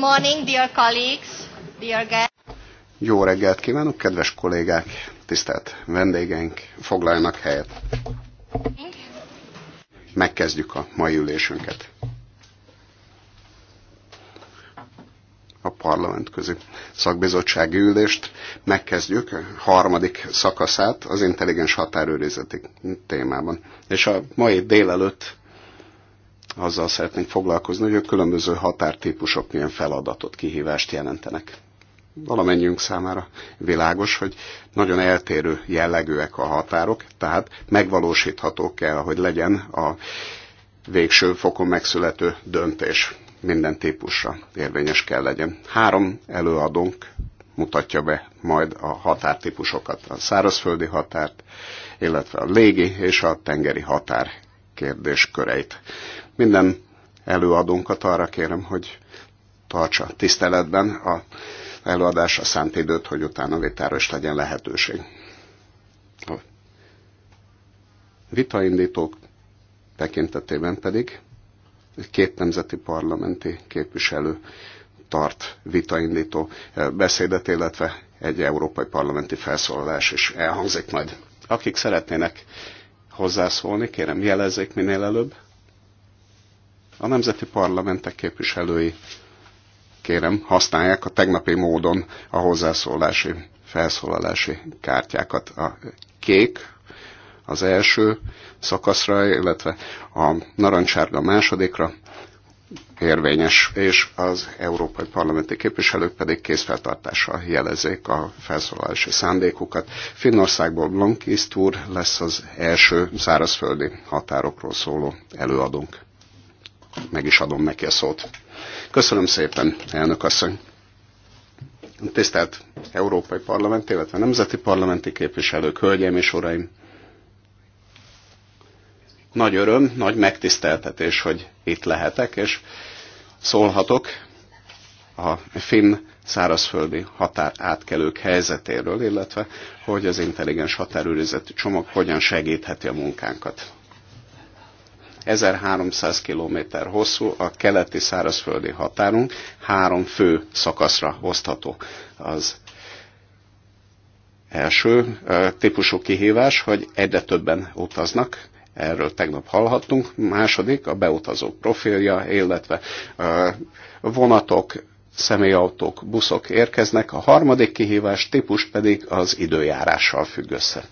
morning, dear colleagues, dear guests. Jó reggelt kívánok, kedves kollégák, tisztelt vendégeink, foglaljanak helyet. Megkezdjük a mai ülésünket. A parlamentközi szakbizottsági ülést megkezdjük a harmadik szakaszát az intelligens határőrizeti témában. És a mai délelőtt azzal szeretnénk foglalkozni, hogy a különböző határtípusok milyen feladatot, kihívást jelentenek. Valamennyiünk számára világos, hogy nagyon eltérő jellegűek a határok, tehát megvalósítható kell, hogy legyen a végső fokon megszülető döntés minden típusra érvényes kell legyen. Három előadónk mutatja be majd a határtípusokat, a szárazföldi határt, illetve a légi és a tengeri határ kérdésköreit. Minden előadónkat arra kérem, hogy tartsa tiszteletben a előadásra szánt időt, hogy utána vétára is legyen lehetőség. A vitaindítók tekintetében pedig két nemzeti parlamenti képviselő tart vitaindító eh, beszédet, illetve egy európai parlamenti felszólalás is elhangzik majd. Akik szeretnének hozzászólni, kérem jelezzék minél előbb. A nemzeti parlamentek képviselői kérem, használják a tegnapi módon a hozzászólási, felszólalási kártyákat. A kék az első szakaszra, illetve a narancsárga a másodikra érvényes, és az európai parlamenti képviselők pedig készfeltartással jelezik a felszólalási szándékukat. Finnországból Blankiszt úr lesz az első szárazföldi határokról szóló előadónk meg is adom neki a szót. Köszönöm szépen, elnök asszony. Tisztelt Európai Parlament, illetve Nemzeti Parlamenti képviselők, hölgyeim és uraim! Nagy öröm, nagy megtiszteltetés, hogy itt lehetek, és szólhatok a finn szárazföldi határ átkelők helyzetéről, illetve hogy az intelligens határőrizeti csomag hogyan segítheti a munkánkat. 1300 km hosszú a keleti szárazföldi határunk, három fő szakaszra osztható. Az első típusú kihívás, hogy egyre többen utaznak, erről tegnap hallhattunk. Második a beutazó profilja, illetve vonatok, személyautók, buszok érkeznek. A harmadik kihívás típus pedig az időjárással függ össze.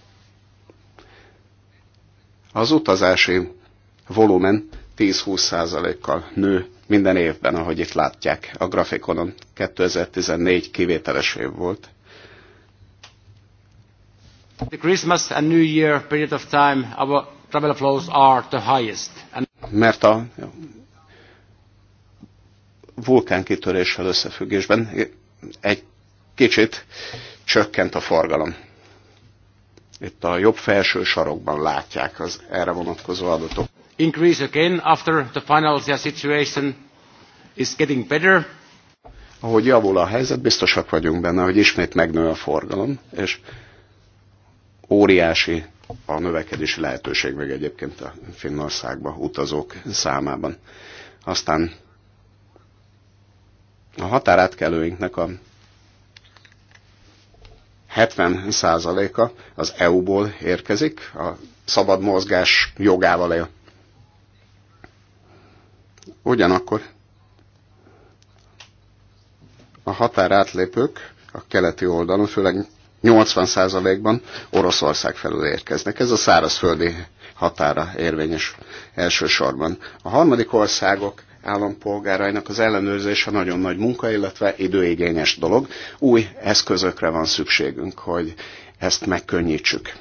Az utazási volumen 10-20%-kal nő minden évben, ahogy itt látják a grafikonon. 2014 kivételes év volt. The Christmas and New Year period of time, our travel flows are the highest. And... Mert a vulkánkitöréssel összefüggésben egy kicsit csökkent a forgalom. Itt a jobb felső sarokban látják az erre vonatkozó adatok increase again after the financial situation is getting better. Ahogy javul a helyzet, biztosak vagyunk benne, hogy ismét megnő a forgalom, és óriási a növekedési lehetőség meg egyébként a Finnországba utazók számában. Aztán a határátkelőinknek a 70%-a az EU-ból érkezik, a szabad mozgás jogával él. Ugyanakkor a határ átlépők a keleti oldalon, főleg 80%-ban Oroszország felül érkeznek. Ez a szárazföldi határa érvényes elsősorban. A harmadik országok állampolgárainak az ellenőrzése nagyon nagy munka, illetve időigényes dolog. Új eszközökre van szükségünk, hogy ezt megkönnyítsük.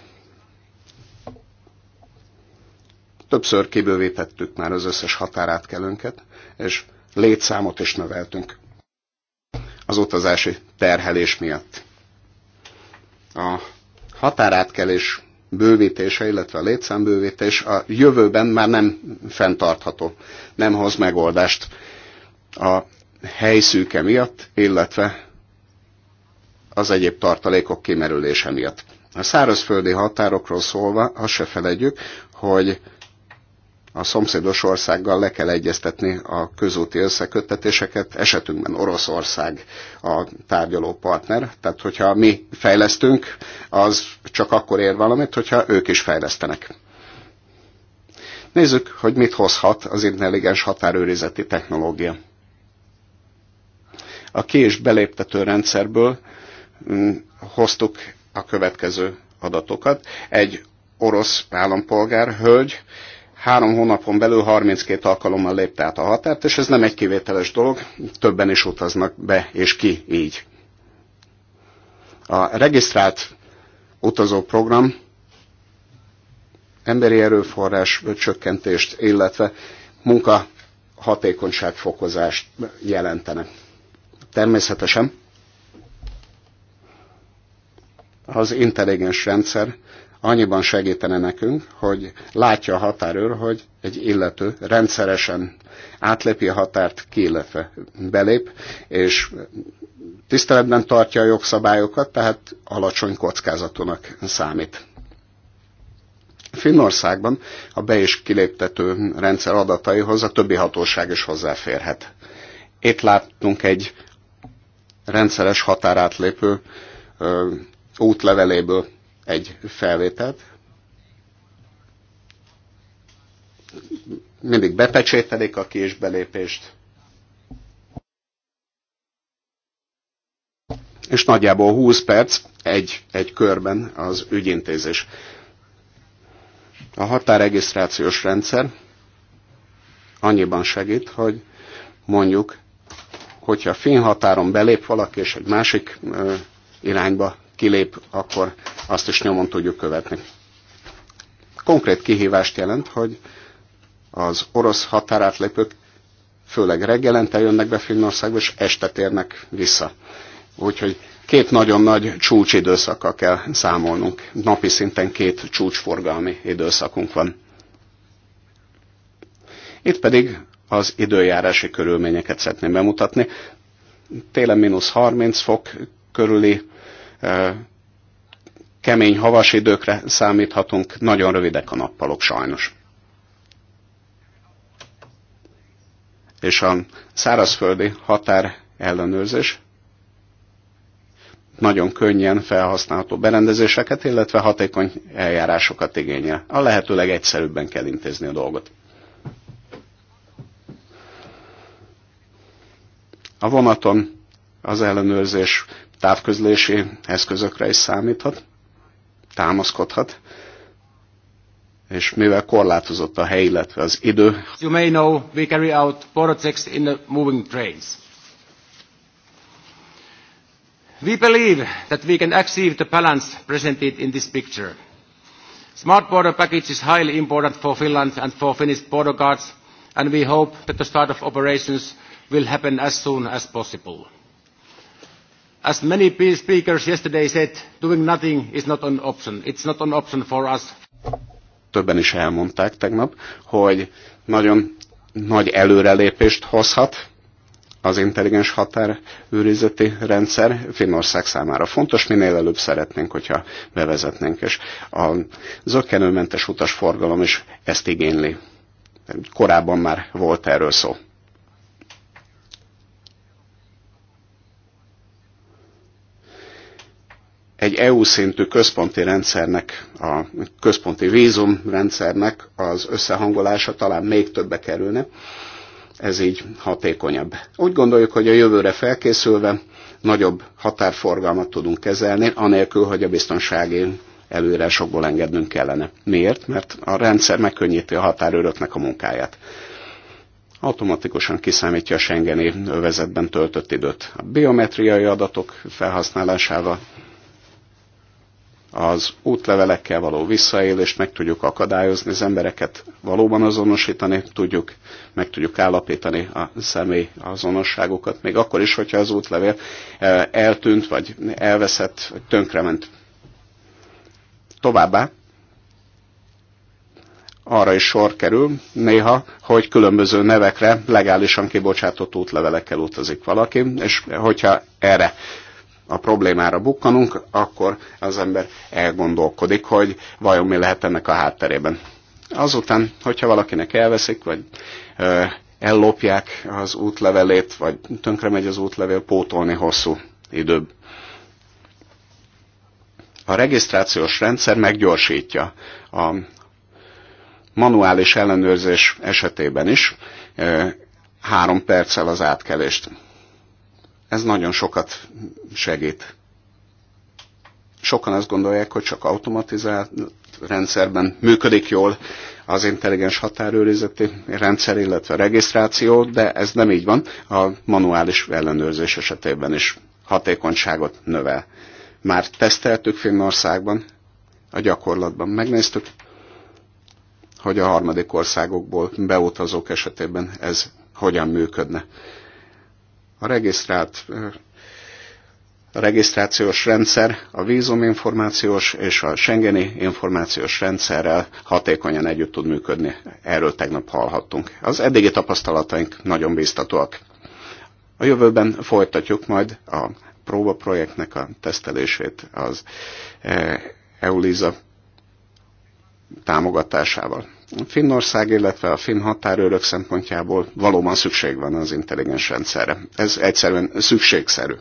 Többször kibővítettük már az összes határátkelőnket, és létszámot is növeltünk az utazási terhelés miatt. A határátkelés bővítése, illetve a létszámbővítés a jövőben már nem fenntartható, nem hoz megoldást a helyszűke miatt, illetve az egyéb tartalékok kimerülése miatt. A szárazföldi határokról szólva, azt se felejtjük, hogy a szomszédos országgal le kell egyeztetni a közúti összeköttetéseket, esetünkben Oroszország a tárgyaló partner, tehát hogyha mi fejlesztünk, az csak akkor ér valamit, hogyha ők is fejlesztenek. Nézzük, hogy mit hozhat az intelligens határőrizeti technológia. A ki- és beléptető rendszerből mm, hoztuk a következő adatokat. Egy orosz állampolgár hölgy három hónapon belül 32 alkalommal lépte át a határt, és ez nem egy kivételes dolog, többen is utaznak be és ki így. A regisztrált utazóprogram emberi erőforrás csökkentést, illetve munka hatékonyság fokozást jelentene. Természetesen az intelligens rendszer annyiban segítene nekünk, hogy látja a határőr, hogy egy illető rendszeresen átlépi a határt ki, illetve belép, és tiszteletben tartja a jogszabályokat, tehát alacsony kockázatúnak számít. Finnországban a be- és kiléptető rendszer adataihoz a többi hatóság is hozzáférhet. Itt láttunk egy rendszeres határátlépő ö, útleveléből egy felvételt, mindig bepecsételik a kis belépést, és nagyjából 20 perc egy, egy körben az ügyintézés. A határregisztrációs rendszer annyiban segít, hogy mondjuk, hogyha finn határon belép valaki, és egy másik irányba kilép, akkor azt is nyomon tudjuk követni. Konkrét kihívást jelent, hogy az orosz határátlépők főleg reggelente jönnek be Finnországba, és este térnek vissza. Úgyhogy két nagyon nagy csúcsidőszakkal kell számolnunk. Napi szinten két csúcsforgalmi időszakunk van. Itt pedig az időjárási körülményeket szeretném bemutatni. Télen mínusz 30 fok körüli kemény havas időkre számíthatunk, nagyon rövidek a nappalok sajnos. És a szárazföldi határ ellenőrzés nagyon könnyen felhasználható berendezéseket, illetve hatékony eljárásokat igényel. A lehető legegyszerűbben kell intézni a dolgot. A vonaton az ellenőrzés távközlési eszközökre is számíthat, támaszkodhat, és mivel korlátozott a hely, illetve az idő. You may know, we carry out projects in the moving trains. We believe that we can achieve the balance presented in this picture. Smart border package is highly important for Finland and for Finnish border guards, and we hope that the start of operations will happen as soon as possible as many speakers yesterday said, doing nothing is not an option. It's not an option for us. Többen is elmondták tegnap, hogy nagyon nagy előrelépést hozhat az intelligens határőrizeti rendszer Finnország számára fontos, minél előbb szeretnénk, hogyha bevezetnénk, és a zöggenőmentes utasforgalom is ezt igényli. Korábban már volt erről szó. egy EU szintű központi rendszernek, a központi vízumrendszernek az összehangolása talán még többe kerülne, ez így hatékonyabb. Úgy gondoljuk, hogy a jövőre felkészülve nagyobb határforgalmat tudunk kezelni, anélkül, hogy a biztonsági előírásokból engednünk kellene. Miért? Mert a rendszer megkönnyíti a határőröknek a munkáját. Automatikusan kiszámítja a Schengeni övezetben töltött időt. A biometriai adatok felhasználásával az útlevelekkel való visszaélést meg tudjuk akadályozni, az embereket valóban azonosítani tudjuk, meg tudjuk állapítani a személy azonosságokat, még akkor is, hogyha az útlevél eh, eltűnt, vagy elveszett, vagy tönkrement. Továbbá arra is sor kerül néha, hogy különböző nevekre legálisan kibocsátott útlevelekkel utazik valaki, és hogyha erre a problémára bukkanunk, akkor az ember elgondolkodik, hogy vajon mi lehet ennek a hátterében. Azután, hogyha valakinek elveszik, vagy ö, ellopják az útlevelét, vagy tönkre megy az útlevél, pótolni hosszú időbb. A regisztrációs rendszer meggyorsítja a manuális ellenőrzés esetében is három perccel az átkelést. Ez nagyon sokat segít. Sokan azt gondolják, hogy csak automatizált rendszerben működik jól az intelligens határőrizeti rendszer, illetve regisztráció, de ez nem így van. A manuális ellenőrzés esetében is hatékonyságot növel. Már teszteltük Finnországban, a gyakorlatban megnéztük, hogy a harmadik országokból beutazók esetében ez hogyan működne. A regisztrált a regisztrációs rendszer a vízuminformációs és a Schengeni információs rendszerrel hatékonyan együtt tud működni. Erről tegnap hallhattunk. Az eddigi tapasztalataink nagyon biztatóak. A jövőben folytatjuk majd a próbaprojektnek a tesztelését az eh, EULISA támogatásával. Finnország, illetve a finn határőrök szempontjából valóban szükség van az intelligens rendszerre. Ez egyszerűen szükségszerű.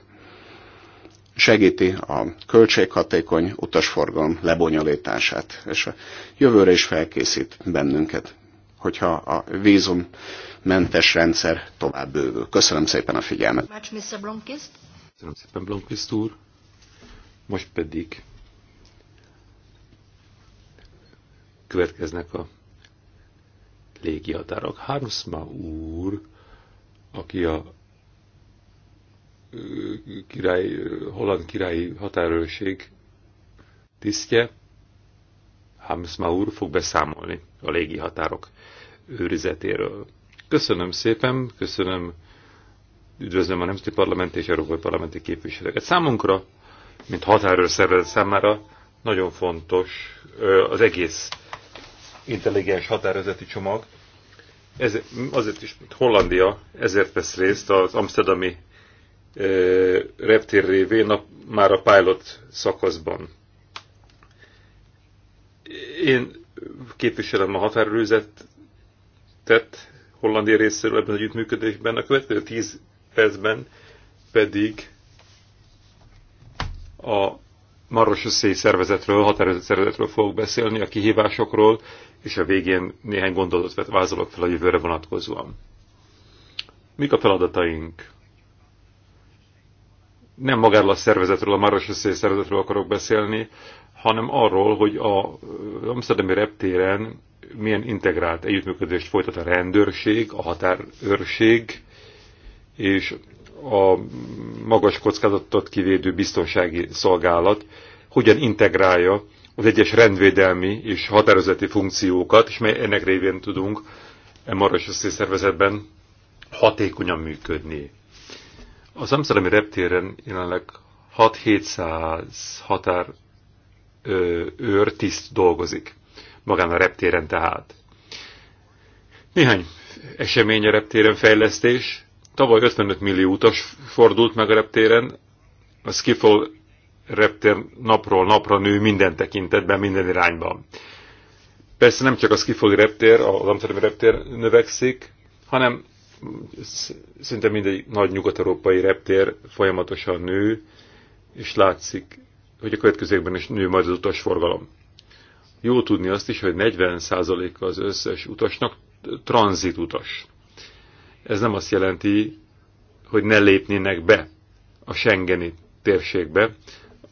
Segíti a költséghatékony utasforgalom lebonyolítását, és a jövőre is felkészít bennünket, hogyha a vízummentes rendszer tovább bővül. Köszönöm szépen a figyelmet. Köszönöm szépen, Blomkiszt úr. Most pedig következnek a légi határok. úr, aki a király, holland királyi határőrség tisztje, Harusma úr fog beszámolni a légi határok őrizetéről. Köszönöm szépen, köszönöm, üdvözlöm a Nemzeti Parlament és Európai Parlamenti képviselőket. Számunkra, mint határőr szervezet számára nagyon fontos az egész intelligens határozati csomag. Ez, azért is, mint Hollandia ezért vesz részt az amsterdami e, reptér révén a, már a pilot szakaszban. Én képviselem a határőrzetet Hollandia részéről ebben az együttműködésben, a következő tíz percben pedig a Marosi szervezetről, határozat szervezetről fogok beszélni, a kihívásokról, és a végén néhány gondolatot vázolok fel a jövőre vonatkozóan. Mik a feladataink? Nem magáról a szervezetről, a Marosi szervezetről akarok beszélni, hanem arról, hogy a Amsterdami reptéren milyen integrált együttműködést folytat a rendőrség, a határőrség és a magas kockázatot kivédő biztonsági szolgálat hogyan integrálja az egyes rendvédelmi és határozati funkciókat, és mely ennek révén tudunk e magas szervezetben hatékonyan működni. Az Amsterdami reptéren jelenleg 6-700 határ őr tiszt dolgozik, magán a reptéren tehát. Néhány esemény a reptéren fejlesztés, Tavaly 55 millió utas fordult meg a reptéren, a Skiffle reptér napról napra nő minden tekintetben, minden irányban. Persze nem csak a Skiffle reptér, az Amsterdam reptér növekszik, hanem szinte mindegy nagy nyugat-európai reptér folyamatosan nő, és látszik, hogy a következőkben is nő majd az utasforgalom. Jó tudni azt is, hogy 40 az összes utasnak tranzitutas ez nem azt jelenti, hogy ne lépnének be a Schengeni térségbe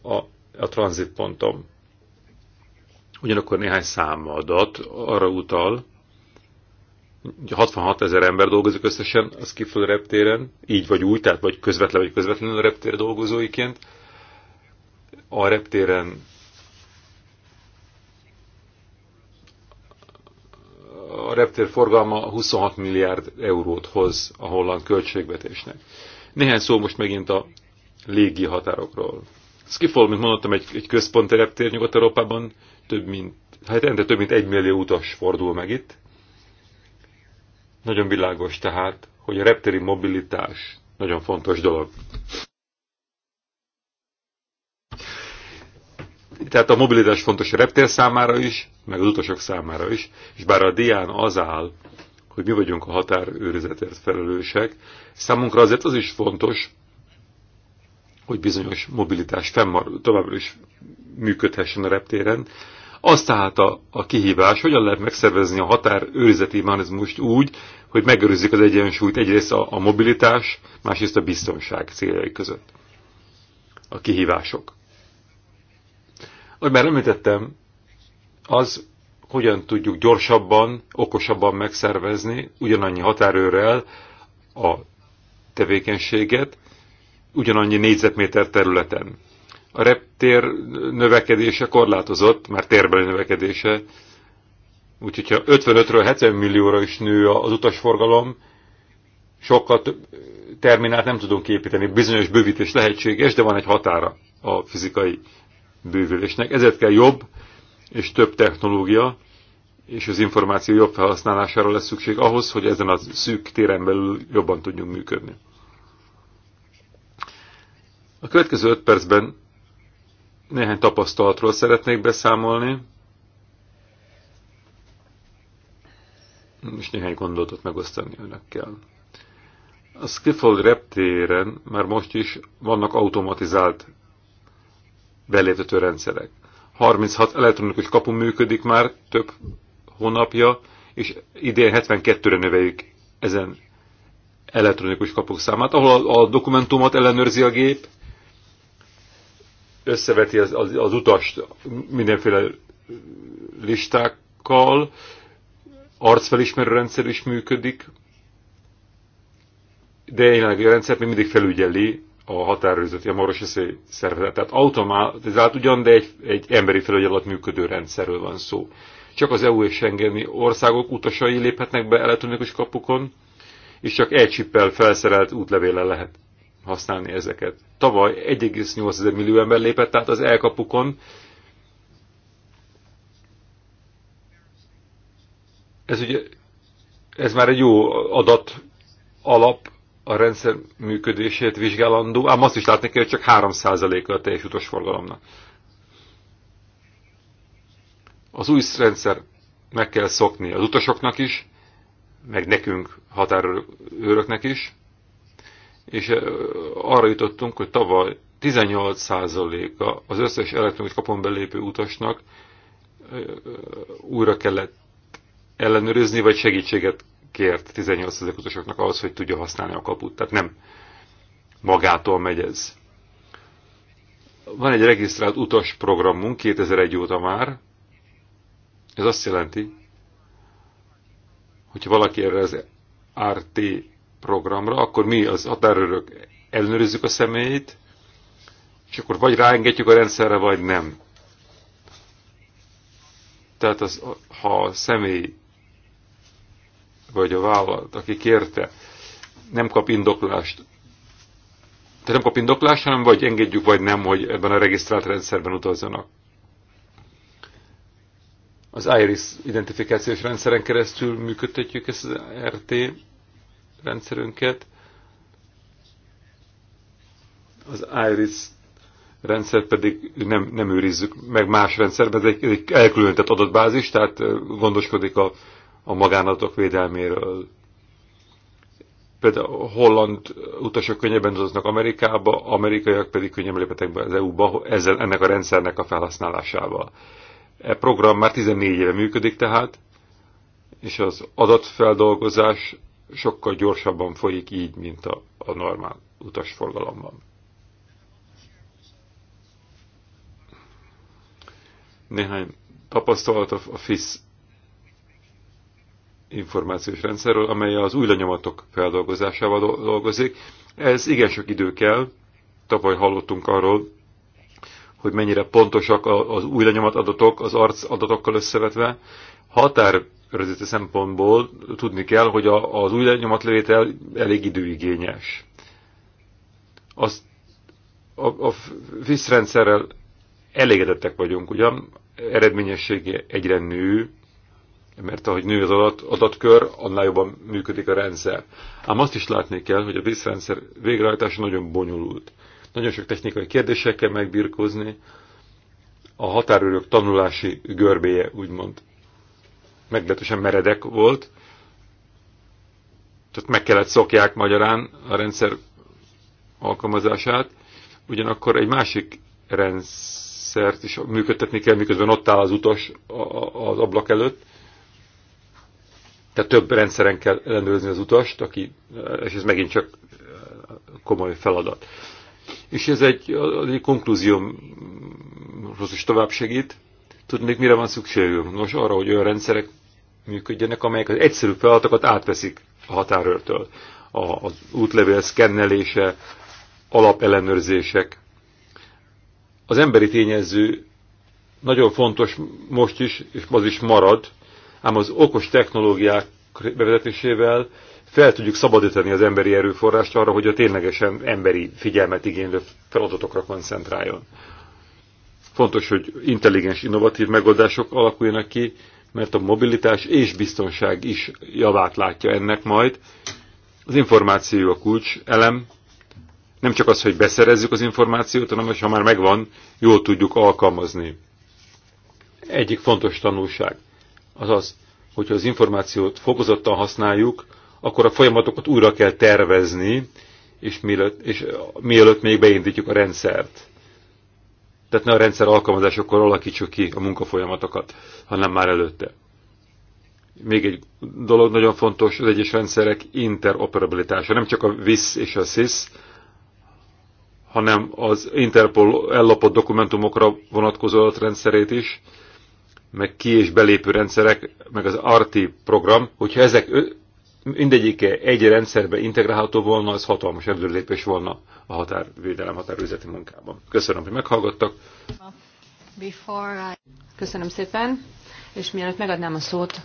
a, a tranzitponton. Ugyanakkor néhány számadat arra utal, 66 ezer ember dolgozik összesen a Skiffle reptéren, így vagy úgy, tehát vagy közvetlen vagy közvetlenül a reptér dolgozóiként. A reptéren a reptér forgalma 26 milliárd eurót hoz a holland költségvetésnek. Néhány szó most megint a légi határokról. Skifol, mint mondottam, egy, egy központi reptér Nyugat-Európában, több mint, hát ente több mint egy millió utas fordul meg itt. Nagyon világos tehát, hogy a reptéri mobilitás nagyon fontos dolog. Tehát a mobilitás fontos a reptér számára is, meg az utasok számára is, és bár a dián az áll, hogy mi vagyunk a határőrizetért felelősek, számunkra azért az is fontos, hogy bizonyos mobilitás fennmar, továbbra is működhessen a reptéren. Az tehát a, a kihívás, hogyan lehet megszervezni a határőrizeti mechanizmust úgy, hogy megőrizzük az egyensúlyt egyrészt a, a mobilitás, másrészt a biztonság céljai között. A kihívások. Ahogy már említettem, az hogyan tudjuk gyorsabban, okosabban megszervezni ugyanannyi határőrrel a tevékenységet, ugyanannyi négyzetméter területen. A reptér növekedése korlátozott, már térbeli növekedése, úgyhogy ha 55-ről 70 millióra is nő az utasforgalom, sokkal több terminált nem tudunk építeni, bizonyos bővítés lehetséges, de van egy határa a fizikai bővülésnek. Ezért kell jobb és több technológia, és az információ jobb felhasználására lesz szükség ahhoz, hogy ezen a szűk téren belül jobban tudjunk működni. A következő öt percben néhány tapasztalatról szeretnék beszámolni, és néhány gondolatot megosztani önökkel. A Skiffold reptéren már most is vannak automatizált belépető rendszerek. 36 elektronikus kapu működik már több hónapja, és idén 72-re növeljük ezen elektronikus kapuk számát, ahol a, a dokumentumot ellenőrzi a gép, összeveti az, az, az utast mindenféle listákkal, arcfelismerő rendszer is működik, de jelenleg a rendszer még mindig felügyeli a határőrzeti, a morosi szervezet. Tehát automatizált ugyan, de egy, egy emberi felügyelet működő rendszerről van szó. Csak az EU és Schengeni országok utasai léphetnek be elektronikus kapukon, és csak egy csippel felszerelt útlevélen lehet használni ezeket. Tavaly 1,8 millió ember lépett át az elkapukon. Ez ugye, ez már egy jó adat alap a rendszer működését vizsgálandó, ám azt is látni kell, hogy csak 3%-a a teljes utasforgalomnak. Az új rendszer meg kell szokni az utasoknak is, meg nekünk, határőröknek is, és arra jutottunk, hogy tavaly 18%-a az összes elektronikus kapon belépő utasnak újra kellett ellenőrizni, vagy segítséget kért 18 utasoknak ahhoz, hogy tudja használni a kaput. Tehát nem magától megy ez. Van egy regisztrált utas programunk 2001 óta már. Ez azt jelenti, hogyha valaki erre az RT programra, akkor mi az határőrök ellenőrizzük a személyét, és akkor vagy ráengedjük a rendszerre, vagy nem. Tehát az, ha a személy vagy a vállalat, aki kérte, nem kap indoklást. Tehát nem kap indoklást, hanem vagy engedjük, vagy nem, hogy ebben a regisztrált rendszerben utazzanak. Az IRIS identifikációs rendszeren keresztül működtetjük ezt az RT rendszerünket. Az IRIS rendszer pedig nem, nem őrizzük meg más rendszerben, ez egy, egy elkülönített adatbázis, tehát gondoskodik a a magánatok védelméről. Például holland utasok könnyebben utaznak Amerikába, amerikaiak pedig könnyebben léphetnek be az EU-ba ezzel, ennek a rendszernek a felhasználásával. E program már 14 éve működik tehát, és az adatfeldolgozás sokkal gyorsabban folyik így, mint a, a normál utasforgalomban. Néhány tapasztalat a FISZ információs rendszerről, amely az új lenyomatok feldolgozásával dolgozik. Ez igen sok idő kell. Tavaly hallottunk arról, hogy mennyire pontosak az új lenyomat adatok az arc adatokkal összevetve. Határőrzeti szempontból tudni kell, hogy az új lenyomatlevétel elég időigényes. Azt a, a FISZ rendszerrel elégedettek vagyunk, ugyan eredményessége egyre nő, mert ahogy nő az adat, adatkör, annál jobban működik a rendszer. Ám azt is látni kell, hogy a vízrendszer végrehajtása nagyon bonyolult. Nagyon sok technikai kérdésekkel kell megbirkózni, a határőrök tanulási görbéje, úgymond meglehetősen meredek volt, tehát meg kellett szokják magyarán a rendszer alkalmazását, ugyanakkor egy másik rendszert is működtetni kell, miközben ott áll az utas az ablak előtt, tehát több rendszeren kell ellenőrizni az utast, aki, és ez megint csak komoly feladat. És ez egy, egy konklúziómhoz is tovább segít. Tudnék, mire van szükségünk? Nos, arra, hogy olyan rendszerek működjenek, amelyek az egyszerű feladatokat átveszik a határőrtől. A, az útlevél szkennelése, alapellenőrzések. Az emberi tényező nagyon fontos most is, és az is marad, ám az okos technológiák bevezetésével fel tudjuk szabadítani az emberi erőforrást arra, hogy a ténylegesen emberi figyelmet igénylő feladatokra koncentráljon. Fontos, hogy intelligens, innovatív megoldások alakuljanak ki, mert a mobilitás és biztonság is javát látja ennek majd. Az információ a kulcs elem, nem csak az, hogy beszerezzük az információt, hanem hogy ha már megvan, jól tudjuk alkalmazni. Egyik fontos tanulság Azaz, hogyha az információt fokozottan használjuk, akkor a folyamatokat újra kell tervezni, és mielőtt, és mielőtt még beindítjuk a rendszert. Tehát ne a rendszer alkalmazásakor alakítsuk ki a munkafolyamatokat, hanem már előtte. Még egy dolog nagyon fontos, az egyes rendszerek interoperabilitása. Nem csak a VIS és a SIS, hanem az Interpol ellopott dokumentumokra vonatkozó rendszerét is, meg ki- és belépő rendszerek, meg az ARTI program, hogyha ezek mindegyike egy rendszerbe integrálható volna, az hatalmas előrelépés volna a határvédelem határőrzeti munkában. Köszönöm, hogy meghallgattak. Köszönöm szépen, és mielőtt megadnám a szót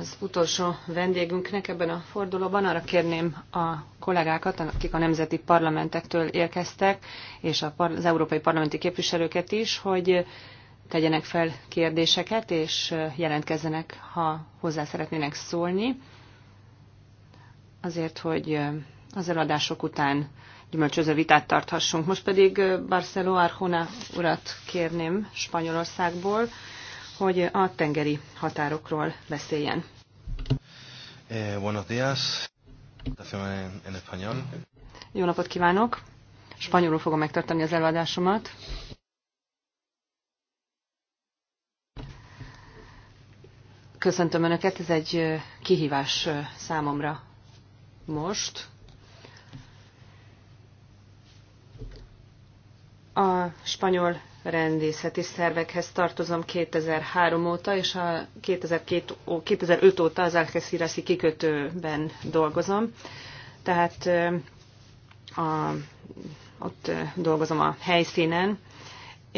az utolsó vendégünknek ebben a fordulóban, arra kérném a kollégákat, akik a nemzeti parlamentektől érkeztek, és az európai parlamenti képviselőket is, hogy tegyenek fel kérdéseket, és jelentkezzenek, ha hozzá szeretnének szólni, azért, hogy az eladások után gyümölcsöző vitát tarthassunk. Most pedig Barceló Arjona urat kérném Spanyolországból, hogy a tengeri határokról beszéljen. Eh, buenos días. En español. Jó napot kívánok! Spanyolul fogom megtartani az előadásomat. Köszöntöm Önöket, ez egy kihívás számomra most. A spanyol rendészeti szervekhez tartozom 2003 óta, és a 2002, 2005 óta az algeciras kikötőben dolgozom. Tehát a, ott dolgozom a helyszínen,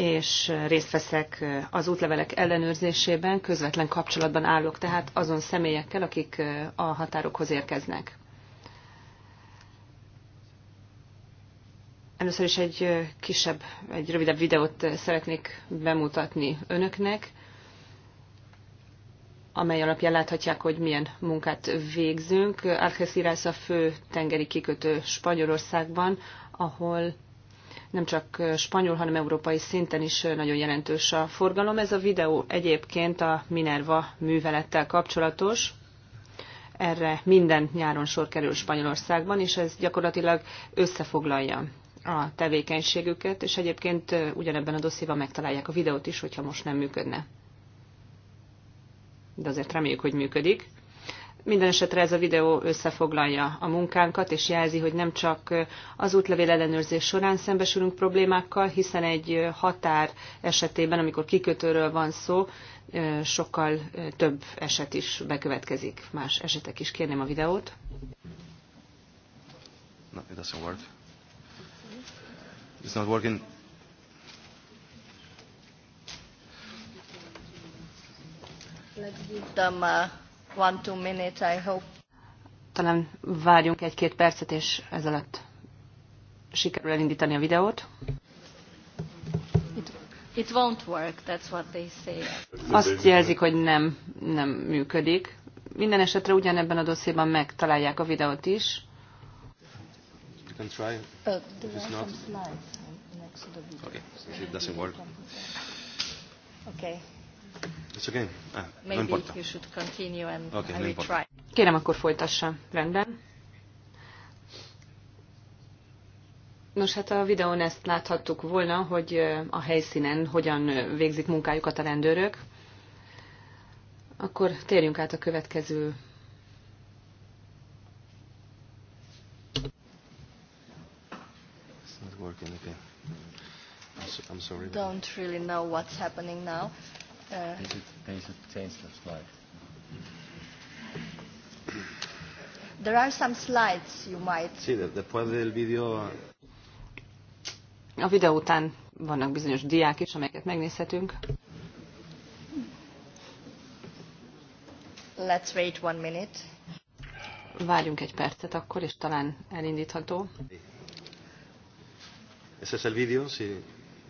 és részt veszek az útlevelek ellenőrzésében, közvetlen kapcsolatban állok tehát azon személyekkel, akik a határokhoz érkeznek. Először is egy kisebb, egy rövidebb videót szeretnék bemutatni önöknek, amely alapján láthatják, hogy milyen munkát végzünk. Algeciras a fő tengeri kikötő Spanyolországban, ahol nem csak spanyol, hanem európai szinten is nagyon jelentős a forgalom. Ez a videó egyébként a Minerva művelettel kapcsolatos. Erre minden nyáron sor kerül Spanyolországban, és ez gyakorlatilag összefoglalja a tevékenységüket, és egyébként ugyanebben a dossziban megtalálják a videót is, hogyha most nem működne. De azért reméljük, hogy működik. Minden esetre ez a videó összefoglalja a munkánkat, és jelzi, hogy nem csak az útlevél ellenőrzés során szembesülünk problémákkal, hiszen egy határ esetében, amikor kikötőről van szó, sokkal több eset is bekövetkezik. Más esetek is kérném a videót. No, it doesn't work. It's not working. Let's give them uh, one, two minutes, I hope. Talán várjunk egy-két percet, és ezelőtt sikerül elindítani a videót. It, it won't work, that's what they say. Azt jelzik, hogy nem, nem működik. Minden esetre ugyanebben a dosszéban megtalálják a videót is. You can try. Uh, there are Okay, if it doesn't work. Okay. It's okay. Ah, Maybe no you should continue and okay, I will no try. Kérem, akkor folytassa. Rendben. Nos, hát a videón ezt láthattuk volna, hogy a helyszínen hogyan végzik munkájukat a rendőrök. Akkor térjünk át a következő It's not working I'm sorry. Don't really know what's happening now. There are some slides you might. Sí, después del video. Ah. A videó után vannak bizonyos diák is, amelyeket megnézhetünk. Let's wait one minute. Várjunk egy percet akkor, és talán elindítható. Ez es el vídeo, si,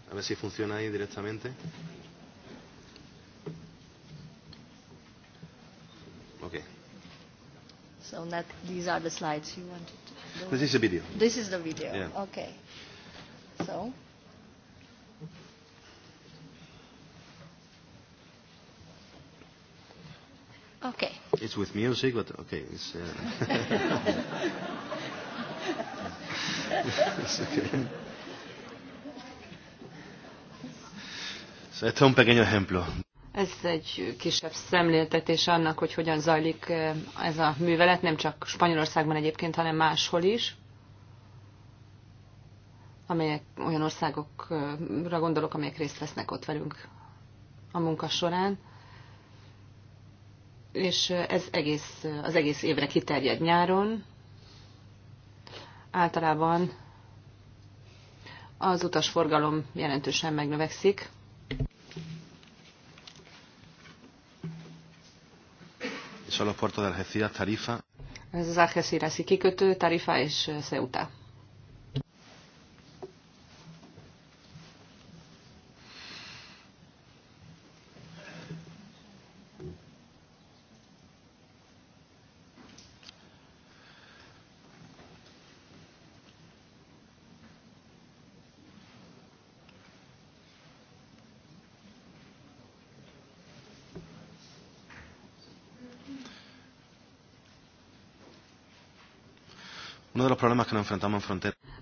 a ver si funciona ahí directamente. So that, these are the slides you wanted. To do. This is a video. This is the video. Yeah. Okay. So. Okay. It's with music, but okay, it's. Uh, it's okay. este es un pequeño ejemplo. Ez egy kisebb szemléltetés annak, hogy hogyan zajlik eh, ez a művelet, nem csak Spanyolországban egyébként, hanem máshol is, amelyek olyan országokra gondolok, amelyek részt vesznek ott velünk a munka során. És eh, ez egész, eh, az egész évre kiterjed nyáron. Általában az utasforgalom jelentősen megnövekszik, solo puerto de Algeciras, Tarifa. Ez az Algeciras kikötő, Tarifa és Ceuta.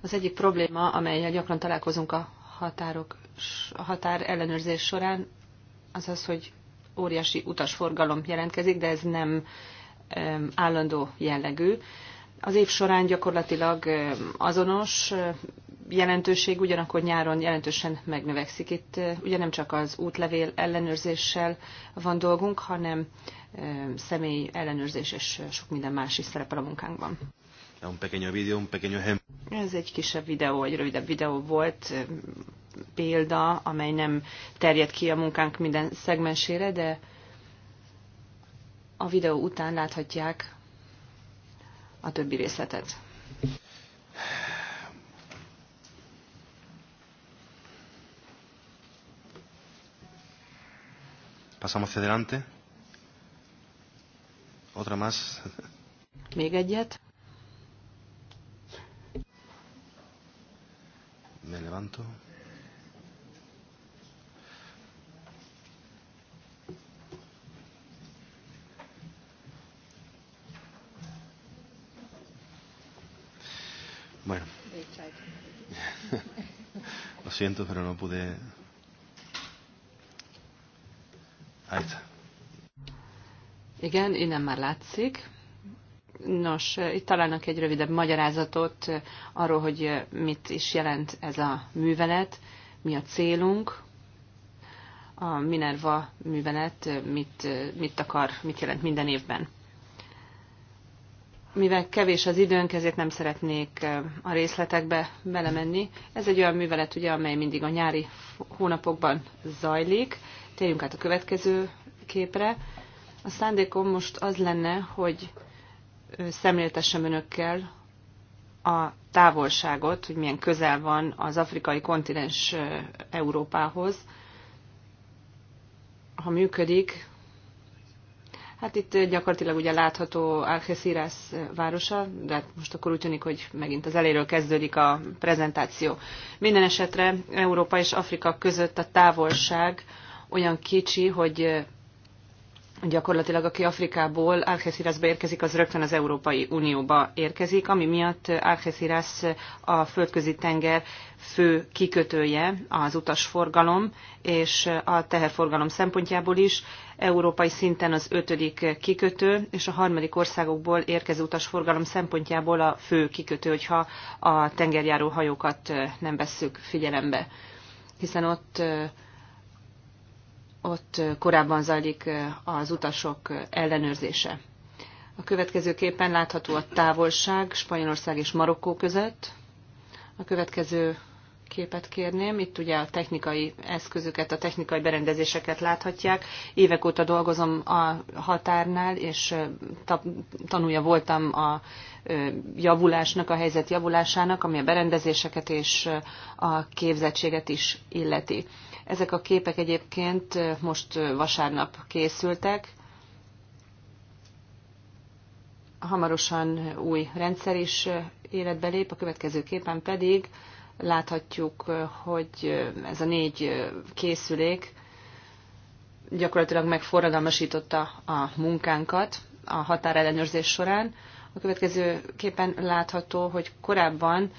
Az egyik probléma, amelyel gyakran találkozunk a határok, a határ ellenőrzés során, az az, hogy óriási utasforgalom jelentkezik, de ez nem állandó jellegű. Az év során gyakorlatilag azonos jelentőség, ugyanakkor nyáron jelentősen megnövekszik. Itt ugye nem csak az útlevél ellenőrzéssel van dolgunk, hanem személy ellenőrzés és sok minden más is szerepel a munkánkban un pequeño video, un pequeño ejemplo. Ez egy kisebb videó, egy rövidebb videó volt, példa, amely nem terjed ki a munkánk minden szegmensére, de a videó után láthatják a többi részletet. Pasamos adelante. Otra más. Még egyet. me levanto. Bueno. Lo siento, pero no pude. Ahí está. Igen, innen már látszik. Nos, itt találnak egy rövidebb magyarázatot arról, hogy mit is jelent ez a művelet, mi a célunk, a Minerva művelet mit, mit akar, mit jelent minden évben. Mivel kevés az időnk, ezért nem szeretnék a részletekbe belemenni. Ez egy olyan művelet, ugye, amely mindig a nyári hónapokban zajlik. Térjünk át a következő képre. A szándékom most az lenne, hogy szemléltessem önökkel a távolságot, hogy milyen közel van az afrikai kontinens Európához. Ha működik, hát itt gyakorlatilag ugye látható Algeciras városa, de hát most akkor úgy tűnik, hogy megint az eléről kezdődik a prezentáció. Minden esetre Európa és Afrika között a távolság olyan kicsi, hogy gyakorlatilag aki Afrikából algeciras érkezik, az rögtön az Európai Unióba érkezik, ami miatt Algeciras a földközi tenger fő kikötője az utasforgalom és a teherforgalom szempontjából is. Európai szinten az ötödik kikötő, és a harmadik országokból érkező utasforgalom szempontjából a fő kikötő, hogyha a tengerjáró hajókat nem vesszük figyelembe. Hiszen ott ott korábban zajlik az utasok ellenőrzése. A következő képen látható a távolság Spanyolország és Marokkó között. A következő képet kérném. Itt ugye a technikai eszközöket, a technikai berendezéseket láthatják. Évek óta dolgozom a határnál, és tanulja voltam a javulásnak, a helyzet javulásának, ami a berendezéseket és a képzettséget is illeti. Ezek a képek egyébként most vasárnap készültek, hamarosan új rendszer is életbe lép, a következő képen pedig láthatjuk, hogy ez a négy készülék gyakorlatilag megforradalmasította a munkánkat a határellenőrzés során. A következő képen látható, hogy korábban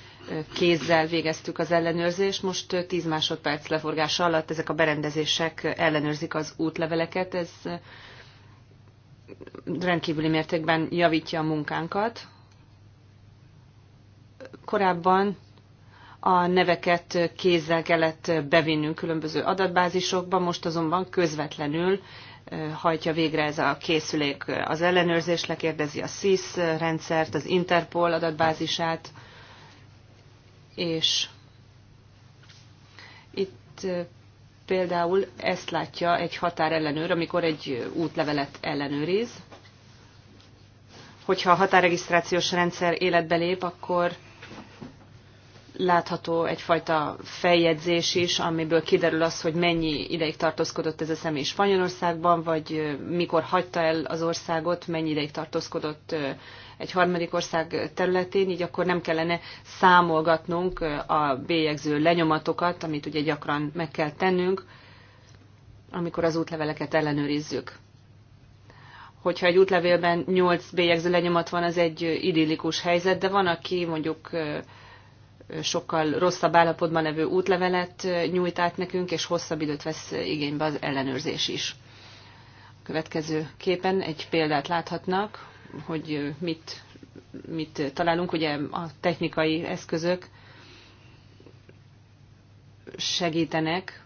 kézzel végeztük az ellenőrzést, most 10 másodperc leforgása alatt ezek a berendezések ellenőrzik az útleveleket. Ez rendkívüli mértékben javítja a munkánkat. Korábban a neveket kézzel kellett bevinnünk különböző adatbázisokba, most azonban közvetlenül hajtja végre ez a készülék az ellenőrzés, lekérdezi a SIS rendszert, az Interpol adatbázisát, és itt például ezt látja egy határellenőr, amikor egy útlevelet ellenőriz. Hogyha a határregisztrációs rendszer életbe lép, akkor látható egyfajta feljegyzés is, amiből kiderül az, hogy mennyi ideig tartózkodott ez a személy Spanyolországban, vagy mikor hagyta el az országot, mennyi ideig tartózkodott egy harmadik ország területén, így akkor nem kellene számolgatnunk a bélyegző lenyomatokat, amit ugye gyakran meg kell tennünk, amikor az útleveleket ellenőrizzük. Hogyha egy útlevélben 8 bélyegző lenyomat van, az egy idillikus helyzet, de van, aki mondjuk sokkal rosszabb állapotban levő útlevelet nyújt át nekünk, és hosszabb időt vesz igénybe az ellenőrzés is. A következő képen egy példát láthatnak, hogy mit, mit találunk. Ugye a technikai eszközök segítenek,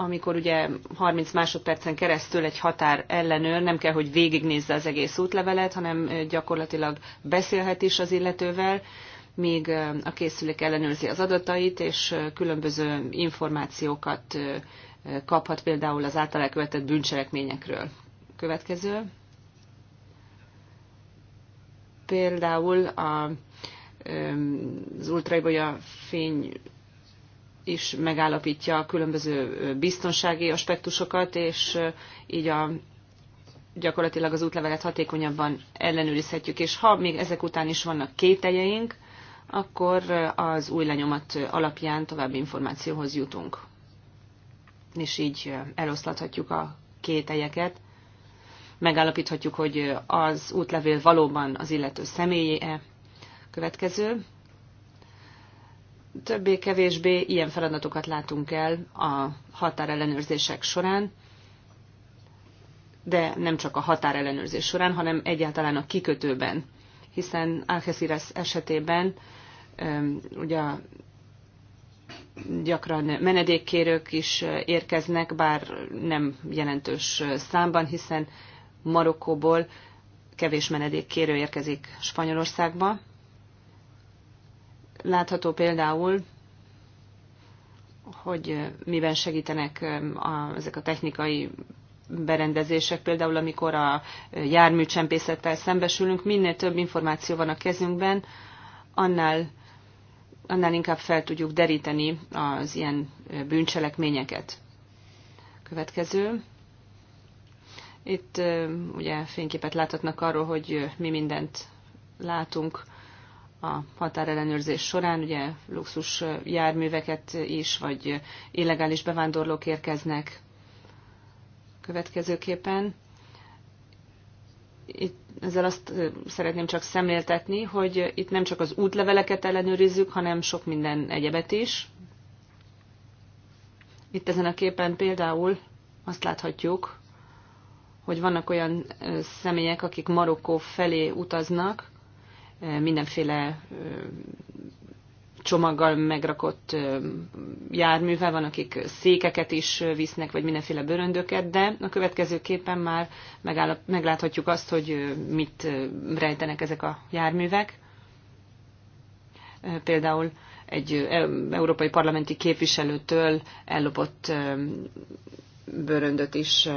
amikor ugye 30 másodpercen keresztül egy határ ellenőr nem kell, hogy végignézze az egész útlevelet, hanem gyakorlatilag beszélhet is az illetővel, míg a készülék ellenőrzi az adatait, és különböző információkat kaphat például az által elkövetett bűncselekményekről. Következő. Például a, az ultraibolya fény is megállapítja a különböző biztonsági aspektusokat, és így a, gyakorlatilag az útlevelet hatékonyabban ellenőrizhetjük. És ha még ezek után is vannak kételjeink, akkor az új lenyomat alapján további információhoz jutunk. És így eloszlathatjuk a kételyeket, megállapíthatjuk, hogy az útlevél valóban az illető személyé-e. Következő. Többé-kevésbé ilyen feladatokat látunk el a határellenőrzések során, de nem csak a határellenőrzés során, hanem egyáltalán a kikötőben, hiszen Algeciras esetében ugye gyakran menedékkérők is érkeznek, bár nem jelentős számban, hiszen Marokkóból kevés menedékkérő érkezik Spanyolországba. Látható például, hogy miben segítenek a, ezek a technikai berendezések, például amikor a járműcsempészettel szembesülünk, minél több információ van a kezünkben, annál annál inkább fel tudjuk deríteni az ilyen bűncselekményeket. Következő. Itt ugye fényképet láthatnak arról, hogy mi mindent látunk a határellenőrzés során, ugye luxus járműveket is, vagy illegális bevándorlók érkeznek következőképpen itt ezzel azt szeretném csak szemléltetni, hogy itt nem csak az útleveleket ellenőrizzük, hanem sok minden egyebet is. Itt ezen a képen például azt láthatjuk, hogy vannak olyan személyek, akik Marokkó felé utaznak, mindenféle csomaggal megrakott járművel, van, akik székeket is visznek, vagy mindenféle bőröndöket, de a következőképpen már megállap, megláthatjuk azt, hogy mit rejtenek ezek a járművek. Például egy e-, európai parlamenti képviselőtől ellopott bőröndöt is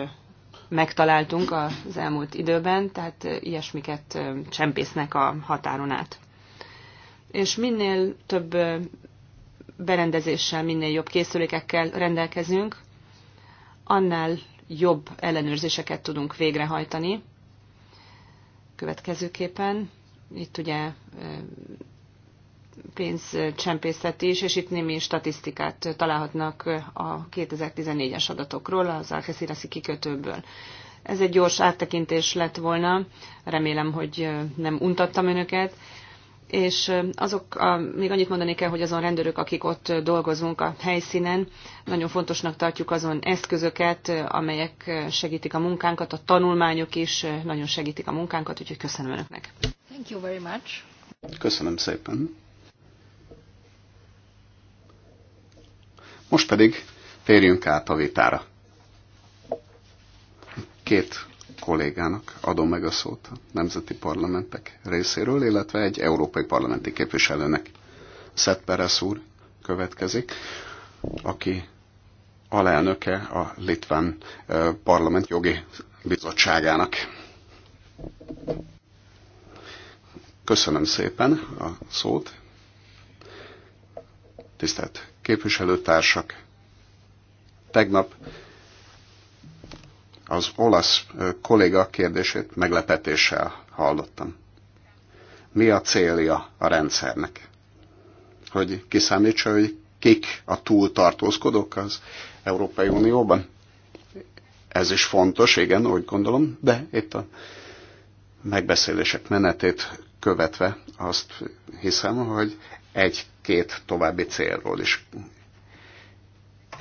megtaláltunk az elmúlt időben, tehát ilyesmiket csempésznek a határon át és minél több berendezéssel, minél jobb készülékekkel rendelkezünk, annál jobb ellenőrzéseket tudunk végrehajtani. Következőképpen itt ugye pénzcsempészet is, és itt némi statisztikát találhatnak a 2014-es adatokról, az algeciras kikötőből. Ez egy gyors áttekintés lett volna, remélem, hogy nem untattam önöket, és azok, a, még annyit mondani kell, hogy azon rendőrök, akik ott dolgozunk a helyszínen, nagyon fontosnak tartjuk azon eszközöket, amelyek segítik a munkánkat, a tanulmányok is nagyon segítik a munkánkat, úgyhogy köszönöm Önöknek. Thank you very much. Köszönöm szépen. Most pedig térjünk át a vitára. Két kollégának adom meg a szót a nemzeti parlamentek részéről, illetve egy európai parlamenti képviselőnek. Szett Peres úr következik, aki alelnöke a Litván Parlament Jogi Bizottságának. Köszönöm szépen a szót. Tisztelt képviselőtársak! Tegnap az olasz kolléga kérdését meglepetéssel hallottam. Mi a célja a rendszernek? Hogy kiszámítsa, hogy kik a túltartózkodók az Európai Unióban? Ez is fontos, igen, úgy gondolom, de itt a megbeszélések menetét követve azt hiszem, hogy egy-két további célról is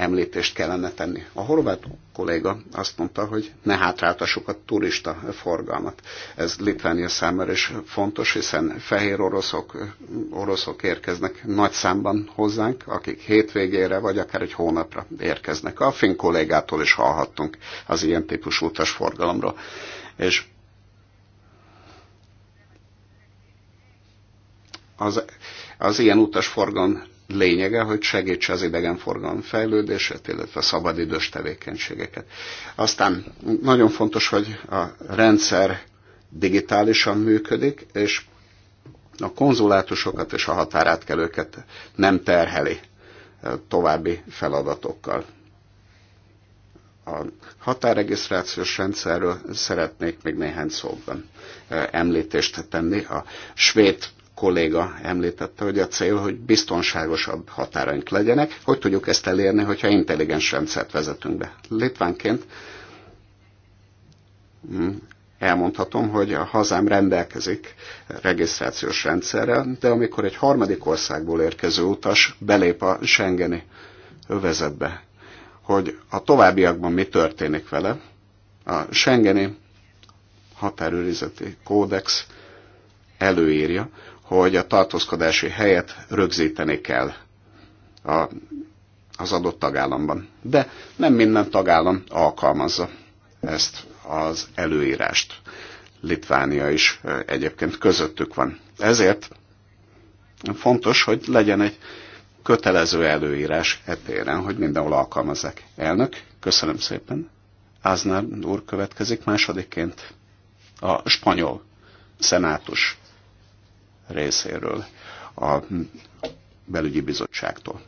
említést kellene tenni. A horvát kolléga azt mondta, hogy ne hátráltassuk a turista forgalmat. Ez Litvánia számára is fontos, hiszen fehér oroszok, oroszok érkeznek nagy számban hozzánk, akik hétvégére vagy akár egy hónapra érkeznek. A finn kollégától is hallhattunk az ilyen típusú utasforgalomról. És az, az ilyen utasforgalom lényege, hogy segítse az idegenforgalom fejlődését, illetve a szabadidős tevékenységeket. Aztán nagyon fontos, hogy a rendszer digitálisan működik, és a konzulátusokat és a határátkelőket nem terheli további feladatokkal. A határregisztrációs rendszerről szeretnék még néhány szóban említést tenni. A svéd kolléga említette, hogy a cél, hogy biztonságosabb határaink legyenek. Hogy tudjuk ezt elérni, hogyha intelligens rendszert vezetünk be? Litvánként hm, elmondhatom, hogy a hazám rendelkezik regisztrációs rendszerrel, de amikor egy harmadik országból érkező utas belép a Schengeni övezetbe, hogy a továbbiakban mi történik vele, a Schengeni határőrizeti kódex előírja, hogy a tartózkodási helyet rögzíteni kell a, az adott tagállamban. De nem minden tagállam alkalmazza ezt az előírást. Litvánia is egyébként közöttük van. Ezért fontos, hogy legyen egy kötelező előírás etéren, hogy mindenhol alkalmazzák. Elnök, köszönöm szépen. Áznár úr következik másodikként. A spanyol szenátus részéről a belügyi bizottságtól.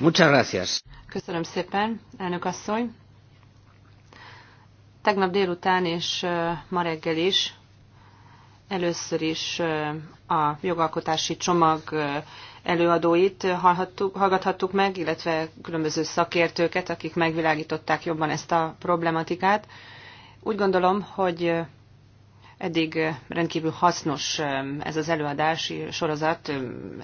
Muchas gracias. Köszönöm szépen, elnök asszony. Tegnap délután és ma reggel is először is a jogalkotási csomag előadóit hallhattuk, hallgathattuk meg, illetve különböző szakértőket, akik megvilágították jobban ezt a problematikát. Úgy gondolom, hogy Eddig rendkívül hasznos ez az előadási sorozat,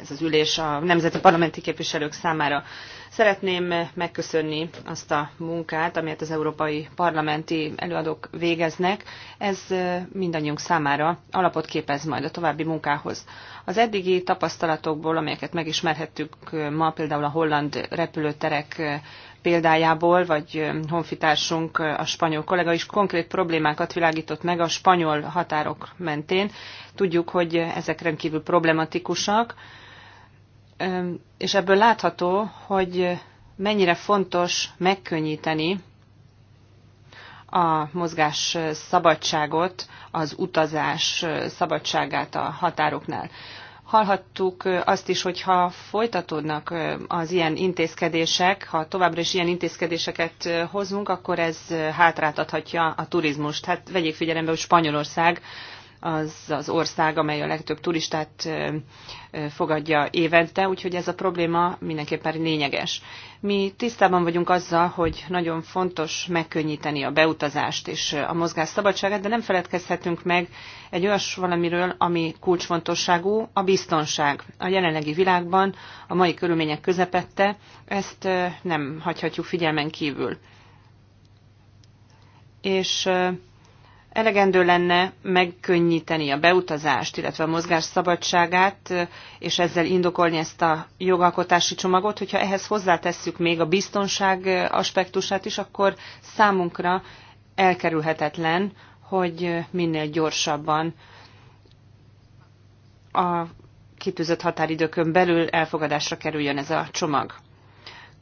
ez az ülés a nemzeti parlamenti képviselők számára. Szeretném megköszönni azt a munkát, amelyet az európai parlamenti előadók végeznek. Ez mindannyiunk számára alapot képez majd a további munkához. Az eddigi tapasztalatokból, amelyeket megismerhettük ma, például a holland repülőterek példájából, vagy honfitársunk, a spanyol kollega is konkrét problémákat világított meg a spanyol határok mentén. Tudjuk, hogy ezek rendkívül problematikusak, és ebből látható, hogy mennyire fontos megkönnyíteni a mozgás szabadságot, az utazás szabadságát a határoknál. Hallhattuk azt is, hogy ha folytatódnak az ilyen intézkedések, ha továbbra is ilyen intézkedéseket hozunk, akkor ez hátrát adhatja a turizmust. Hát vegyék figyelembe, hogy Spanyolország az az ország, amely a legtöbb turistát fogadja évente, úgyhogy ez a probléma mindenképpen lényeges. Mi tisztában vagyunk azzal, hogy nagyon fontos megkönnyíteni a beutazást és a mozgás szabadságát, de nem feledkezhetünk meg egy olyas valamiről, ami kulcsfontosságú, a biztonság. A jelenlegi világban, a mai körülmények közepette ezt nem hagyhatjuk figyelmen kívül. És elegendő lenne megkönnyíteni a beutazást, illetve a mozgás szabadságát, és ezzel indokolni ezt a jogalkotási csomagot. Hogyha ehhez hozzátesszük még a biztonság aspektusát is, akkor számunkra elkerülhetetlen, hogy minél gyorsabban a kitűzött határidőkön belül elfogadásra kerüljön ez a csomag.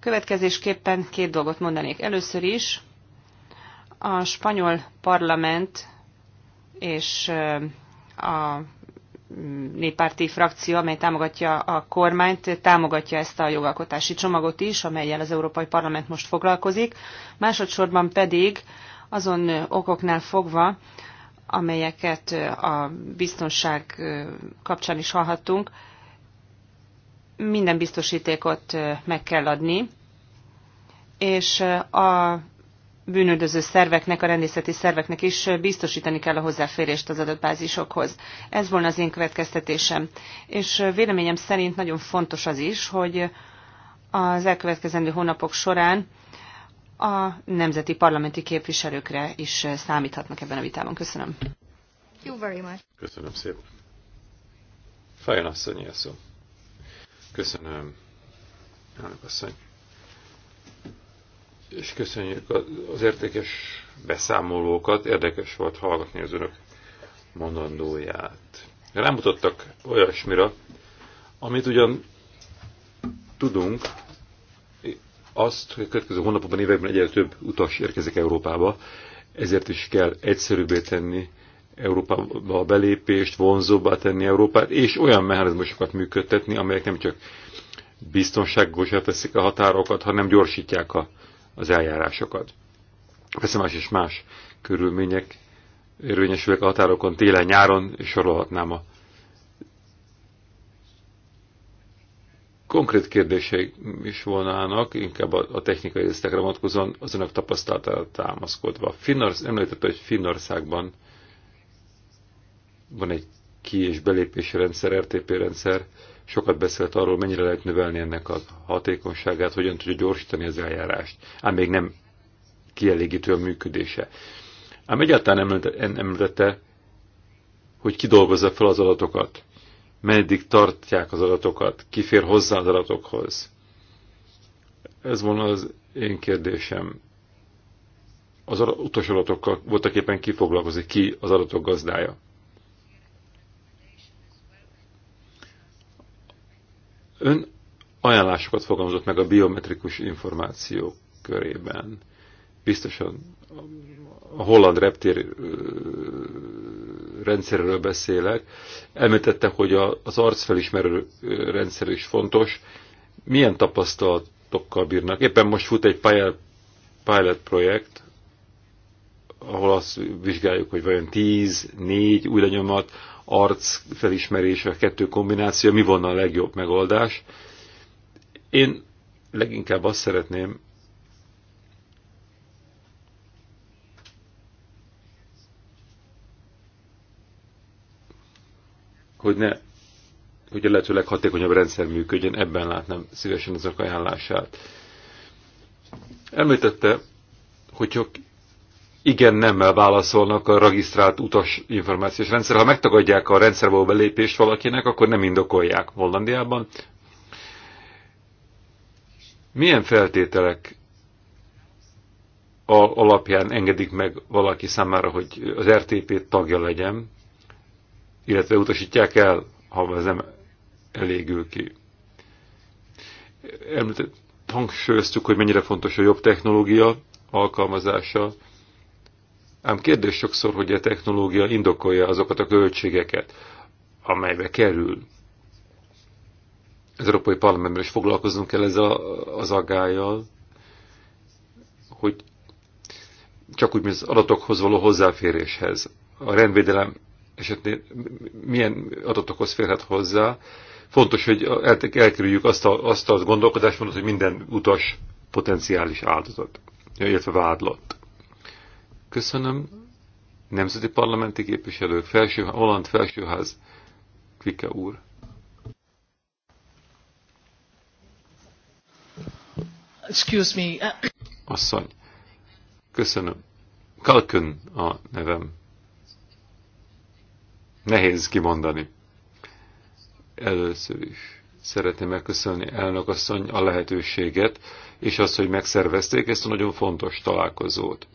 Következésképpen két dolgot mondanék. Először is a spanyol parlament és a néppárti frakció, amely támogatja a kormányt, támogatja ezt a jogalkotási csomagot is, amelyel az Európai Parlament most foglalkozik. Másodszorban pedig azon okoknál fogva, amelyeket a biztonság kapcsán is hallhattunk, minden biztosítékot meg kell adni, és a bűnöldöző szerveknek, a rendészeti szerveknek is biztosítani kell a hozzáférést az adatbázisokhoz. Ez volna az én következtetésem. És véleményem szerint nagyon fontos az is, hogy az elkövetkezendő hónapok során a nemzeti parlamenti képviselőkre is számíthatnak ebben a vitában. Köszönöm. You very much. Köszönöm szépen. Fajon asszony, Köszönöm, elnök asszony és köszönjük az értékes beszámolókat, érdekes volt hallgatni az önök mondandóját. Rámutattak olyasmira, amit ugyan tudunk, azt, hogy a következő hónapokban, években egyre több utas érkezik Európába, ezért is kell egyszerűbbé tenni Európába a belépést, vonzóbbá tenni Európát, és olyan mechanizmusokat működtetni, amelyek nem csak biztonságosan teszik a határokat, hanem gyorsítják a az eljárásokat. Persze más és más körülmények érvényesülnek a határokon télen, nyáron, és sorolhatnám a konkrét kérdései is volnának, inkább a, technikai résztekre vonatkozóan az önök tapasztalatára támaszkodva. Finnarsz, említett, hogy Finnországban van egy ki- és belépési rendszer, RTP rendszer, sokat beszélt arról, mennyire lehet növelni ennek a hatékonyságát, hogyan tudja gyorsítani az eljárást, ám még nem kielégítő a működése. Ám egyáltalán nem említette, hogy kidolgozza fel az adatokat, meddig tartják az adatokat, ki fér hozzá az adatokhoz. Ez volna az én kérdésem. Az utas adatokkal voltak éppen ki foglalkozik, ki az adatok gazdája. Ön ajánlásokat fogalmazott meg a biometrikus információk körében. Biztosan a holland reptér rendszerről beszélek. Említette, hogy az arcfelismerő rendszer is fontos. Milyen tapasztalatokkal bírnak? Éppen most fut egy pilot projekt, ahol azt vizsgáljuk, hogy vajon 10, 4 új lenyomat arc felismerése, a kettő kombináció, mi volna a legjobb megoldás. Én leginkább azt szeretném, hogy ne hogy a lehető leghatékonyabb rendszer működjön, ebben látnám szívesen az ajánlását. Említette, hogy csak igen nemmel válaszolnak a regisztrált utas információs rendszer. Ha megtagadják a rendszerbe belépést valakinek, akkor nem indokolják Hollandiában. Milyen feltételek alapján engedik meg valaki számára, hogy az RTP tagja legyen, illetve utasítják el, ha ez nem elégül ki. Említett, hangsúlyoztuk, hogy mennyire fontos a jobb technológia alkalmazása, Ám kérdés sokszor, hogy a technológia indokolja azokat a költségeket, amelybe kerül. Az Európai Parlamentben is foglalkozunk kell ezzel az aggájjal, hogy csak úgy, mint az adatokhoz való hozzáféréshez. A rendvédelem esetén milyen adatokhoz férhet hozzá. Fontos, hogy elkerüljük azt a, azt a gondolkodásmódot, hogy minden utas potenciális áldozat, illetve vádlott. Köszönöm nemzeti parlamenti képviselők, felső, Holland felsőház, Kvike úr. Excuse me. Asszony. Köszönöm. Kalkön a nevem. Nehéz kimondani. Először is szeretném megköszönni elnök asszony a lehetőséget, és azt, hogy megszervezték ezt a nagyon fontos találkozót.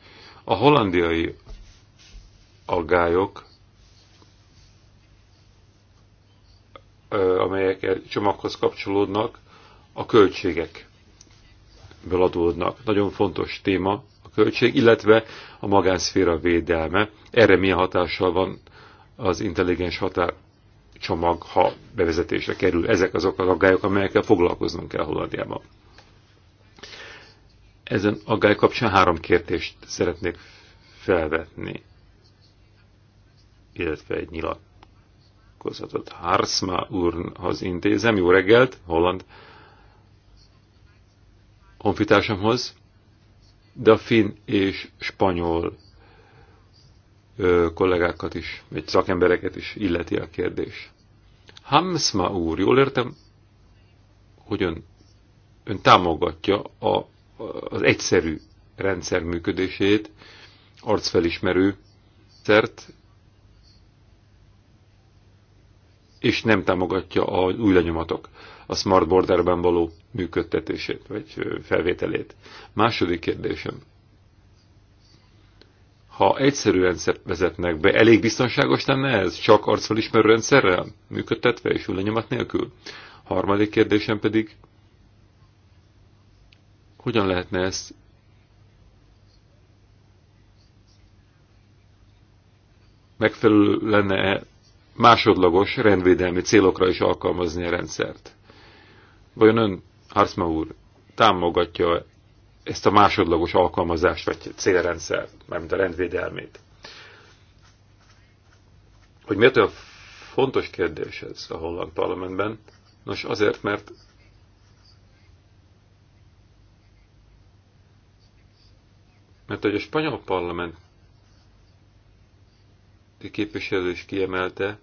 A hollandiai aggályok, amelyek csomaghoz kapcsolódnak, a költségekből adódnak. Nagyon fontos téma a költség, illetve a magánszféra védelme. Erre milyen hatással van az intelligens határ csomag, ha bevezetésre kerül. Ezek azok az aggályok, amelyekkel foglalkoznunk kell Hollandiában. Ezen aggály kapcsán három kérdést szeretnék felvetni, illetve egy nyilatkozatot Harsma úrhoz intézem. Jó reggelt, holland honfitársamhoz, de a finn és spanyol ö, kollégákat is, vagy szakembereket is illeti a kérdés. Hamsma úr, jól értem, hogy ön, ön támogatja a az egyszerű rendszer működését, arcfelismerő szert, és nem támogatja az új lenyomatok, a Smart Borderben való működtetését, vagy felvételét. Második kérdésem. Ha egyszerű rendszert vezetnek be, elég biztonságos lenne ez? Csak arcfelismerő rendszerrel? Működtetve és új lenyomat nélkül? Harmadik kérdésem pedig, hogyan lehetne ezt megfelelő lenne -e másodlagos rendvédelmi célokra is alkalmazni a rendszert? Vajon ön, Harcma úr, támogatja ezt a másodlagos alkalmazást, vagy célrendszer, mármint a rendvédelmét? Hogy miért olyan fontos kérdés ez a holland parlamentben? Nos, azért, mert Mert hogy a spanyol parlament képviselő is kiemelte,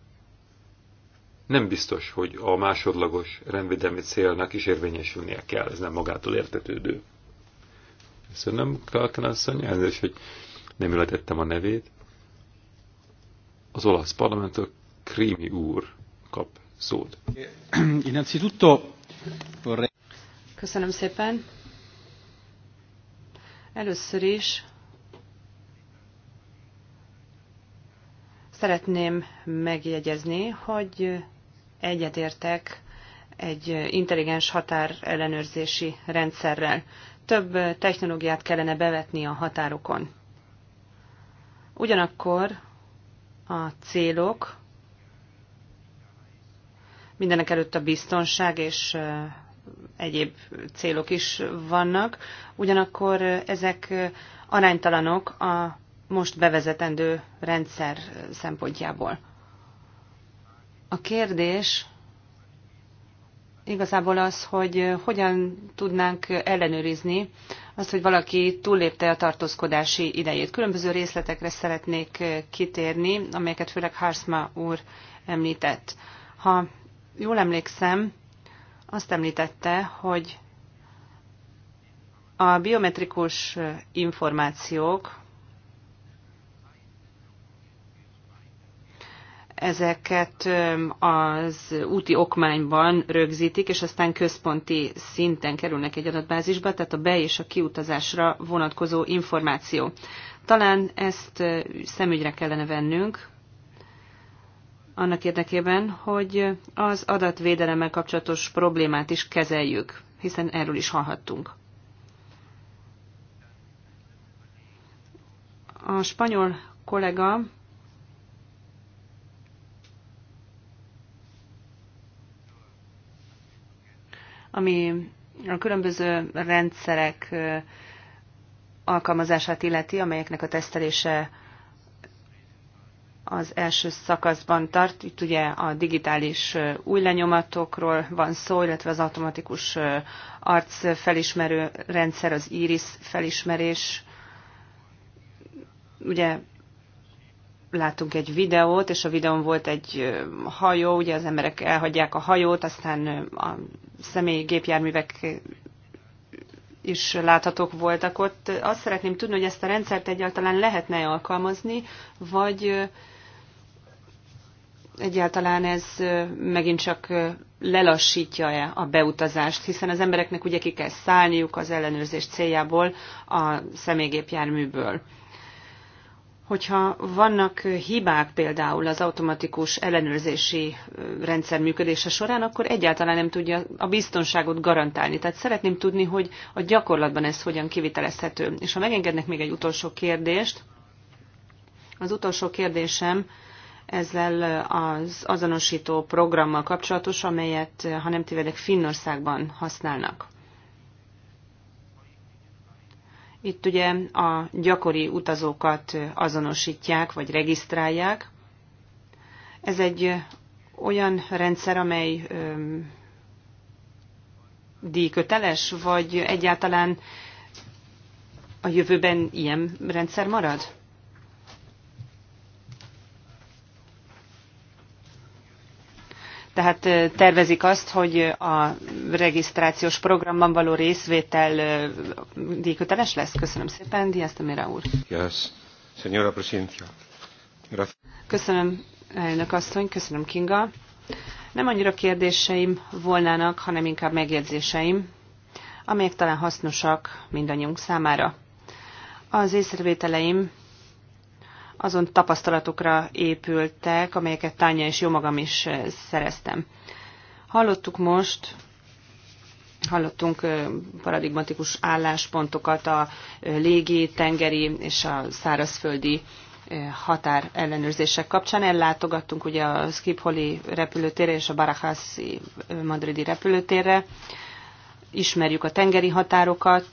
nem biztos, hogy a másodlagos rendvédelmi célnak is érvényesülnie kell, ez nem magától értetődő. Köszönöm, Kalkan asszony, elnézést, hogy nem ületettem a nevét. Az olasz parlamentől Krími úr kap szót. Köszönöm szépen. Először is szeretném megjegyezni, hogy egyetértek egy intelligens határ ellenőrzési rendszerrel. Több technológiát kellene bevetni a határokon. Ugyanakkor a célok mindenek előtt a biztonság és egyéb célok is vannak, ugyanakkor ezek aránytalanok a most bevezetendő rendszer szempontjából. A kérdés igazából az, hogy hogyan tudnánk ellenőrizni azt, hogy valaki túllépte a tartózkodási idejét. Különböző részletekre szeretnék kitérni, amelyeket főleg Harsma úr említett. Ha jól emlékszem, azt említette, hogy a biometrikus információk ezeket az úti okmányban rögzítik, és aztán központi szinten kerülnek egy adatbázisba, tehát a be- és a kiutazásra vonatkozó információ. Talán ezt szemügyre kellene vennünk, annak érdekében, hogy az adatvédelemmel kapcsolatos problémát is kezeljük, hiszen erről is hallhattunk. A spanyol kollega ami a különböző rendszerek alkalmazását illeti, amelyeknek a tesztelése az első szakaszban tart. Itt ugye a digitális új lenyomatokról van szó, illetve az automatikus arcfelismerő rendszer, az iris felismerés. Ugye láttunk egy videót, és a videón volt egy hajó, ugye az emberek elhagyják a hajót, aztán a személyi gépjárművek is láthatók voltak ott. Azt szeretném tudni, hogy ezt a rendszert egyáltalán lehetne alkalmazni, vagy egyáltalán ez megint csak lelassítja-e a beutazást, hiszen az embereknek ugye ki kell szállniuk az ellenőrzés céljából a személygépjárműből. Hogyha vannak hibák például az automatikus ellenőrzési rendszer működése során, akkor egyáltalán nem tudja a biztonságot garantálni. Tehát szeretném tudni, hogy a gyakorlatban ez hogyan kivitelezhető. És ha megengednek még egy utolsó kérdést, az utolsó kérdésem, ezzel az azonosító programmal kapcsolatos, amelyet, ha nem tévedek, Finnországban használnak. Itt ugye a gyakori utazókat azonosítják, vagy regisztrálják. Ez egy olyan rendszer, amely díjköteles, vagy egyáltalán a jövőben ilyen rendszer marad? tehát tervezik azt, hogy a regisztrációs programban való részvétel díjköteles lesz. Köszönöm szépen, Tamira úr. Yes. Señora Presidencia. Köszönöm, elnök asszony, köszönöm, Kinga. Nem annyira kérdéseim volnának, hanem inkább megjegyzéseim, amelyek talán hasznosak mindannyiunk számára. Az észrevételeim azon tapasztalatokra épültek, amelyeket Tánya és jó magam is eh, szereztem. Hallottuk most, hallottunk eh, paradigmatikus álláspontokat a eh, légi, tengeri és a szárazföldi határ ellenőrzések kapcsán. Ellátogattunk ugye a Skipholi repülőtérre és a Barajas madridi repülőtérre. Ismerjük a tengeri határokat,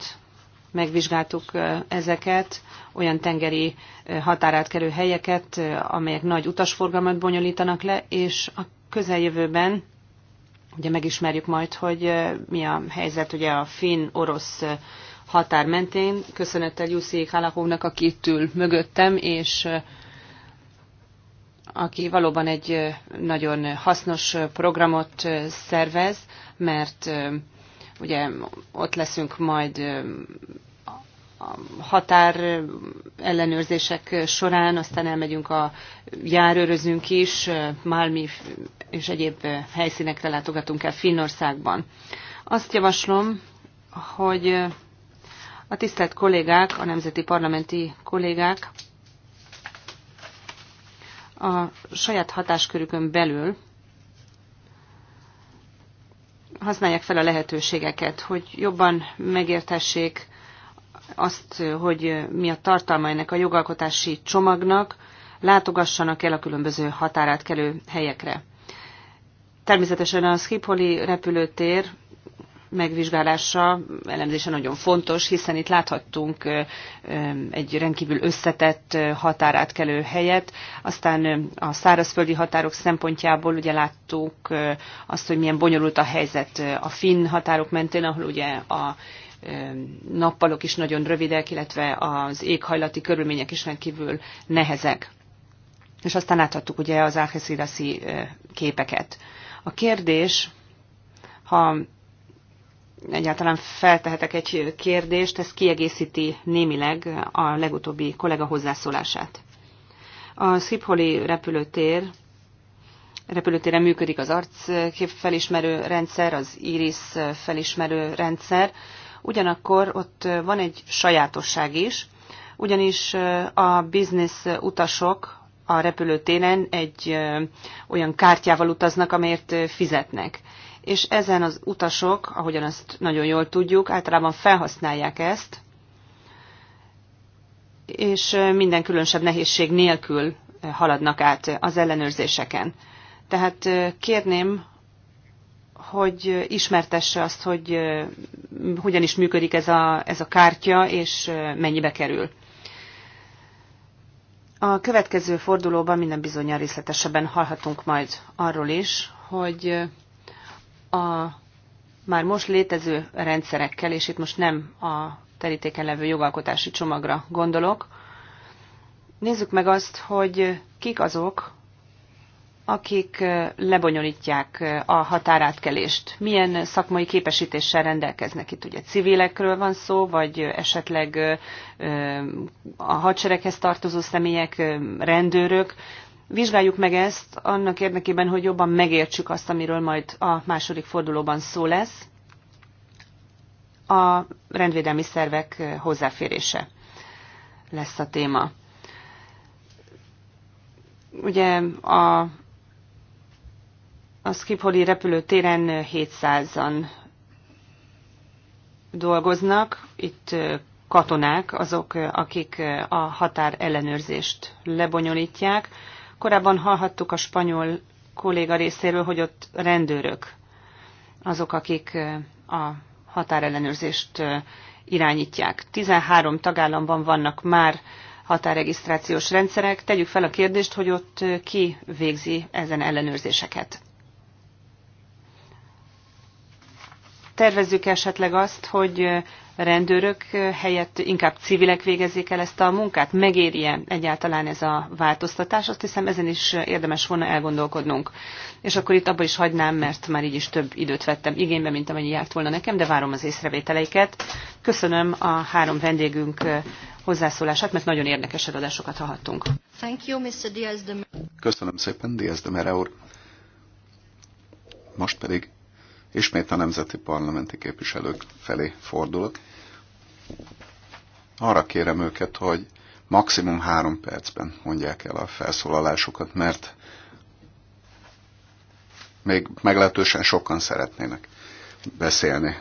megvizsgáltuk ezeket, olyan tengeri határátkerő helyeket, amelyek nagy utasforgalmat bonyolítanak le, és a közeljövőben ugye megismerjük majd, hogy mi a helyzet ugye a finn-orosz határ mentén. Köszönettel Jussi Halakovnak, aki itt ül mögöttem, és aki valóban egy nagyon hasznos programot szervez, mert Ugye ott leszünk majd a határ ellenőrzések során, aztán elmegyünk a járőrözünk is, Malmi és egyéb helyszínekre látogatunk el Finnországban. Azt javaslom, hogy a tisztelt kollégák, a nemzeti parlamenti kollégák a saját hatáskörükön belül használják fel a lehetőségeket, hogy jobban megértessék azt, hogy mi a tartalma ennek a jogalkotási csomagnak, látogassanak el a különböző határátkelő helyekre. Természetesen a Schipholi repülőtér megvizsgálása, elemzése nagyon fontos, hiszen itt láthattunk egy rendkívül összetett határátkelő helyet. Aztán a szárazföldi határok szempontjából ugye láttuk azt, hogy milyen bonyolult a helyzet a finn határok mentén, ahol ugye a nappalok is nagyon rövidek, illetve az éghajlati körülmények is rendkívül nehezek. És aztán láthattuk ugye az algeciras képeket. A kérdés, ha egyáltalán feltehetek egy kérdést, ez kiegészíti némileg a legutóbbi kollega hozzászólását. A Szipholi repülőtér repülőtéren működik az arckép felismerő rendszer, az iris felismerő rendszer, ugyanakkor ott van egy sajátosság is, ugyanis a biznisz utasok a repülőtéren egy olyan kártyával utaznak, amért fizetnek és ezen az utasok, ahogyan ezt nagyon jól tudjuk, általában felhasználják ezt, és minden különösebb nehézség nélkül haladnak át az ellenőrzéseken. Tehát kérném, hogy ismertesse azt, hogy hogyan is működik ez a, ez a kártya, és mennyibe kerül. A következő fordulóban minden bizonyal részletesebben hallhatunk majd arról is, hogy a már most létező rendszerekkel, és itt most nem a terítéken levő jogalkotási csomagra gondolok. Nézzük meg azt, hogy kik azok, akik lebonyolítják a határátkelést. Milyen szakmai képesítéssel rendelkeznek itt? Ugye civilekről van szó, vagy esetleg a hadsereghez tartozó személyek, rendőrök, Vizsgáljuk meg ezt annak érdekében, hogy jobban megértsük azt, amiről majd a második fordulóban szó lesz, a rendvédelmi szervek hozzáférése lesz a téma. Ugye a, a Skipholi repülőtéren 700-an dolgoznak, itt katonák azok, akik a határ ellenőrzést lebonyolítják, Korábban hallhattuk a spanyol kolléga részéről, hogy ott rendőrök azok, akik a határellenőrzést irányítják. 13 tagállamban vannak már határregisztrációs rendszerek. Tegyük fel a kérdést, hogy ott ki végzi ezen ellenőrzéseket. tervezzük esetleg azt, hogy rendőrök helyett inkább civilek végezzék el ezt a munkát? Megéri-e egyáltalán ez a változtatás? Azt hiszem ezen is érdemes volna elgondolkodnunk. És akkor itt abba is hagynám, mert már így is több időt vettem igénybe, mint amennyi járt volna nekem, de várom az észrevételeiket. Köszönöm a három vendégünk hozzászólását, mert nagyon érdekes előadásokat hallhattunk. Thank you, Mr. Diaz de... Köszönöm szépen, Diaz de Mera úr. Most pedig Ismét a nemzeti parlamenti képviselők felé fordulok. Arra kérem őket, hogy maximum három percben mondják el a felszólalásukat, mert még meglehetősen sokan szeretnének beszélni,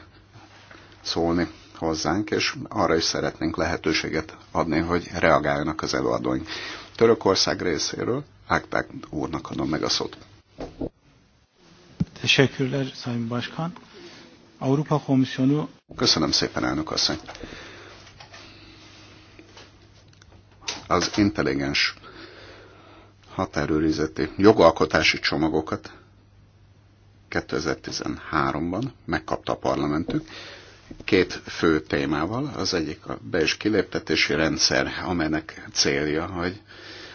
szólni hozzánk, és arra is szeretnénk lehetőséget adni, hogy reagáljanak az előadóink. Törökország részéről Ákpák úrnak adom meg a szót. Teşekkürler Sayın Başkan. Avrupa Komisyonu... Köszönöm szépen, elnök asszony. Az intelligens határőrizeti jogalkotási csomagokat 2013-ban megkapta a parlamentünk, két fő témával. Az egyik a be- és kiléptetési rendszer, amelynek célja, hogy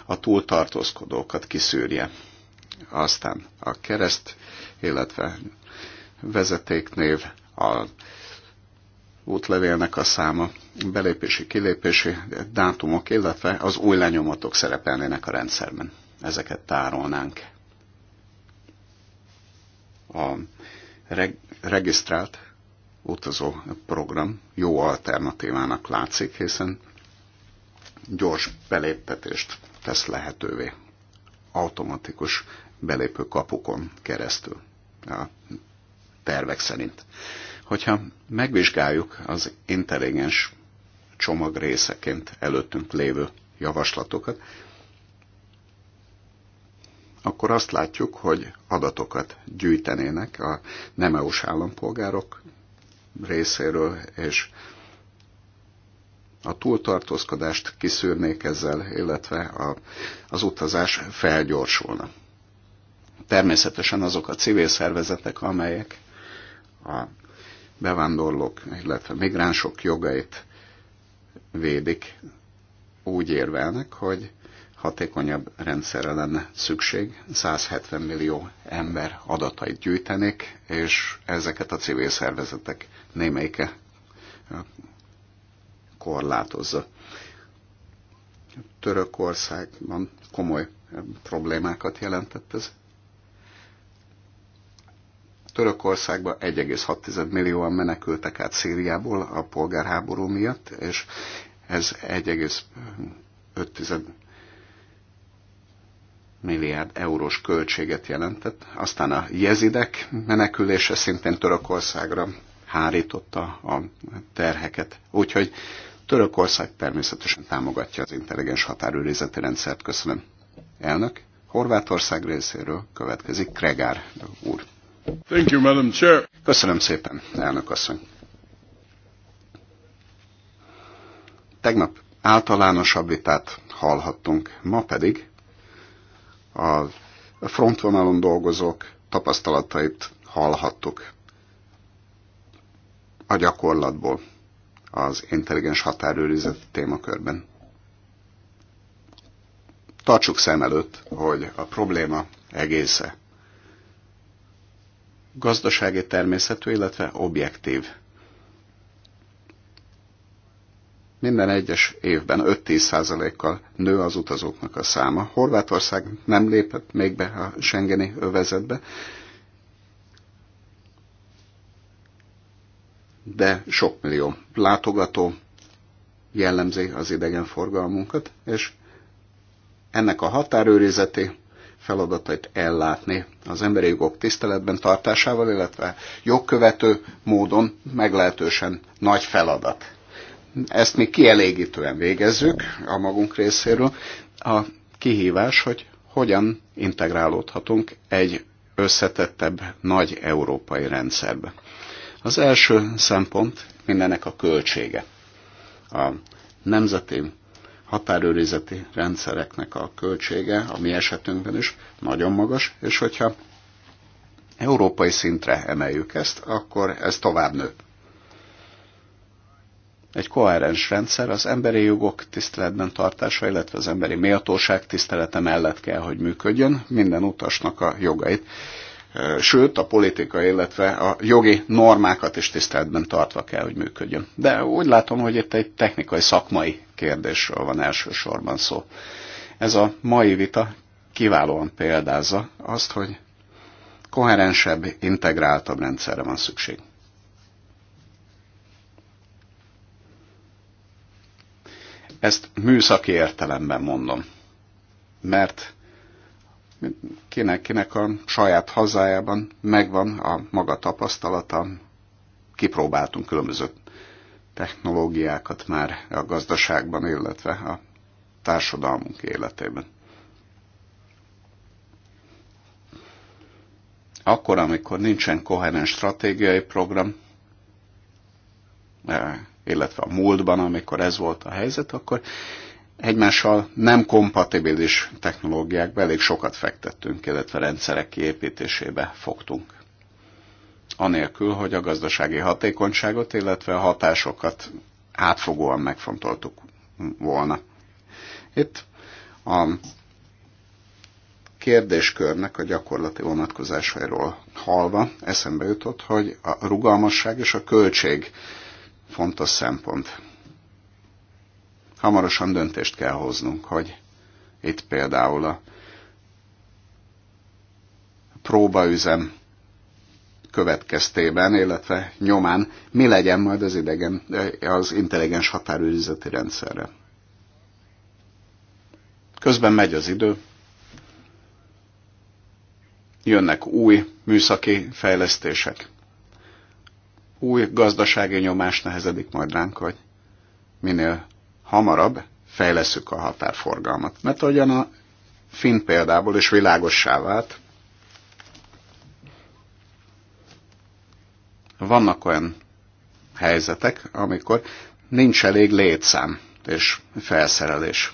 a túltartózkodókat kiszűrje aztán a kereszt, illetve vezetéknév, a útlevélnek a száma, belépési, kilépési dátumok, illetve az új lenyomatok szerepelnének a rendszerben. Ezeket tárolnánk. A reg- regisztrált utazó program jó alternatívának látszik, hiszen gyors beléptetést tesz lehetővé. Automatikus belépő kapukon keresztül a tervek szerint. Hogyha megvizsgáljuk az intelligens csomag részeként előttünk lévő javaslatokat, akkor azt látjuk, hogy adatokat gyűjtenének a nem EU-s állampolgárok részéről, és a túltartózkodást kiszűrnék ezzel, illetve a, az utazás felgyorsulna természetesen azok a civil szervezetek, amelyek a bevándorlók, illetve migránsok jogait védik, úgy érvelnek, hogy hatékonyabb rendszerre lenne szükség. 170 millió ember adatait gyűjtenék, és ezeket a civil szervezetek némelyike korlátozza. Törökországban komoly problémákat jelentett ez Törökországba 1,6 millióan menekültek át Szíriából a polgárháború miatt, és ez 1,5 milliárd eurós költséget jelentett. Aztán a jezidek menekülése szintén Törökországra hárította a terheket. Úgyhogy Törökország természetesen támogatja az intelligens határőrizeti rendszert. Köszönöm. Elnök, Horvátország részéről következik Kregár úr. Thank you, Madam Chair. Köszönöm szépen, elnök asszony. Tegnap általánosabb vitát hallhattunk, ma pedig a frontvonalon dolgozók tapasztalatait hallhattuk a gyakorlatból az intelligens határőrizet témakörben. Tartsuk szem előtt, hogy a probléma egésze gazdasági természetű, illetve objektív. Minden egyes évben 5-10%-kal nő az utazóknak a száma. Horvátország nem lépett még be a Schengeni övezetbe, de sok millió látogató jellemzi az idegenforgalmunkat, és ennek a határőrizeti feladatait ellátni az emberi jogok tiszteletben tartásával, illetve jogkövető módon meglehetősen nagy feladat. Ezt mi kielégítően végezzük a magunk részéről. A kihívás, hogy hogyan integrálódhatunk egy összetettebb nagy európai rendszerbe. Az első szempont mindennek a költsége. A nemzeti határőrizeti rendszereknek a költsége, a mi esetünkben is nagyon magas, és hogyha európai szintre emeljük ezt, akkor ez tovább nő. Egy koherens rendszer az emberi jogok tiszteletben tartása, illetve az emberi méltóság tisztelete mellett kell, hogy működjön, minden utasnak a jogait sőt a politika, illetve a jogi normákat is tiszteletben tartva kell, hogy működjön. De úgy látom, hogy itt egy technikai, szakmai kérdésről van elsősorban szó. Ez a mai vita kiválóan példázza azt, hogy koherensebb, integráltabb rendszerre van szükség. Ezt műszaki értelemben mondom, mert kinek-kinek a saját hazájában megvan a maga tapasztalata, kipróbáltunk különböző technológiákat már a gazdaságban, illetve a társadalmunk életében. Akkor, amikor nincsen koherens stratégiai program, eh, illetve a múltban, amikor ez volt a helyzet, akkor egymással nem kompatibilis technológiákba elég sokat fektettünk, illetve rendszerek kiépítésébe fogtunk. Anélkül, hogy a gazdasági hatékonyságot, illetve a hatásokat átfogóan megfontoltuk volna. Itt a kérdéskörnek a gyakorlati vonatkozásairól halva eszembe jutott, hogy a rugalmasság és a költség fontos szempont hamarosan döntést kell hoznunk, hogy itt például a próbaüzem következtében, illetve nyomán mi legyen majd az, idegen, az intelligens határőrizeti rendszerre. Közben megy az idő, jönnek új műszaki fejlesztések. Új gazdasági nyomás nehezedik majd ránk, hogy minél hamarabb fejleszük a határforgalmat. Mert ahogyan a finn példából is világossá vált, vannak olyan helyzetek, amikor nincs elég létszám és felszerelés.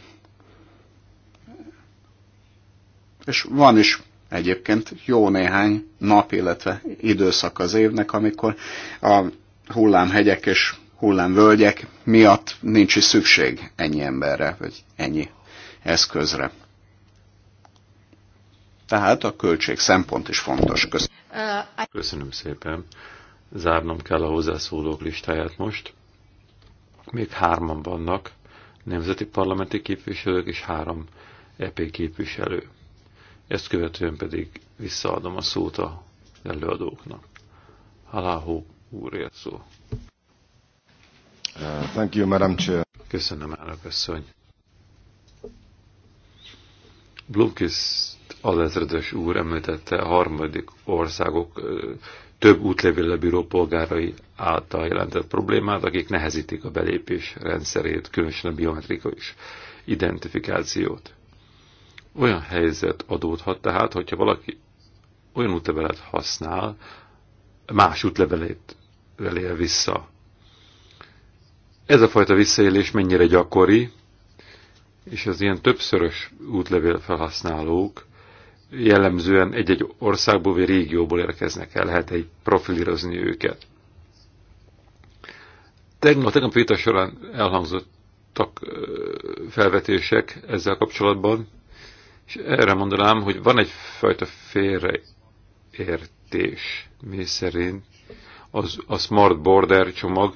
És van is egyébként jó néhány nap, illetve időszak az évnek, amikor a hullámhegyek és hullámvölgyek miatt nincs is szükség ennyi emberre, vagy ennyi eszközre. Tehát a költség szempont is fontos. Köszönöm, uh, Köszönöm szépen. Zárnom kell a hozzászólók listáját most. Még hárman vannak, nemzeti parlamenti képviselők és három EP képviselő. Ezt követően pedig visszaadom a szót a előadóknak. Haláhó úr szó. Uh, thank you, Madam Chair. Köszönöm, elnök asszony. Blomkiszt alezredes úr említette a harmadik országok uh, több útlevélle bíró polgárai által jelentett problémát, akik nehezítik a belépés rendszerét, különösen a is identifikációt. Olyan helyzet adódhat tehát, hogyha valaki olyan útlevelet használ, más útlevelét vele vissza ez a fajta visszaélés mennyire gyakori, és az ilyen többszörös útlevél felhasználók jellemzően egy-egy országból vagy régióból érkeznek el, lehet egy profilírozni őket. Tegnap, tegnap vita során elhangzottak felvetések ezzel kapcsolatban, és erre mondanám, hogy van egyfajta félreértés, mi szerint az, a Smart Border csomag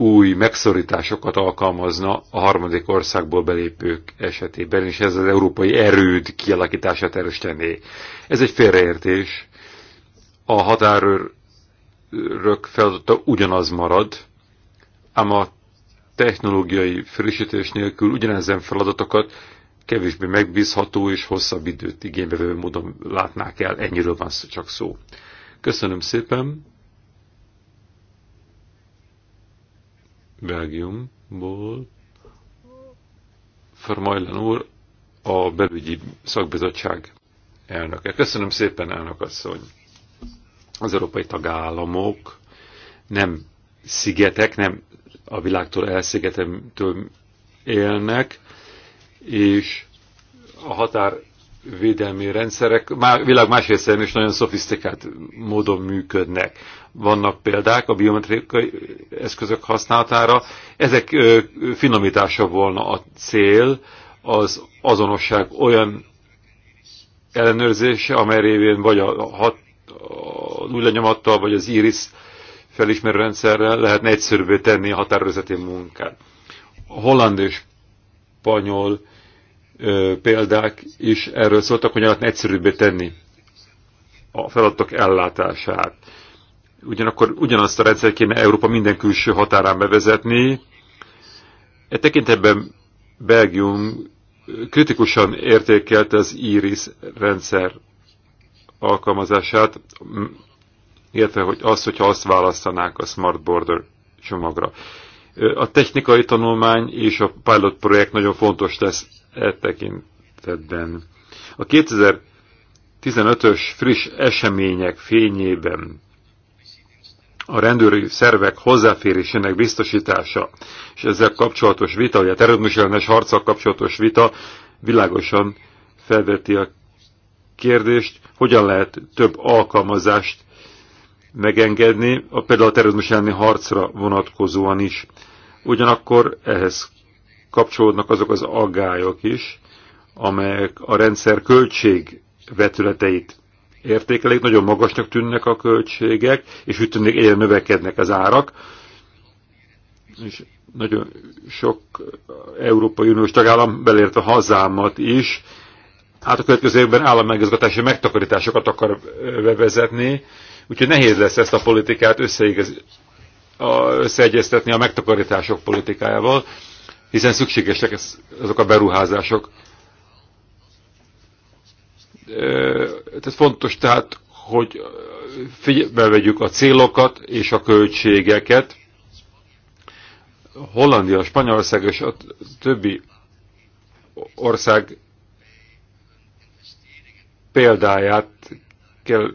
új megszorításokat alkalmazna a harmadik országból belépők esetében, és ez az európai erőd kialakítását erősítené. Ez egy félreértés. A határőrök feladata ugyanaz marad, ám a technológiai frissítés nélkül ugyanezen feladatokat kevésbé megbízható és hosszabb időt igénybevő módon látnák el. Ennyiről van csak szó. Köszönöm szépen! Belgiumból Fermajlan úr, a belügyi szakbizottság elnöke. Köszönöm szépen, elnök asszony! Az európai tagállamok nem szigetek, nem a világtól elszigetemtől élnek, és a határ védelmi rendszerek má, világ más részén is nagyon szofisztikált módon működnek. Vannak példák a biometrikai eszközök használatára. Ezek finomítása volna a cél, az azonosság olyan ellenőrzése, amely révén vagy a, a, a új vagy az iris felismerő rendszerrel lehetne egyszerűbbé tenni a határozati munkát. A holland és spanyol ö, példák is erről szóltak, hogy lehetne egyszerűbbé tenni a feladatok ellátását. Ugyanakkor ugyanazt a rendszer kéne Európa minden külső határán bevezetni. E tekintetben Belgium kritikusan értékelte az IRIS rendszer alkalmazását, illetve hogy az, hogyha azt választanák a Smart Border csomagra. A technikai tanulmány és a pilot projekt nagyon fontos lesz e tekintetben. A 2015-ös friss események fényében a rendőri szervek hozzáférésének biztosítása, és ezzel kapcsolatos vita, vagy a terrorizmus harccal kapcsolatos vita világosan felveti a kérdést, hogyan lehet több alkalmazást megengedni, a például a terrorizmus harcra vonatkozóan is. Ugyanakkor ehhez kapcsolódnak azok az aggályok is, amelyek a rendszer költség vetületeit értékelik, nagyon magasnak tűnnek a költségek, és úgy tűnik egyre növekednek az árak, és nagyon sok Európai Uniós tagállam, belértve hazámat is, hát a következő évben államegazgatási megtakarításokat akar bevezetni, úgyhogy nehéz lesz ezt a politikát összeegyeztetni a megtakarítások politikájával hiszen szükségesek ez, azok a beruházások. Tehát fontos tehát, hogy figyelme vegyük a célokat és a költségeket. Hollandia, Spanyolország és a többi ország példáját kell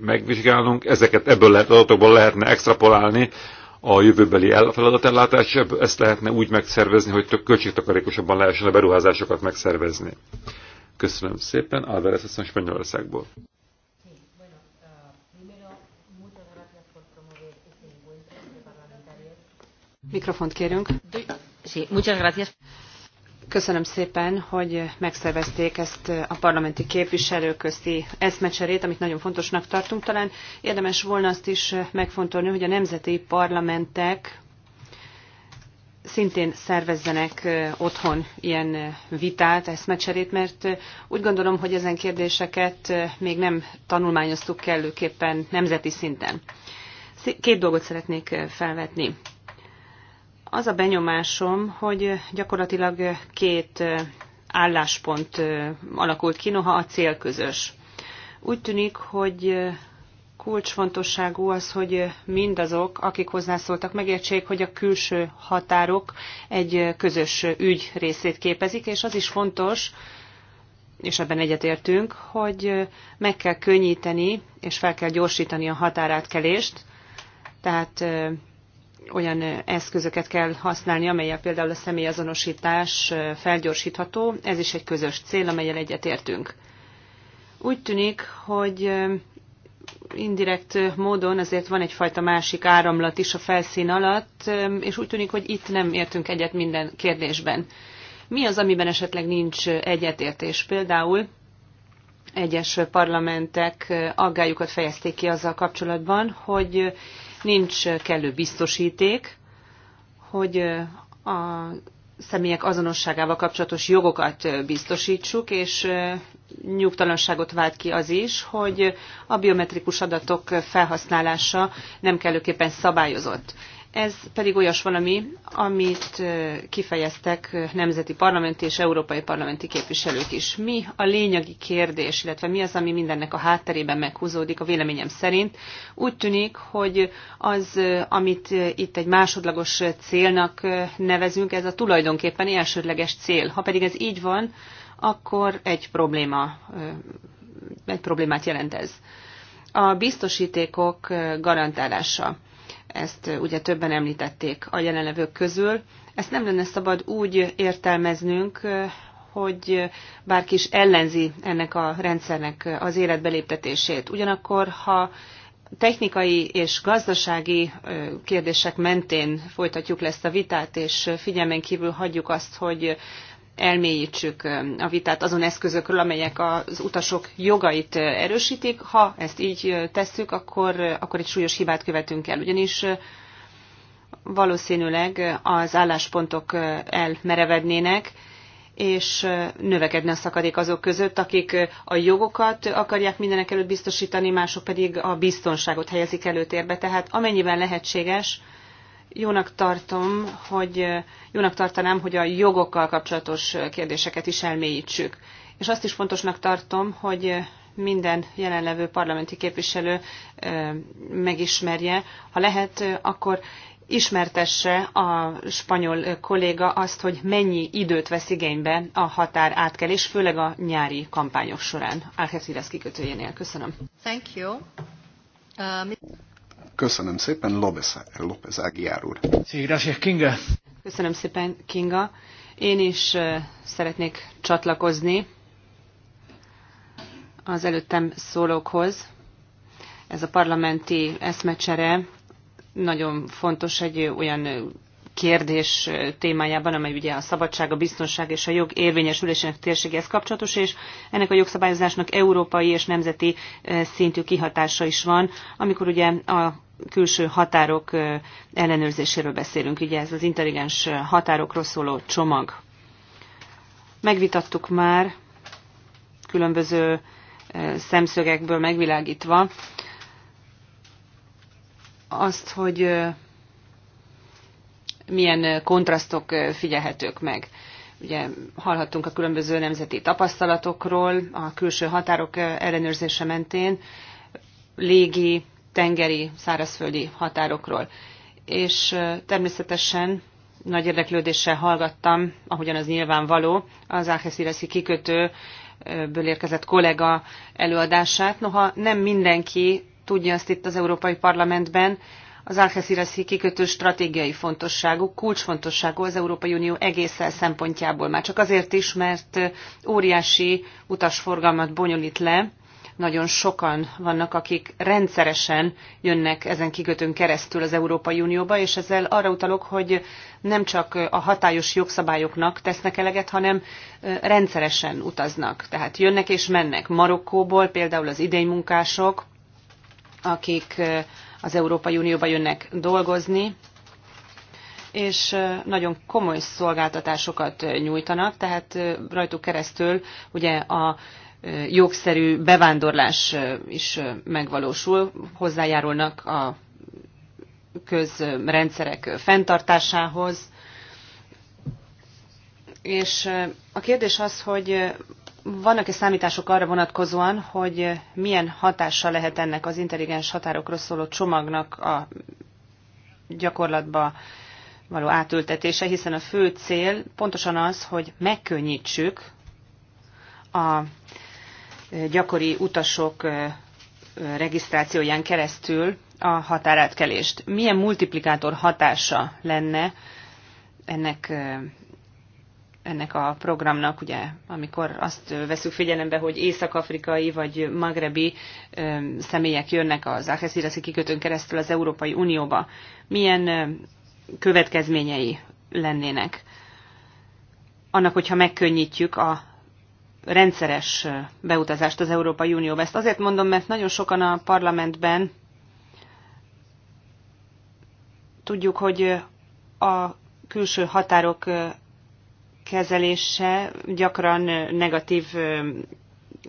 megvizsgálnunk, ezeket ebből lehet, adatokból lehetne extrapolálni a jövőbeli feladatellátás, ezt lehetne úgy megszervezni, hogy költségtakarékosabban lehessen a beruházásokat megszervezni. Köszönöm szépen, Álvarez asszony Spanyolországból. Mikrofont kérünk. Sí, muchas gracias. Köszönöm szépen, hogy megszervezték ezt a parlamenti képviselőközti eszmecserét, amit nagyon fontosnak tartunk. Talán érdemes volna azt is megfontolni, hogy a nemzeti parlamentek szintén szervezzenek otthon ilyen vitát, eszmecserét, mert úgy gondolom, hogy ezen kérdéseket még nem tanulmányoztuk kellőképpen nemzeti szinten. Két dolgot szeretnék felvetni. Az a benyomásom, hogy gyakorlatilag két álláspont alakult ki, noha a cél közös. Úgy tűnik, hogy kulcsfontosságú az, hogy mindazok, akik hozzászóltak, megértsék, hogy a külső határok egy közös ügy részét képezik, és az is fontos, és ebben egyetértünk, hogy meg kell könnyíteni és fel kell gyorsítani a határátkelést, tehát olyan eszközöket kell használni, amelyel például a személyazonosítás felgyorsítható. Ez is egy közös cél, amelyel egyetértünk. Úgy tűnik, hogy indirekt módon azért van egyfajta másik áramlat is a felszín alatt, és úgy tűnik, hogy itt nem értünk egyet minden kérdésben. Mi az, amiben esetleg nincs egyetértés? Például egyes parlamentek aggájukat fejezték ki azzal kapcsolatban, hogy nincs kellő biztosíték, hogy a személyek azonosságával kapcsolatos jogokat biztosítsuk, és nyugtalanságot vált ki az is, hogy a biometrikus adatok felhasználása nem kellőképpen szabályozott. Ez pedig olyas valami, amit kifejeztek nemzeti parlamenti és európai parlamenti képviselők is. Mi a lényegi kérdés, illetve mi az, ami mindennek a hátterében meghúzódik a véleményem szerint? Úgy tűnik, hogy az, amit itt egy másodlagos célnak nevezünk, ez a tulajdonképpen elsődleges cél. Ha pedig ez így van, akkor egy probléma, egy problémát jelent ez. A biztosítékok garantálása ezt ugye többen említették a jelenlevők közül. Ezt nem lenne szabad úgy értelmeznünk, hogy bárki is ellenzi ennek a rendszernek az életbeléptetését. Ugyanakkor, ha technikai és gazdasági kérdések mentén folytatjuk le ezt a vitát, és figyelmen kívül hagyjuk azt, hogy elmélyítsük a vitát azon eszközökről, amelyek az utasok jogait erősítik. Ha ezt így tesszük, akkor, akkor egy súlyos hibát követünk el, ugyanis valószínűleg az álláspontok elmerevednének, és növekedne a szakadék azok között, akik a jogokat akarják mindenek előtt biztosítani, mások pedig a biztonságot helyezik előtérbe. Tehát amennyiben lehetséges, jónak tartom, hogy jónak tartanám, hogy a jogokkal kapcsolatos kérdéseket is elmélyítsük. És azt is fontosnak tartom, hogy minden jelenlevő parlamenti képviselő megismerje. Ha lehet, akkor ismertesse a spanyol kolléga azt, hogy mennyi időt vesz igénybe a határ átkelés, főleg a nyári kampányok során. Algeciras kikötőjénél. Köszönöm. Thank you. Uh, Köszönöm szépen, López, López Ágiár úr. Kinga. Köszönöm szépen, Kinga. Én is szeretnék csatlakozni az előttem szólókhoz. Ez a parlamenti eszmecsere nagyon fontos egy olyan kérdés témájában, amely ugye a szabadság, a biztonság és a jog érvényesülésének térségéhez kapcsolatos, és ennek a jogszabályozásnak európai és nemzeti szintű kihatása is van, amikor ugye a külső határok ellenőrzéséről beszélünk, ugye ez az intelligens határokról szóló csomag. Megvitattuk már különböző szemszögekből megvilágítva azt, hogy milyen kontrasztok figyelhetők meg. Ugye hallhattunk a különböző nemzeti tapasztalatokról a külső határok ellenőrzése mentén, légi, tengeri, szárazföldi határokról. És természetesen nagy érdeklődéssel hallgattam, ahogyan az nyilvánvaló, az Áhesziraszi kikötő ből érkezett kollega előadását. Noha nem mindenki tudja azt itt az Európai Parlamentben, az Algeciras-i kikötő stratégiai fontosságú, kulcsfontosságú az Európai Unió egészen szempontjából. Már csak azért is, mert óriási utasforgalmat bonyolít le, nagyon sokan vannak, akik rendszeresen jönnek ezen kikötőn keresztül az Európai Unióba, és ezzel arra utalok, hogy nem csak a hatályos jogszabályoknak tesznek eleget, hanem rendszeresen utaznak. Tehát jönnek és mennek. Marokkóból például az idénymunkások, akik az Európai Unióba jönnek dolgozni, és nagyon komoly szolgáltatásokat nyújtanak, tehát rajtuk keresztül ugye a jogszerű bevándorlás is megvalósul, hozzájárulnak a közrendszerek fenntartásához. És a kérdés az, hogy vannak-e számítások arra vonatkozóan, hogy milyen hatása lehet ennek az intelligens határokról szóló csomagnak a gyakorlatba való átültetése, hiszen a fő cél pontosan az, hogy megkönnyítsük a gyakori utasok regisztrációján keresztül a határátkelést. Milyen multiplikátor hatása lenne ennek ennek a programnak, ugye, amikor azt veszük figyelembe, hogy észak-afrikai vagy magrebi személyek jönnek az Áheszíraszi kikötőn keresztül az Európai Unióba, milyen következményei lennének annak, hogyha megkönnyítjük a rendszeres beutazást az Európai Unióba. Ezt azért mondom, mert nagyon sokan a parlamentben tudjuk, hogy a külső határok kezelése gyakran negatív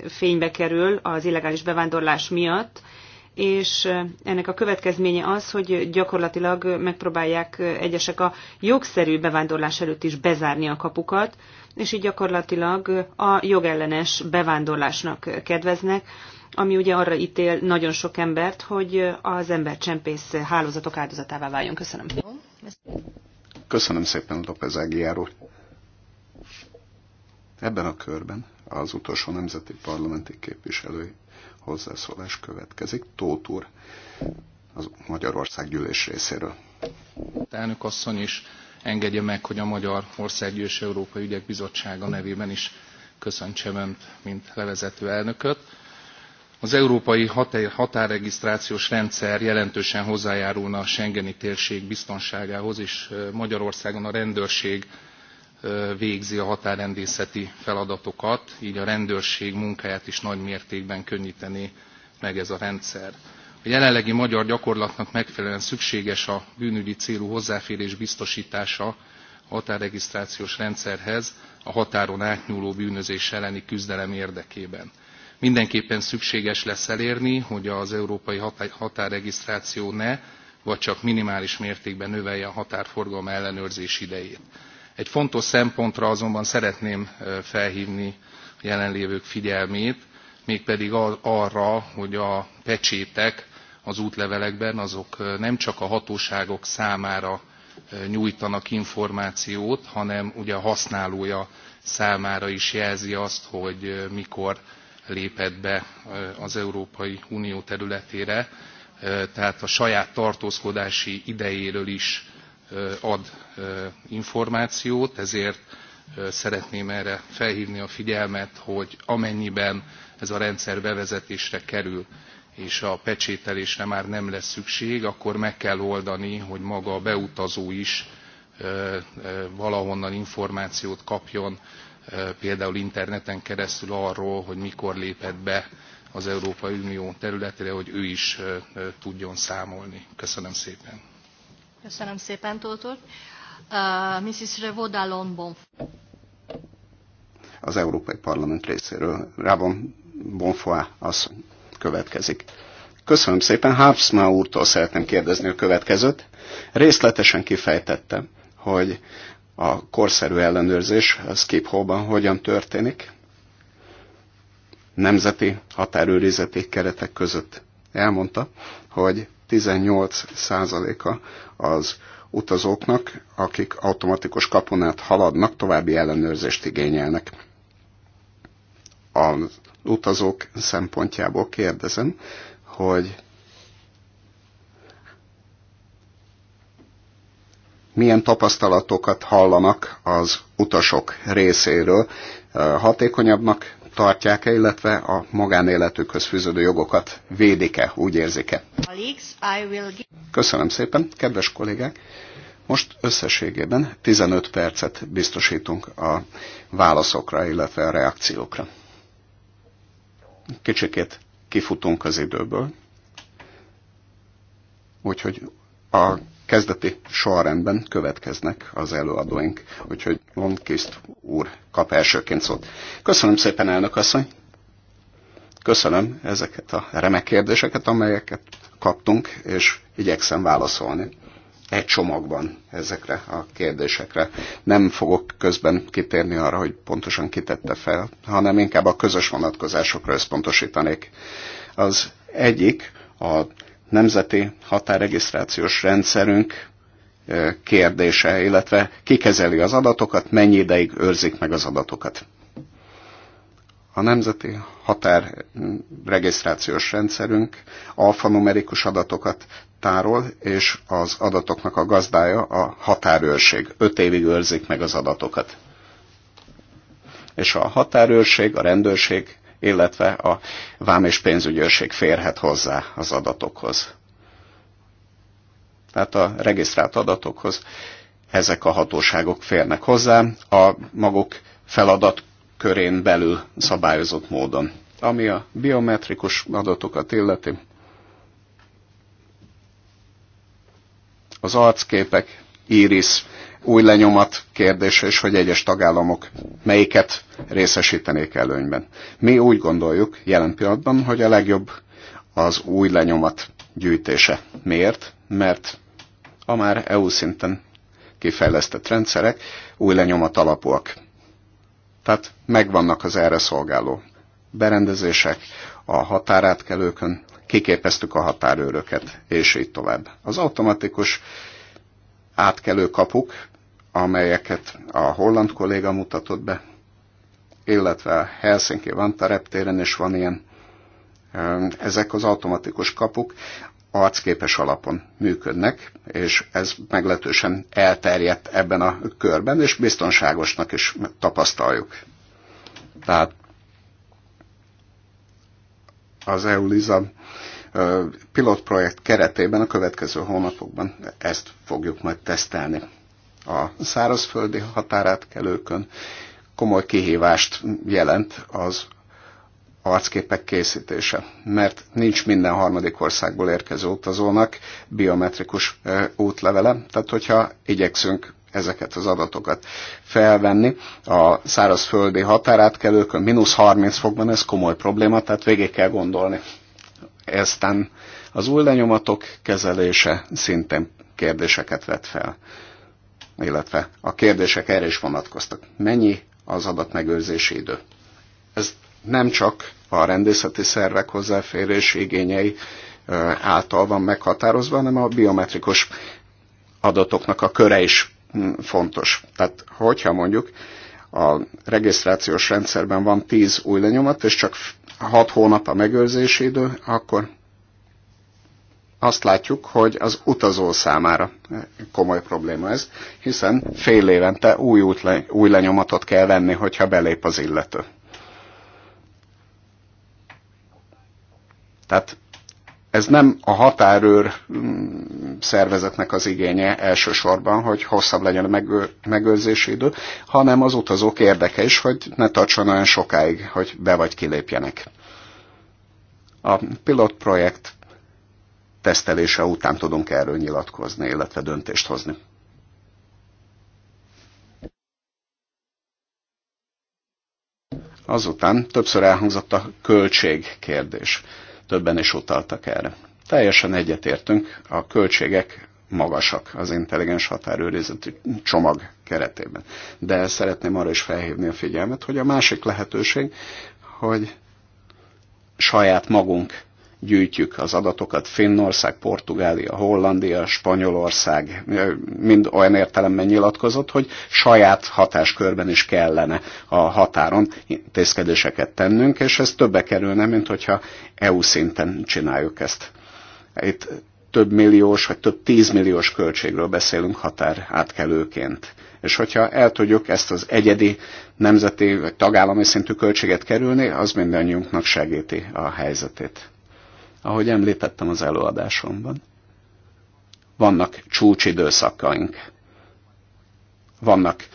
fénybe kerül az illegális bevándorlás miatt, és ennek a következménye az, hogy gyakorlatilag megpróbálják egyesek a jogszerű bevándorlás előtt is bezárni a kapukat, és így gyakorlatilag a jogellenes bevándorlásnak kedveznek, ami ugye arra ítél nagyon sok embert, hogy az embercsempész hálózatok áldozatává váljon. Köszönöm. Köszönöm szépen, López Ágiáról. Ebben a körben az utolsó nemzeti parlamenti képviselői hozzászólás következik. Tóth úr, az Magyarország gyűlés részéről. Elnök asszony is engedje meg, hogy a Magyar Országgyűlés Európai Ügyek Bizottsága nevében is köszöntsem Önt, mint levezető elnököt. Az európai határregisztrációs rendszer jelentősen hozzájárulna a Schengeni térség biztonságához, és Magyarországon a rendőrség végzi a határrendészeti feladatokat, így a rendőrség munkáját is nagy mértékben könnyíteni meg ez a rendszer. A jelenlegi magyar gyakorlatnak megfelelően szükséges a bűnügyi célú hozzáférés biztosítása a határregisztrációs rendszerhez a határon átnyúló bűnözés elleni küzdelem érdekében. Mindenképpen szükséges lesz elérni, hogy az európai határregisztráció ne, vagy csak minimális mértékben növelje a határforgalom ellenőrzés idejét. Egy fontos szempontra azonban szeretném felhívni a jelenlévők figyelmét, mégpedig arra, hogy a pecsétek az útlevelekben azok nem csak a hatóságok számára nyújtanak információt, hanem ugye a használója számára is jelzi azt, hogy mikor lépett be az Európai Unió területére, tehát a saját tartózkodási idejéről is ad információt, ezért szeretném erre felhívni a figyelmet, hogy amennyiben ez a rendszer bevezetésre kerül, és a pecsételésre már nem lesz szükség, akkor meg kell oldani, hogy maga a beutazó is valahonnan információt kapjon, például interneten keresztül arról, hogy mikor lépett be az Európai Unió területére, hogy ő is tudjon számolni. Köszönöm szépen! Köszönöm szépen, Tótor. Uh, Mrs. Revoda Lombon. Az Európai Parlament részéről Rában Bonfoy az következik. Köszönöm szépen. Hápszma úrtól szeretném kérdezni a következőt. Részletesen kifejtette, hogy a korszerű ellenőrzés a Skip Hall-ban hogyan történik nemzeti határőrizeti keretek között. Elmondta, hogy 18%-a az utazóknak, akik automatikus kaponát haladnak, további ellenőrzést igényelnek. Az utazók szempontjából kérdezem, hogy milyen tapasztalatokat hallanak az utasok részéről. Hatékonyabbnak tartják-e, illetve a magánéletükhöz fűződő jogokat védik-e, úgy érzik-e. Köszönöm szépen, kedves kollégák! Most összességében 15 percet biztosítunk a válaszokra, illetve a reakciókra. Kicsikét kifutunk az időből, úgyhogy a kezdeti sorrendben következnek az előadóink. Úgyhogy Lomkiszt úr kap elsőként szót. Köszönöm szépen, elnök asszony! Köszönöm ezeket a remek kérdéseket, amelyeket kaptunk, és igyekszem válaszolni egy csomagban ezekre a kérdésekre. Nem fogok közben kitérni arra, hogy pontosan kitette fel, hanem inkább a közös vonatkozásokra összpontosítanék. Az egyik a nemzeti határregisztrációs rendszerünk kérdése, illetve ki kezeli az adatokat, mennyi ideig őrzik meg az adatokat. A nemzeti határregisztrációs rendszerünk alfanumerikus adatokat tárol, és az adatoknak a gazdája a határőrség. Öt évig őrzik meg az adatokat. És a határőrség, a rendőrség illetve a vám és pénzügyőrség férhet hozzá az adatokhoz. Tehát a regisztrált adatokhoz ezek a hatóságok férnek hozzá a maguk feladat körén belül szabályozott módon. Ami a biometrikus adatokat illeti, az arcképek, íris új lenyomat kérdés, és hogy egyes tagállamok melyiket részesítenék előnyben. Mi úgy gondoljuk jelen pillanatban, hogy a legjobb az új lenyomat gyűjtése. Miért? Mert a már EU szinten kifejlesztett rendszerek új lenyomat alapúak. Tehát megvannak az erre szolgáló berendezések, a határátkelőkön, kiképeztük a határőröket, és így tovább. Az automatikus átkelő kapuk amelyeket a holland kolléga mutatott be, illetve Helsinki van reptéren és van ilyen. Ezek az automatikus kapuk arcképes alapon működnek, és ez meglehetősen elterjedt ebben a körben, és biztonságosnak is tapasztaljuk. Tehát az EULISA pilotprojekt keretében a következő hónapokban ezt fogjuk majd tesztelni a szárazföldi határátkelőkön komoly kihívást jelent az arcképek készítése, mert nincs minden harmadik országból érkező utazónak biometrikus útlevele, tehát hogyha igyekszünk ezeket az adatokat felvenni. A szárazföldi határátkelőkön mínusz 30 fokban ez komoly probléma, tehát végig kell gondolni. Eztán az új lenyomatok kezelése szintén kérdéseket vet fel illetve a kérdések erre is vonatkoztak. Mennyi az adatmegőrzési idő? Ez nem csak a rendészeti szervek hozzáférés igényei által van meghatározva, hanem a biometrikus adatoknak a köre is hm, fontos. Tehát, hogyha mondjuk a regisztrációs rendszerben van 10 új lenyomat, és csak 6 hónap a megőrzési idő, akkor azt látjuk, hogy az utazó számára komoly probléma ez, hiszen fél évente új, út új lenyomatot kell venni, hogyha belép az illető. Tehát ez nem a határőr mm, szervezetnek az igénye elsősorban, hogy hosszabb legyen a megőrzési idő, hanem az utazók érdeke is, hogy ne tartson olyan sokáig, hogy be vagy kilépjenek. A pilot projekt tesztelése után tudunk erről nyilatkozni, illetve döntést hozni. Azután többször elhangzott a költség kérdés. Többen is utaltak erre. Teljesen egyetértünk, a költségek magasak az intelligens határőrizeti csomag keretében. De szeretném arra is felhívni a figyelmet, hogy a másik lehetőség, hogy saját magunk gyűjtjük az adatokat. Finnország, Portugália, Hollandia, Spanyolország mind olyan értelemben nyilatkozott, hogy saját hatáskörben is kellene a határon intézkedéseket tennünk, és ez többe kerülne, mint hogyha EU szinten csináljuk ezt. Itt több milliós vagy több tízmilliós költségről beszélünk határ átkelőként. És hogyha el tudjuk ezt az egyedi nemzeti vagy tagállami szintű költséget kerülni, az mindannyiunknak segíti a helyzetét ahogy említettem az előadásomban. Vannak csúcsidőszakaink, vannak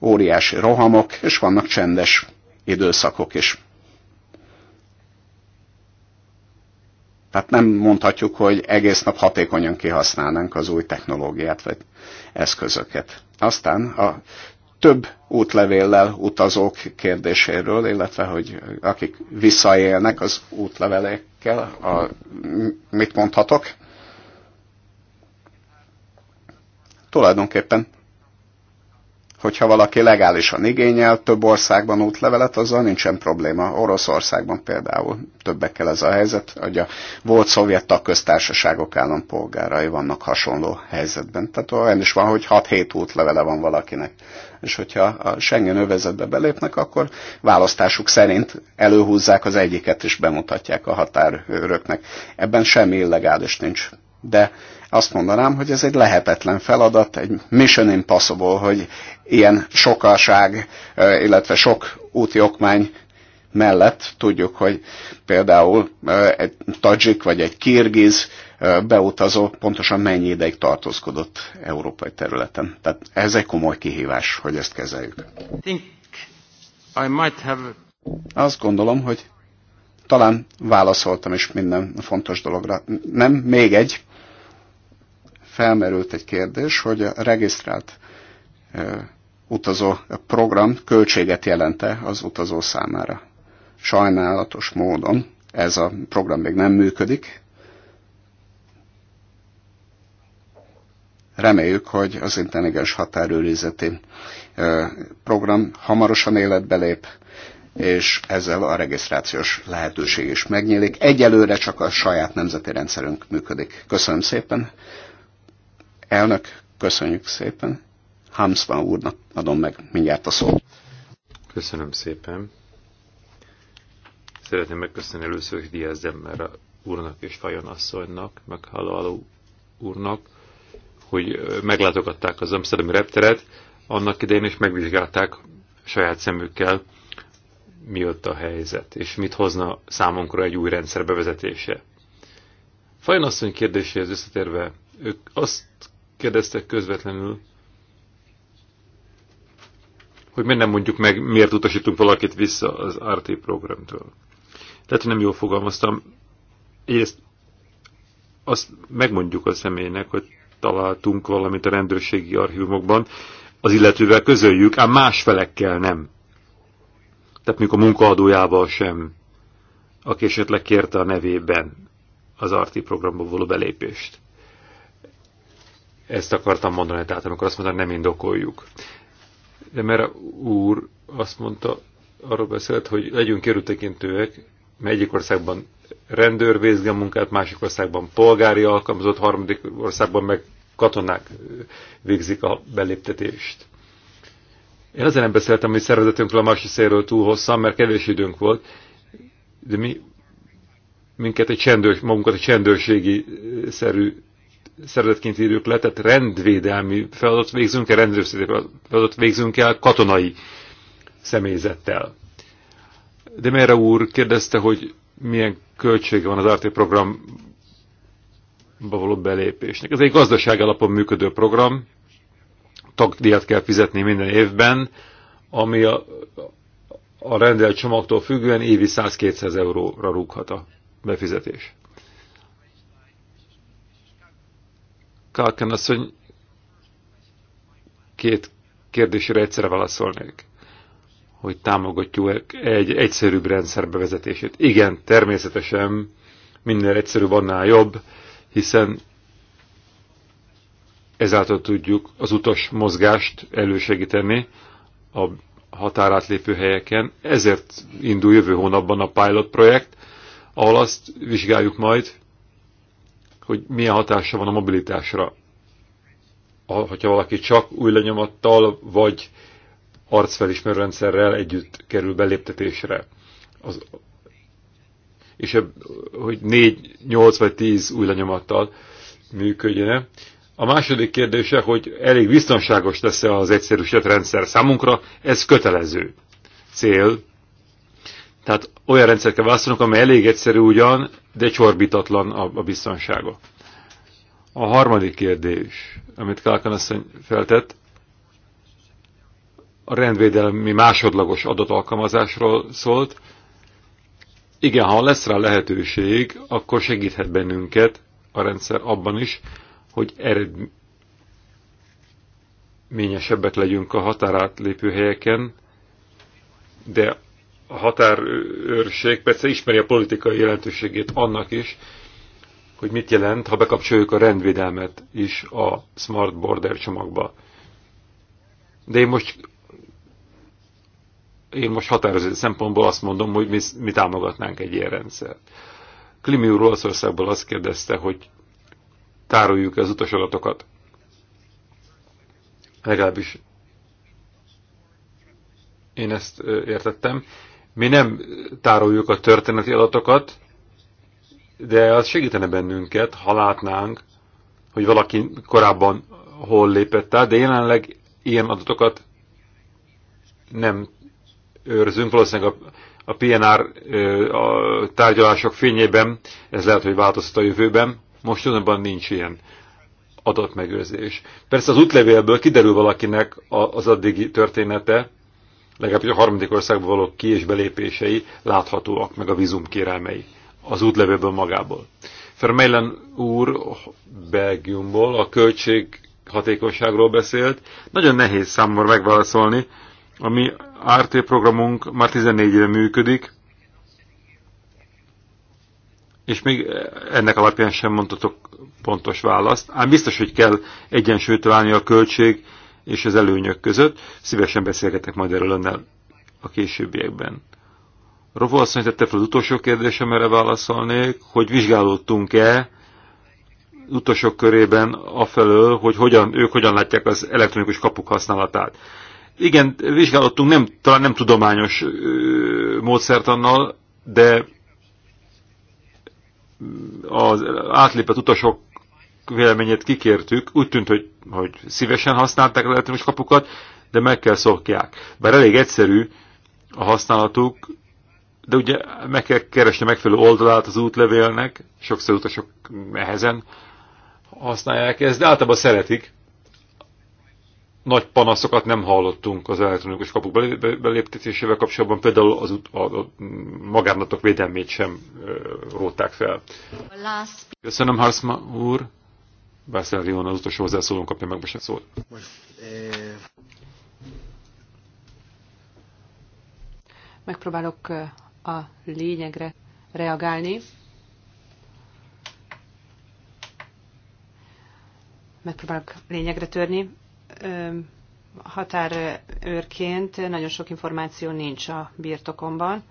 óriási rohamok, és vannak csendes időszakok is. Tehát nem mondhatjuk, hogy egész nap hatékonyan kihasználnánk az új technológiát vagy eszközöket. Aztán a több útlevéllel utazók kérdéséről, illetve hogy akik visszaélnek az útlevelekkel, a, mit mondhatok? Tulajdonképpen hogyha valaki legálisan igényel több országban útlevelet, azzal nincsen probléma. Oroszországban például többekkel ez a helyzet, hogy a volt szovjet tagköztársaságok állampolgárai vannak hasonló helyzetben. Tehát olyan is van, hogy 6-7 útlevele van valakinek. És hogyha a Schengen övezetbe belépnek, akkor választásuk szerint előhúzzák az egyiket és bemutatják a határőröknek. Ebben semmi illegális nincs. De azt mondanám, hogy ez egy lehetetlen feladat, egy mission impossible, hogy ilyen sokaság, illetve sok úti okmány mellett tudjuk, hogy például egy tadzsik vagy egy kirgiz beutazó pontosan mennyi ideig tartózkodott európai területen. Tehát ez egy komoly kihívás, hogy ezt kezeljük. Think I might have... Azt gondolom, hogy talán válaszoltam is minden fontos dologra. Nem, még egy. Felmerült egy kérdés, hogy a regisztrált utazó program költséget jelente az utazó számára. Sajnálatos módon ez a program még nem működik. Reméljük, hogy az intelligens határőrizeti program hamarosan életbe lép, és ezzel a regisztrációs lehetőség is megnyílik. Egyelőre csak a saját nemzeti rendszerünk működik. Köszönöm szépen. Elnök, köszönjük szépen Hamsma úrnak adom meg mindjárt a szót. Köszönöm szépen. Szeretném megköszönni először Diaz Demmer úrnak és Fajon asszonynak, meg Halaló úrnak, hogy meglátogatták az Amsterdami repteret, annak idején is megvizsgálták saját szemükkel, mi ott a helyzet, és mit hozna számunkra egy új rendszer bevezetése. Fajon asszony kérdéséhez összetérve, ők azt kérdeztek közvetlenül, hogy miért nem mondjuk meg, miért utasítunk valakit vissza az RT programtól. Lehet, hogy nem jól fogalmaztam. Egyrészt azt megmondjuk a személynek, hogy találtunk valamit a rendőrségi archívumokban, az illetővel közöljük, ám más felekkel nem. Tehát mikor a munkaadójával sem, aki esetleg kérte a nevében az arti programba való belépést. Ezt akartam mondani, tehát amikor azt mondtam, nem indokoljuk. De mert a úr azt mondta, arról beszélt, hogy legyünk kerültekintőek, mert egyik országban rendőr végzi a munkát, másik országban polgári alkalmazott, harmadik országban meg katonák végzik a beléptetést. Én azért nem beszéltem, hogy szervezetünk a másik széről túl hosszan, mert kevés időnk volt, de mi minket egy csendőr, magunkat egy csendőrségi szerű szervezetként írjuk le, tehát rendvédelmi feladat végzünk el, rendőrszéti feladat végzünk el katonai személyzettel. De Mera úr kérdezte, hogy milyen költsége van az RT programba való belépésnek. Ez egy gazdaság alapon működő program, tagdíjat kell fizetni minden évben, ami a, a rendelt csomagtól függően évi 100-200 euróra rúghat a befizetés. Kalken asszony két kérdésére egyszerre válaszolnék, hogy támogatjuk egy egyszerűbb rendszer bevezetését. Igen, természetesen minden egyszerűbb annál jobb, hiszen ezáltal tudjuk az utas mozgást elősegíteni a határátlépő helyeken. Ezért indul jövő hónapban a pilot projekt, ahol azt vizsgáljuk majd, hogy milyen hatása van a mobilitásra. Ha valaki csak új lenyomattal vagy arcfelismerő rendszerrel együtt kerül beléptetésre. Az, és ebb, hogy 4, 8 vagy 10 új lenyomattal működjön. A második kérdése, hogy elég biztonságos lesz-e az egyszerűsített rendszer számunkra, ez kötelező cél, tehát olyan rendszer kell választanunk, amely elég egyszerű ugyan, de csorbitatlan a, a biztonsága. A harmadik kérdés, amit Kálkan asszony feltett, a rendvédelmi másodlagos adatalkalmazásról szólt. Igen, ha lesz rá lehetőség, akkor segíthet bennünket a rendszer abban is, hogy eredményesebbek legyünk a határátlépő helyeken, de a határőrség persze ismeri a politikai jelentőségét annak is, hogy mit jelent, ha bekapcsoljuk a rendvédelmet is a Smart Border csomagba. De én most én most határozott szempontból azt mondom, hogy mi, mi támogatnánk egy ilyen rendszert. Klimi úr Olaszországból azt kérdezte, hogy tároljuk az utasadatokat. Legalábbis én ezt értettem. Mi nem tároljuk a történeti adatokat, de az segítene bennünket, ha látnánk, hogy valaki korábban hol lépett el, de jelenleg ilyen adatokat nem őrzünk. Valószínűleg a, a PNR a tárgyalások fényében ez lehet, hogy változtat a jövőben. Most azonban nincs ilyen adatmegőrzés. Persze az útlevélből kiderül valakinek az addigi története, legalábbis a harmadik országba való ki- és belépései láthatóak, meg a vízum kérelmei az útlevőből magából. Fermeilen úr Belgiumból a költség hatékonyságról beszélt. Nagyon nehéz számomra megválaszolni. A mi RT programunk már 14 éve működik, és még ennek alapján sem mondhatok pontos választ. Ám biztos, hogy kell egyensúlyt találni a költség és az előnyök között. Szívesen beszélgetek majd erről önnel a későbbiekben. Rovó asszony tette fel az utolsó kérdésem, erre válaszolnék, hogy vizsgálódtunk-e utasok körében afelől, hogy hogyan, ők hogyan látják az elektronikus kapuk használatát. Igen, vizsgálódtunk, nem, talán nem tudományos ö, annal, de az átlépett utasok véleményét kikértük, úgy tűnt, hogy, hogy szívesen használták a elektromos kapukat, de meg kell szokják. Bár elég egyszerű a használatuk, de ugye meg kell keresni megfelelő oldalát az útlevélnek, sokszor utasok nehezen használják ezt, de általában szeretik. Nagy panaszokat nem hallottunk az elektronikus kapuk beléptetésével kapcsolatban, például az út, a, a magánatok védelmét sem rótták fel. Köszönöm, Harszma úr. Vászlárion az utolsó hozzászólón kapja meg most a szót. Megpróbálok a lényegre reagálni. Megpróbálok lényegre törni. Határőrként nagyon sok információ nincs a birtokomban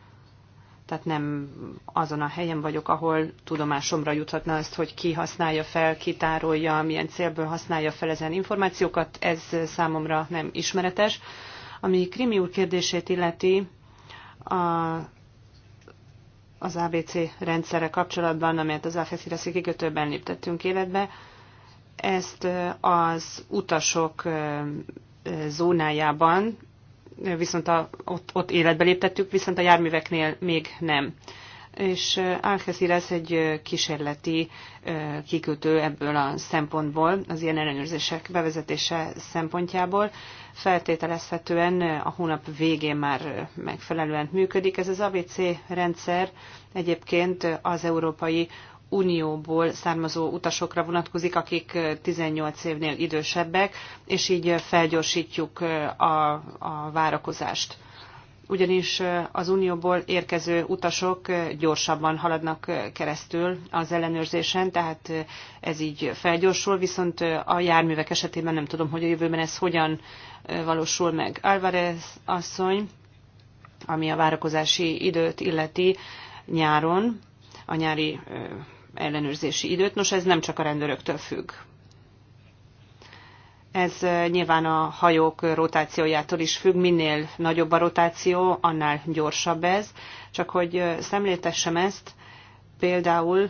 tehát nem azon a helyen vagyok, ahol tudomásomra juthatna azt, hogy ki használja fel, ki tárolja, milyen célból használja fel ezen információkat, ez számomra nem ismeretes. Ami Krimi úr kérdését illeti, a, az ABC rendszere kapcsolatban, amelyet az Alfesziraszi kikötőben léptettünk életbe, ezt az utasok zónájában viszont a, ott, ott életbe léptettük, viszont a járműveknél még nem. És Algeciras egy kísérleti kikötő ebből a szempontból, az ilyen ellenőrzések bevezetése szempontjából. Feltételezhetően a hónap végén már megfelelően működik. Ez az ABC rendszer egyébként az európai Unióból származó utasokra vonatkozik, akik 18 évnél idősebbek, és így felgyorsítjuk a, a várakozást ugyanis az unióból érkező utasok gyorsabban haladnak keresztül az ellenőrzésen, tehát ez így felgyorsul, viszont a járművek esetében nem tudom, hogy a jövőben ez hogyan valósul meg. Álvarez asszony, ami a várakozási időt illeti nyáron, a nyári ellenőrzési időt. Nos, ez nem csak a rendőröktől függ. Ez nyilván a hajók rotációjától is függ, minél nagyobb a rotáció, annál gyorsabb ez. Csak hogy szemléltessem ezt, például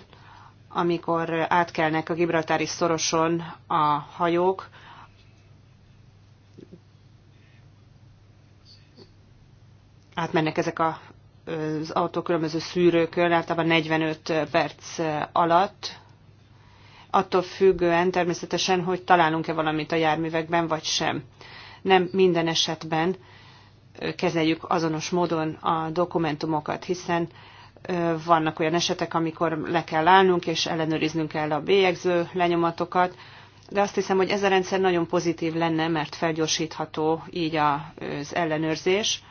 amikor átkelnek a Gibraltári szoroson a hajók, átmennek ezek a az autó különböző szűrőkön, általában 45 perc alatt, attól függően természetesen, hogy találunk-e valamit a járművekben, vagy sem. Nem minden esetben kezeljük azonos módon a dokumentumokat, hiszen vannak olyan esetek, amikor le kell állnunk, és ellenőriznünk kell a bélyegző lenyomatokat, de azt hiszem, hogy ez a rendszer nagyon pozitív lenne, mert felgyorsítható így az ellenőrzés,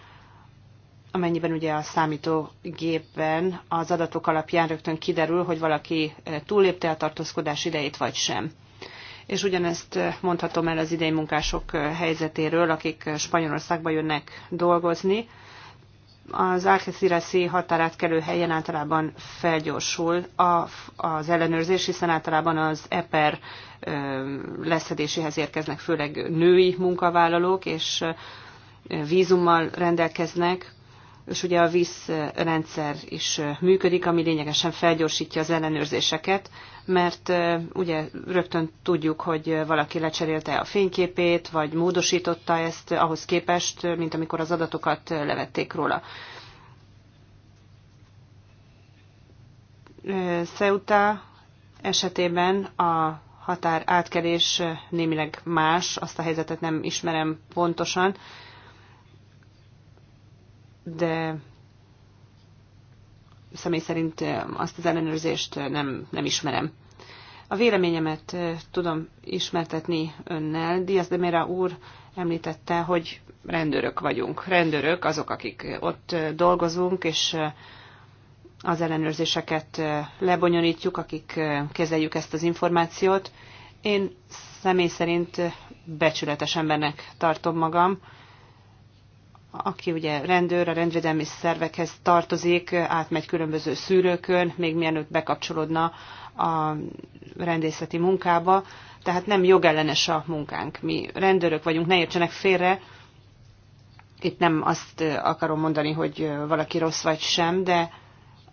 amennyiben ugye a számítógépen az adatok alapján rögtön kiderül, hogy valaki eh, túllépte a tartózkodás idejét vagy sem. És ugyanezt eh, mondhatom el az idei munkások eh, helyzetéről, akik Spanyolországba jönnek dolgozni. Az Alcaciraszi határátkelő helyen általában felgyorsul a, az ellenőrzés, hiszen általában az EPER leszedéséhez érkeznek főleg női munkavállalók, és vízummal rendelkeznek, és ugye a vízrendszer is működik, ami lényegesen felgyorsítja az ellenőrzéseket, mert ugye rögtön tudjuk, hogy valaki lecserélte a fényképét, vagy módosította ezt ahhoz képest, mint amikor az adatokat levették róla. Ceuta esetében a határ átkelés némileg más, azt a helyzetet nem ismerem pontosan, de személy szerint azt az ellenőrzést nem, nem ismerem. A véleményemet tudom ismertetni önnel. Diaz de Mera úr említette, hogy rendőrök vagyunk. Rendőrök azok, akik ott dolgozunk, és az ellenőrzéseket lebonyolítjuk, akik kezeljük ezt az információt. Én személy szerint becsületes embernek tartom magam, aki ugye rendőr, a rendvédelmi szervekhez tartozik, átmegy különböző szűrőkön, még mielőtt bekapcsolódna a rendészeti munkába. Tehát nem jogellenes a munkánk. Mi rendőrök vagyunk, ne értsenek félre. Itt nem azt akarom mondani, hogy valaki rossz vagy sem, de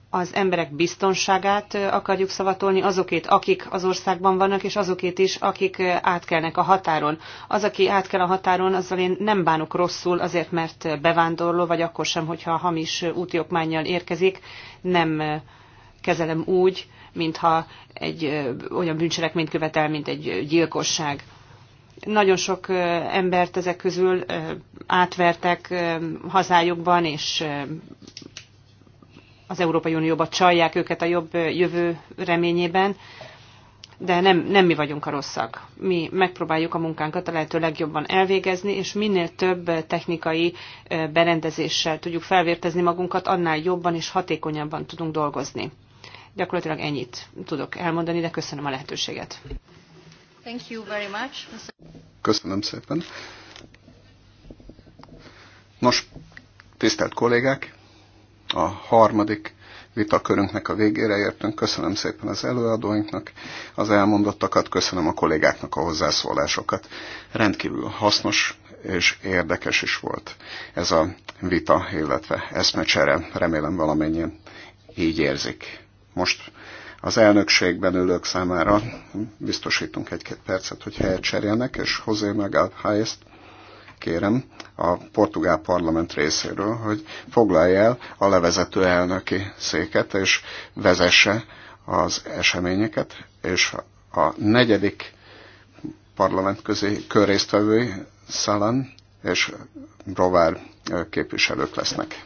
az emberek biztonságát akarjuk szavatolni, azokét, akik az országban vannak, és azokét is, akik átkelnek a határon. Az, aki átkel a határon, azzal én nem bánok rosszul, azért mert bevándorló, vagy akkor sem, hogyha hamis úti érkezik, nem kezelem úgy, mintha egy olyan bűncselekményt követel, mint egy gyilkosság nagyon sok embert ezek közül átvertek hazájukban, és az Európai Unióba csalják őket a jobb jövő reményében, de nem, nem mi vagyunk a rosszak. Mi megpróbáljuk a munkánkat a lehető legjobban elvégezni, és minél több technikai berendezéssel tudjuk felvértezni magunkat, annál jobban és hatékonyabban tudunk dolgozni. Gyakorlatilag ennyit tudok elmondani, de köszönöm a lehetőséget. Thank you very much. Köszönöm szépen. Nos, tisztelt kollégák, a harmadik vitakörünknek a végére értünk. Köszönöm szépen az előadóinknak az elmondottakat, köszönöm a kollégáknak a hozzászólásokat. Rendkívül hasznos és érdekes is volt ez a vita, illetve eszmecsere. Remélem valamennyien így érzik. Most az elnökségben ülők számára biztosítunk egy-két percet, hogy helyet cserélnek, és hozzá meg a kérem a portugál parlament részéről, hogy foglalja el a levezető elnöki széket, és vezesse az eseményeket, és a negyedik parlament közé körrésztvevői Szalan és Rovár képviselők lesznek.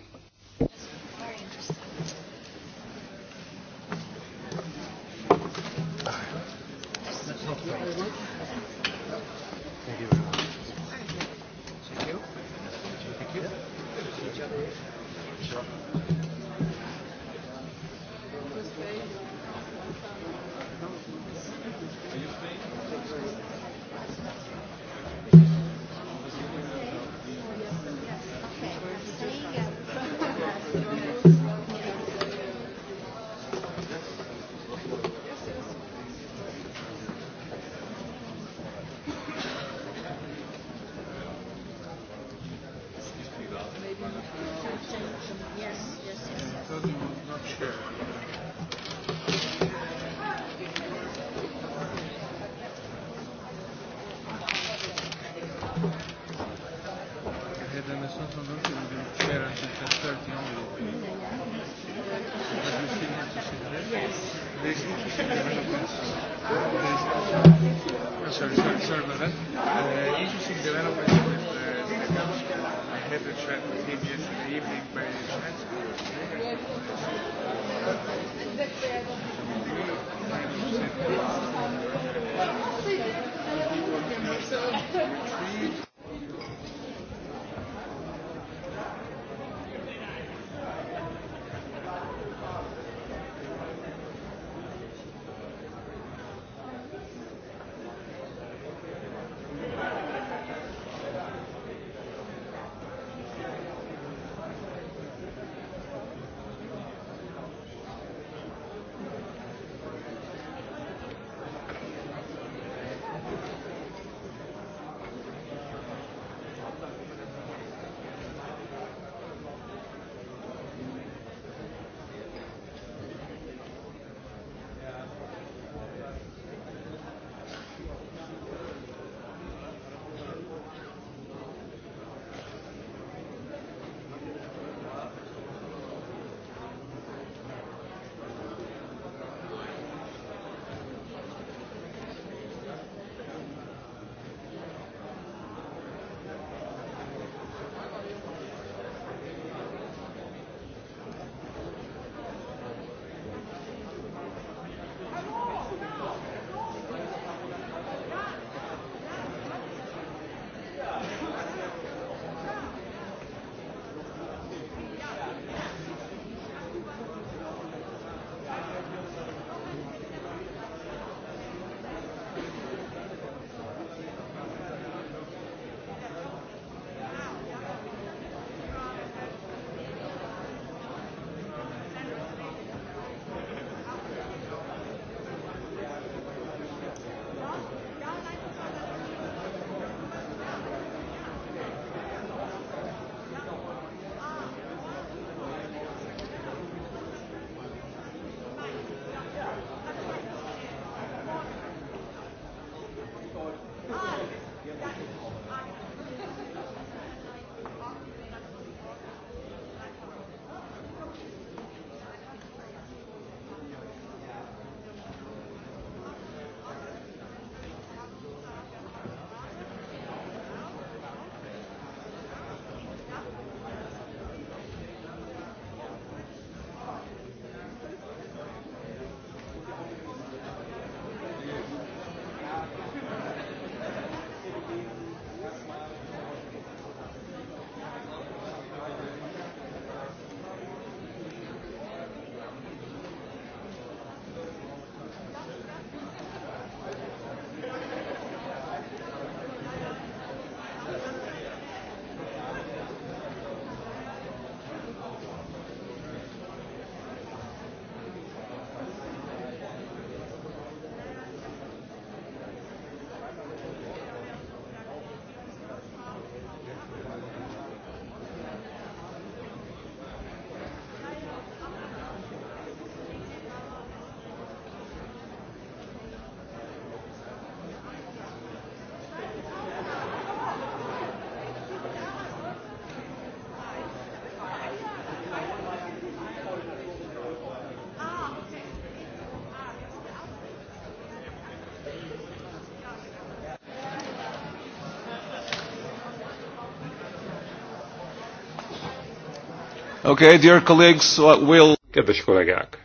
Okay, dear colleagues, we'll... Kedves kollégák,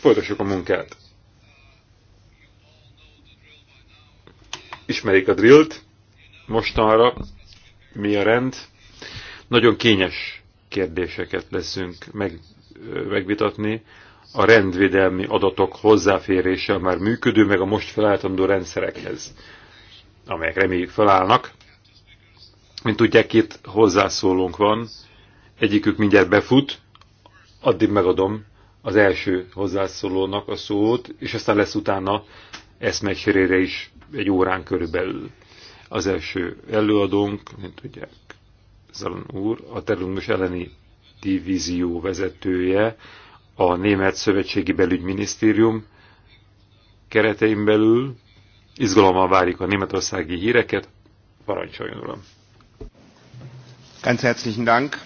folytassuk a munkát. Ismerik a drillt, mostanra mi a rend. Nagyon kényes kérdéseket leszünk meg, megvitatni. A rendvédelmi adatok hozzáférése a már működő, meg a most felállítandó rendszerekhez, amelyek reméljük felállnak. Mint tudják, itt hozzászólónk van, egyikük mindjárt befut, addig megadom az első hozzászólónak a szót, és aztán lesz utána eszmecserére is egy órán körülbelül. Az első előadónk, mint tudják, Zalon úr, a terülmös elleni divízió vezetője, a Német Szövetségi Belügyminisztérium keretein belül. Izgalommal várjuk a németországi híreket. Parancsoljon, uram! Ganz herzlichen Dank.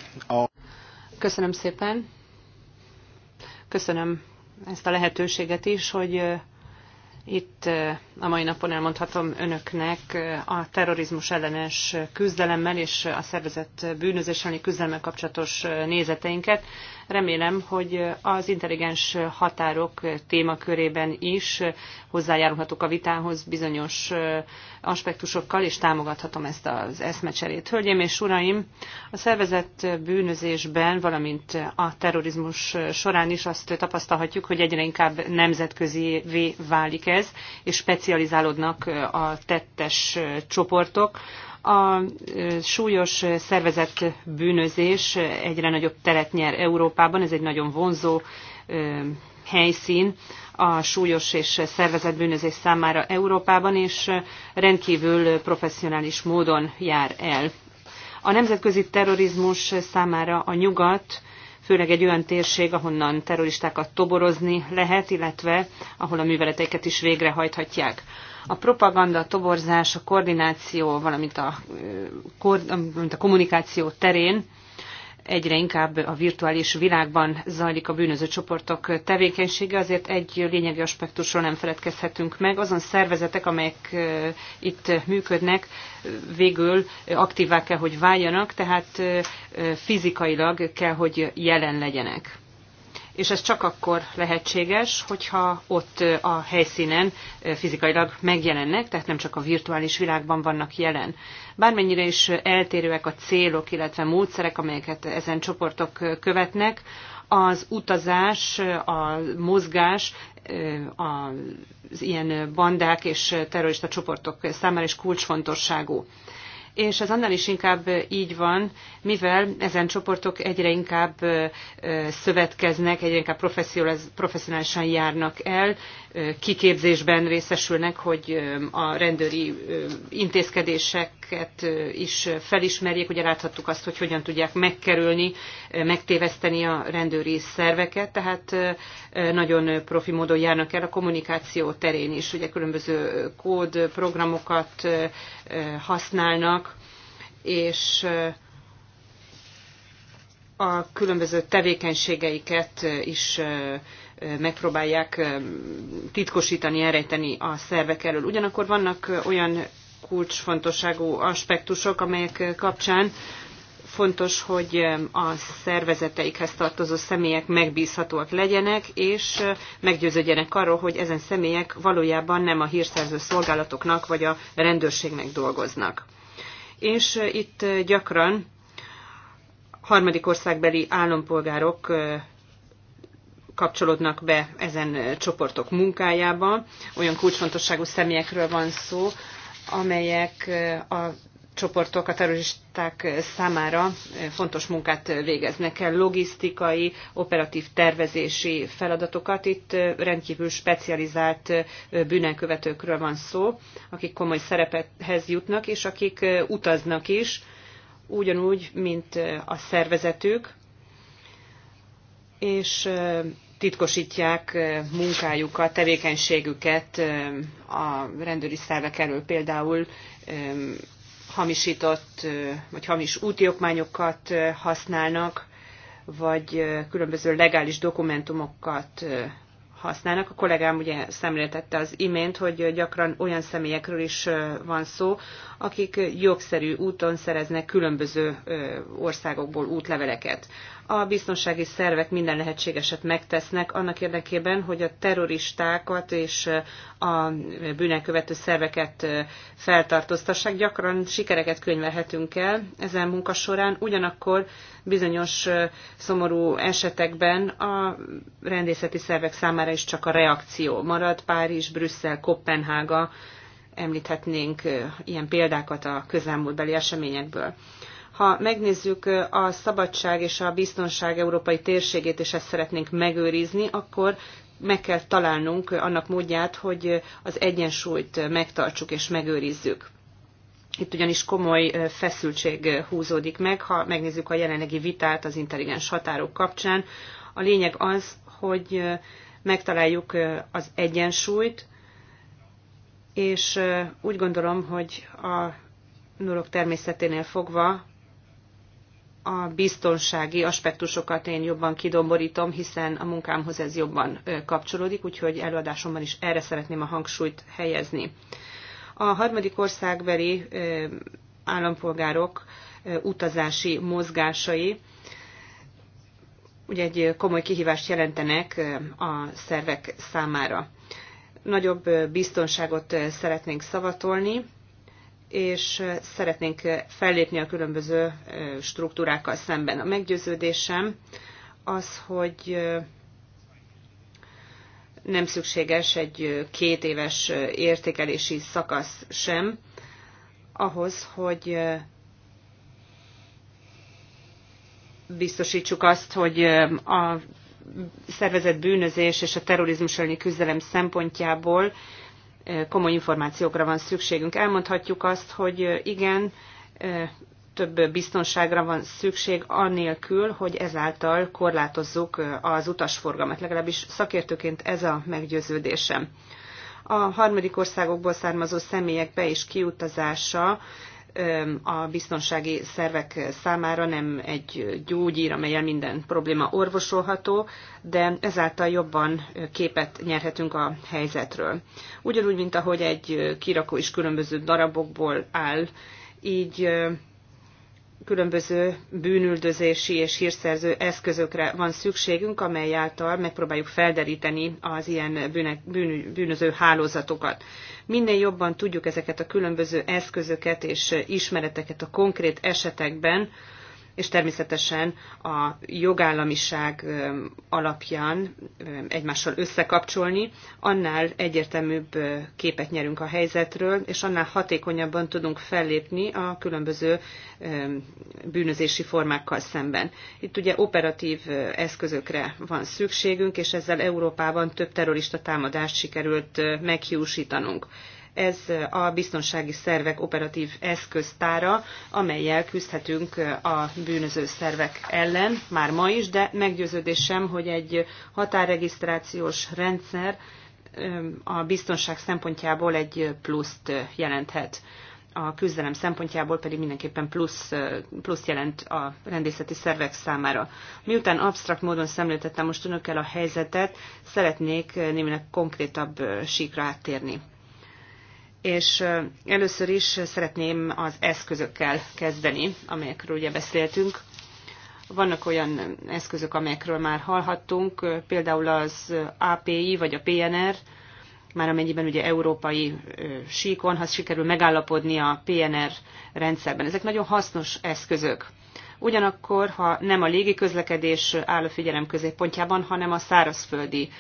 Köszönöm szépen. Köszönöm ezt a lehetőséget is, hogy itt a mai napon elmondhatom önöknek a terrorizmus ellenes küzdelemmel és a szervezett bűnözéselni küzdelemmel kapcsolatos nézeteinket. Remélem, hogy az intelligens határok témakörében is hozzájárulhatok a vitához bizonyos aspektusokkal, és támogathatom ezt az eszmecserét. Hölgyeim és uraim, a szervezett bűnözésben, valamint a terrorizmus során is azt tapasztalhatjuk, hogy egyre inkább nemzetközi válik ez, és specializálódnak a tettes csoportok. A súlyos szervezett bűnözés egyre nagyobb teret nyer Európában, ez egy nagyon vonzó helyszín a súlyos és szervezett bűnözés számára Európában, és rendkívül professzionális módon jár el. A nemzetközi terrorizmus számára a nyugat főleg egy olyan térség, ahonnan terroristákat toborozni lehet, illetve ahol a műveleteiket is végrehajthatják. A propaganda, a toborzás, a koordináció, valamint a, valamint a kommunikáció terén egyre inkább a virtuális világban zajlik a bűnöző csoportok tevékenysége, azért egy lényegi aspektusról nem feledkezhetünk meg. Azon szervezetek, amelyek itt működnek, végül aktívá kell, hogy váljanak, tehát fizikailag kell, hogy jelen legyenek és ez csak akkor lehetséges, hogyha ott a helyszínen fizikailag megjelennek, tehát nem csak a virtuális világban vannak jelen. Bármennyire is eltérőek a célok, illetve módszerek, amelyeket ezen csoportok követnek, az utazás, a mozgás az ilyen bandák és terrorista csoportok számára is kulcsfontosságú és ez annál is inkább így van, mivel ezen csoportok egyre inkább szövetkeznek, egyre inkább professzionálisan járnak el, kiképzésben részesülnek, hogy a rendőri intézkedéseket is felismerjék. Ugye láthattuk azt, hogy hogyan tudják megkerülni, megtéveszteni a rendőri szerveket, tehát nagyon profi módon járnak el a kommunikáció terén is. Ugye különböző kódprogramokat használnak, és a különböző tevékenységeiket is megpróbálják titkosítani, elrejteni a szervek elől. Ugyanakkor vannak olyan kulcsfontosságú aspektusok, amelyek kapcsán fontos, hogy a szervezeteikhez tartozó személyek megbízhatóak legyenek, és meggyőződjenek arról, hogy ezen személyek valójában nem a hírszerző szolgálatoknak vagy a rendőrségnek dolgoznak. És itt gyakran harmadik országbeli állampolgárok kapcsolódnak be ezen csoportok munkájába. Olyan kulcsfontosságú személyekről van szó, amelyek eh, a csoportok a terroristák számára eh, fontos munkát végeznek el, logisztikai, operatív tervezési feladatokat. Itt eh, rendkívül specializált bűnelkövetőkről van szó, akik komoly szerepethez jutnak, és akik utaznak is, ugyanúgy, mint a szervezetük, és titkosítják munkájukat, tevékenységüket a rendőri szervek elől, például hamisított vagy hamis úti okmányokat használnak, vagy különböző legális dokumentumokat használnak. A kollégám ugye szemléltette az imént, hogy gyakran olyan személyekről is van szó, akik jogszerű úton szereznek különböző országokból útleveleket a biztonsági szervek minden lehetségeset megtesznek annak érdekében, hogy a terroristákat és a bűnelkövető szerveket feltartóztassák. Gyakran sikereket könyvelhetünk el ezen munka során, ugyanakkor bizonyos szomorú esetekben a rendészeti szervek számára is csak a reakció marad. Párizs, Brüsszel, Kopenhága, említhetnénk ilyen példákat a közelmúltbeli eseményekből. Ha megnézzük a szabadság és a biztonság európai térségét, és ezt szeretnénk megőrizni, akkor meg kell találnunk annak módját, hogy az egyensúlyt megtartsuk és megőrizzük. Itt ugyanis komoly feszültség húzódik meg, ha megnézzük a jelenlegi vitát az intelligens határok kapcsán. A lényeg az, hogy megtaláljuk az egyensúlyt, és úgy gondolom, hogy a nurok természeténél fogva a biztonsági aspektusokat én jobban kidomborítom, hiszen a munkámhoz ez jobban kapcsolódik, úgyhogy előadásomban is erre szeretném a hangsúlyt helyezni. A harmadik országbeli állampolgárok utazási mozgásai ugye egy komoly kihívást jelentenek a szervek számára. Nagyobb biztonságot szeretnénk szavatolni, és szeretnénk fellépni a különböző struktúrákkal szemben. A meggyőződésem az, hogy nem szükséges egy két éves értékelési szakasz sem ahhoz, hogy biztosítsuk azt, hogy a szervezett bűnözés és a terrorizmus elleni küzdelem szempontjából komoly információkra van szükségünk. Elmondhatjuk azt, hogy igen, több biztonságra van szükség annélkül, hogy ezáltal korlátozzuk az utasforgalmat. Legalábbis szakértőként ez a meggyőződésem. A harmadik országokból származó személyek be- és kiutazása a biztonsági szervek számára nem egy gyógyír, amelyel minden probléma orvosolható, de ezáltal jobban képet nyerhetünk a helyzetről. Ugyanúgy, mint ahogy egy kirakó is különböző darabokból áll, így különböző bűnüldözési és hírszerző eszközökre van szükségünk, amely által megpróbáljuk felderíteni az ilyen bűnek, bűn, bűnöző hálózatokat. Minél jobban tudjuk ezeket a különböző eszközöket és ismereteket a konkrét esetekben, és természetesen a jogállamiság alapján egymással összekapcsolni, annál egyértelműbb képet nyerünk a helyzetről, és annál hatékonyabban tudunk fellépni a különböző bűnözési formákkal szemben. Itt ugye operatív eszközökre van szükségünk, és ezzel Európában több terrorista támadást sikerült meghiúsítanunk ez a biztonsági szervek operatív eszköztára, amelyel küzdhetünk a bűnöző szervek ellen, már ma is, de meggyőződésem, hogy egy határregisztrációs rendszer a biztonság szempontjából egy pluszt jelenthet. A küzdelem szempontjából pedig mindenképpen plusz, plusz jelent a rendészeti szervek számára. Miután absztrakt módon szemléltettem most önökkel a helyzetet, szeretnék némileg konkrétabb síkra áttérni és először is szeretném az eszközökkel kezdeni, amelyekről ugye beszéltünk. Vannak olyan eszközök, amelyekről már hallhattunk, például az API vagy a PNR, már amennyiben ugye európai síkon, ha sikerül megállapodni a PNR rendszerben. Ezek nagyon hasznos eszközök. Ugyanakkor, ha nem a légi közlekedés áll a figyelem középpontjában, hanem a szárazföldi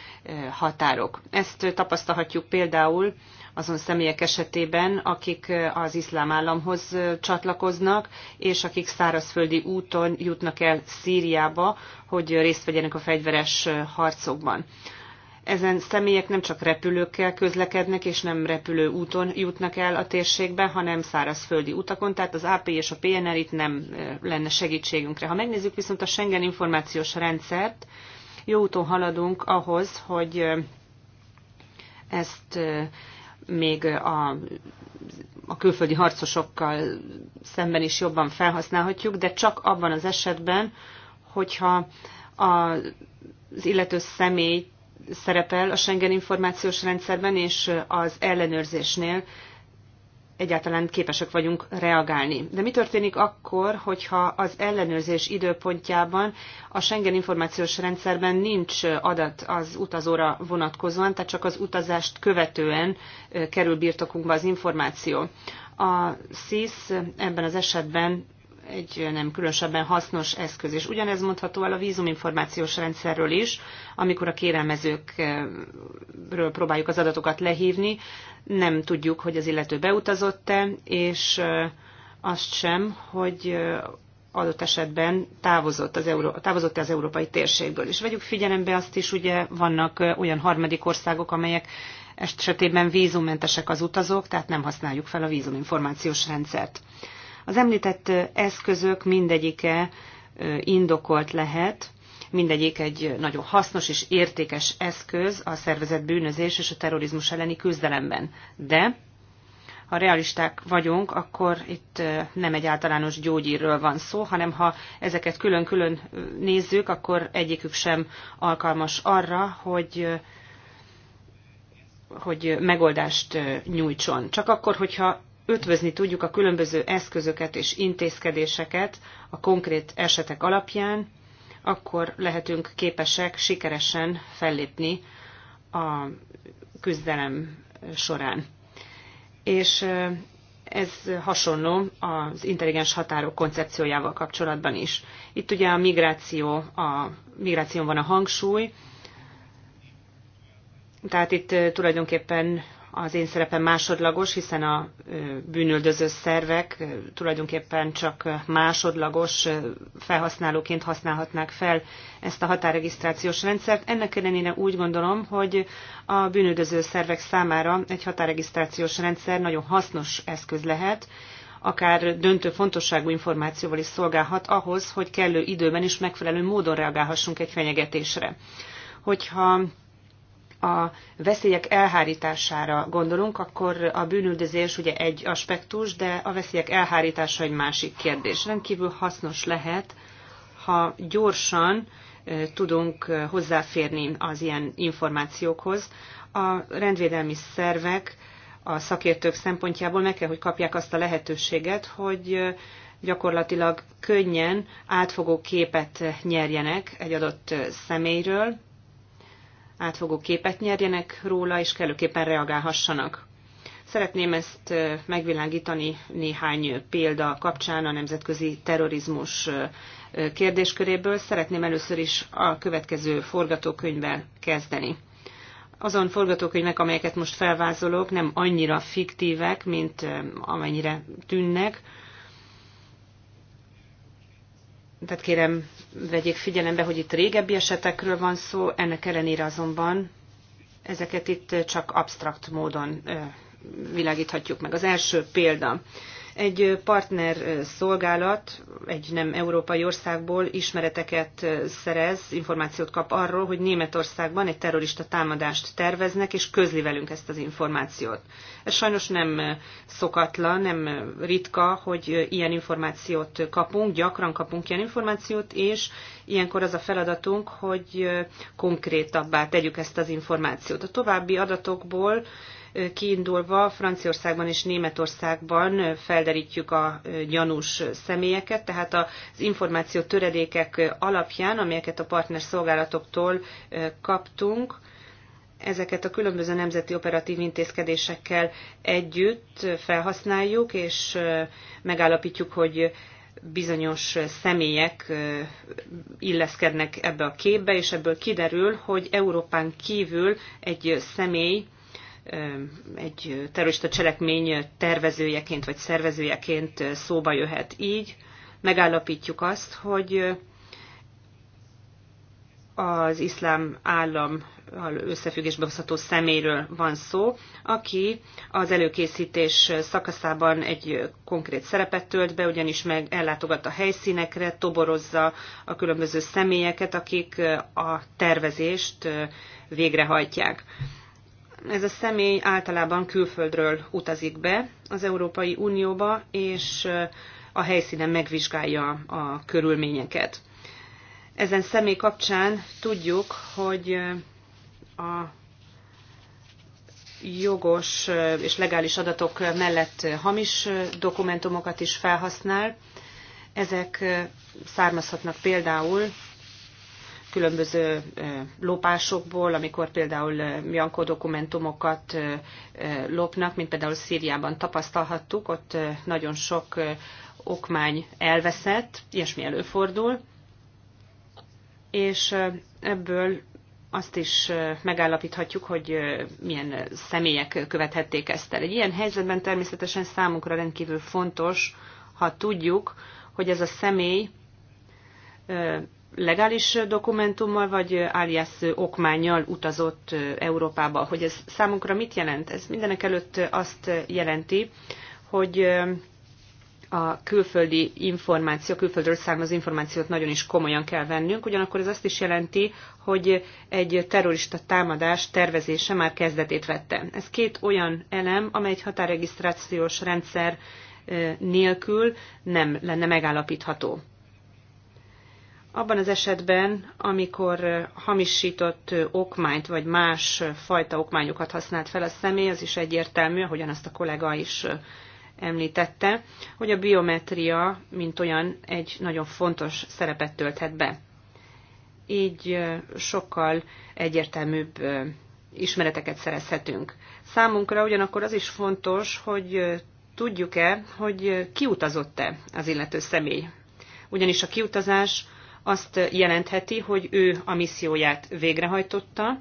határok. Ezt tapasztalhatjuk például azon személyek esetében, akik eh, az iszlám államhoz eh, csatlakoznak, és akik szárazföldi úton jutnak el Szíriába, hogy részt vegyenek a fegyveres eh, harcokban. Ezen személyek nem csak repülőkkel közlekednek, és nem repülő úton jutnak el a térségbe, hanem szárazföldi utakon, tehát az AP és a PNR itt nem lenne segítségünkre. Ha megnézzük viszont a Schengen információs rendszert, jó úton haladunk ahhoz, hogy ezt még a a külföldi harcosokkal szemben is jobban felhasználhatjuk, de csak abban az esetben, hogyha az illető személy szerepel a Schengen információs rendszerben és az ellenőrzésnél egyáltalán képesek vagyunk reagálni. De mi történik akkor, hogyha az ellenőrzés időpontjában a Schengen információs rendszerben nincs adat az utazóra vonatkozóan, tehát csak az utazást követően kerül birtokunkba az információ. A SIS ebben az esetben egy nem különösebben hasznos eszköz. És ugyanez mondható el a vízuminformációs rendszerről is, amikor a kérelmezőkről próbáljuk az adatokat lehívni, nem tudjuk, hogy az illető beutazott-e, és azt sem, hogy adott esetben távozott az, Euró- távozott az európai térségből. És vegyük figyelembe azt is, ugye vannak olyan harmadik országok, amelyek esetében vízummentesek az utazók, tehát nem használjuk fel a vízuminformációs rendszert. Az említett eszközök mindegyike indokolt lehet, mindegyik egy nagyon hasznos és értékes eszköz a szervezet bűnözés és a terrorizmus elleni küzdelemben. De ha realisták vagyunk, akkor itt nem egy általános gyógyírről van szó, hanem ha ezeket külön-külön nézzük, akkor egyikük sem alkalmas arra, hogy hogy megoldást nyújtson. Csak akkor, hogyha ötvözni tudjuk a különböző eszközöket és intézkedéseket a konkrét esetek alapján, akkor lehetünk képesek sikeresen fellépni a küzdelem során. És ez hasonló az intelligens határok koncepciójával kapcsolatban is. Itt ugye a migráció, a migráción van a hangsúly, tehát itt tulajdonképpen az én szerepem másodlagos, hiszen a bűnöldöző szervek tulajdonképpen csak másodlagos felhasználóként használhatnák fel ezt a határregisztrációs rendszert. Ennek ellenére úgy gondolom, hogy a bűnöldöző szervek számára egy határregisztrációs rendszer nagyon hasznos eszköz lehet, akár döntő fontosságú információval is szolgálhat ahhoz, hogy kellő időben és megfelelő módon reagálhassunk egy fenyegetésre. Hogyha a veszélyek elhárítására gondolunk, akkor a bűnüldözés ugye egy aspektus, de a veszélyek elhárítása egy másik kérdés. Rendkívül hasznos lehet, ha gyorsan tudunk hozzáférni az ilyen információkhoz. A rendvédelmi szervek a szakértők szempontjából meg kell, hogy kapják azt a lehetőséget, hogy gyakorlatilag könnyen átfogó képet nyerjenek egy adott személyről, átfogó képet nyerjenek róla, és kellőképpen reagálhassanak. Szeretném ezt megvilágítani néhány példa kapcsán a nemzetközi terrorizmus kérdésköréből. Szeretném először is a következő forgatókönyvvel kezdeni. Azon forgatókönyvek, amelyeket most felvázolok, nem annyira fiktívek, mint amennyire tűnnek. Tehát kérem, vegyék figyelembe, hogy itt régebbi esetekről van szó, ennek ellenére azonban ezeket itt csak absztrakt módon világíthatjuk meg. Az első példa egy partner szolgálat egy nem európai országból ismereteket szerez, információt kap arról, hogy Németországban egy terrorista támadást terveznek, és közli velünk ezt az információt. Ez sajnos nem szokatlan, nem ritka, hogy ilyen információt kapunk, gyakran kapunk ilyen információt, és ilyenkor az a feladatunk, hogy konkrétabbá tegyük ezt az információt. A további adatokból kiindulva Franciaországban és Németországban felderítjük a gyanús személyeket, tehát az információ töredékek alapján, amelyeket a partner szolgálatoktól kaptunk, ezeket a különböző nemzeti operatív intézkedésekkel együtt felhasználjuk, és megállapítjuk, hogy bizonyos személyek illeszkednek ebbe a képbe, és ebből kiderül, hogy Európán kívül egy személy egy terrorista cselekmény tervezőjeként vagy szervezőjeként szóba jöhet. Így megállapítjuk azt, hogy az iszlám állam összefüggésbe hozható szeméről van szó, aki az előkészítés szakaszában egy konkrét szerepet tölt be, ugyanis meg ellátogat a helyszínekre, toborozza a különböző személyeket, akik a tervezést végrehajtják ez a személy általában külföldről utazik be az Európai Unióba, és a helyszínen megvizsgálja a körülményeket. Ezen személy kapcsán tudjuk, hogy a jogos és legális adatok mellett hamis dokumentumokat is felhasznál. Ezek származhatnak például különböző lopásokból, amikor például Bianco dokumentumokat lopnak, mint például Szíriában tapasztalhattuk, ott nagyon sok okmány elveszett, ilyesmi előfordul, és ebből azt is megállapíthatjuk, hogy milyen személyek követhették ezt el. Egy ilyen helyzetben természetesen számunkra rendkívül fontos, ha tudjuk, hogy ez a személy legális dokumentummal, vagy alias okmányjal utazott Európába. Hogy ez számunkra mit jelent? Ez mindenek előtt azt jelenti, hogy a külföldi információ, külföldről származó információt nagyon is komolyan kell vennünk, ugyanakkor ez azt is jelenti, hogy egy terrorista támadás tervezése már kezdetét vette. Ez két olyan elem, amely egy határregisztrációs rendszer nélkül nem lenne megállapítható. Abban az esetben, amikor hamisított okmányt vagy más fajta okmányokat használt fel a személy, az is egyértelmű, ahogyan azt a kollega is említette, hogy a biometria, mint olyan, egy nagyon fontos szerepet tölthet be. Így sokkal egyértelműbb ismereteket szerezhetünk. Számunkra ugyanakkor az is fontos, hogy tudjuk-e, hogy kiutazott-e az illető személy. Ugyanis a kiutazás azt jelentheti, hogy ő a misszióját végrehajtotta,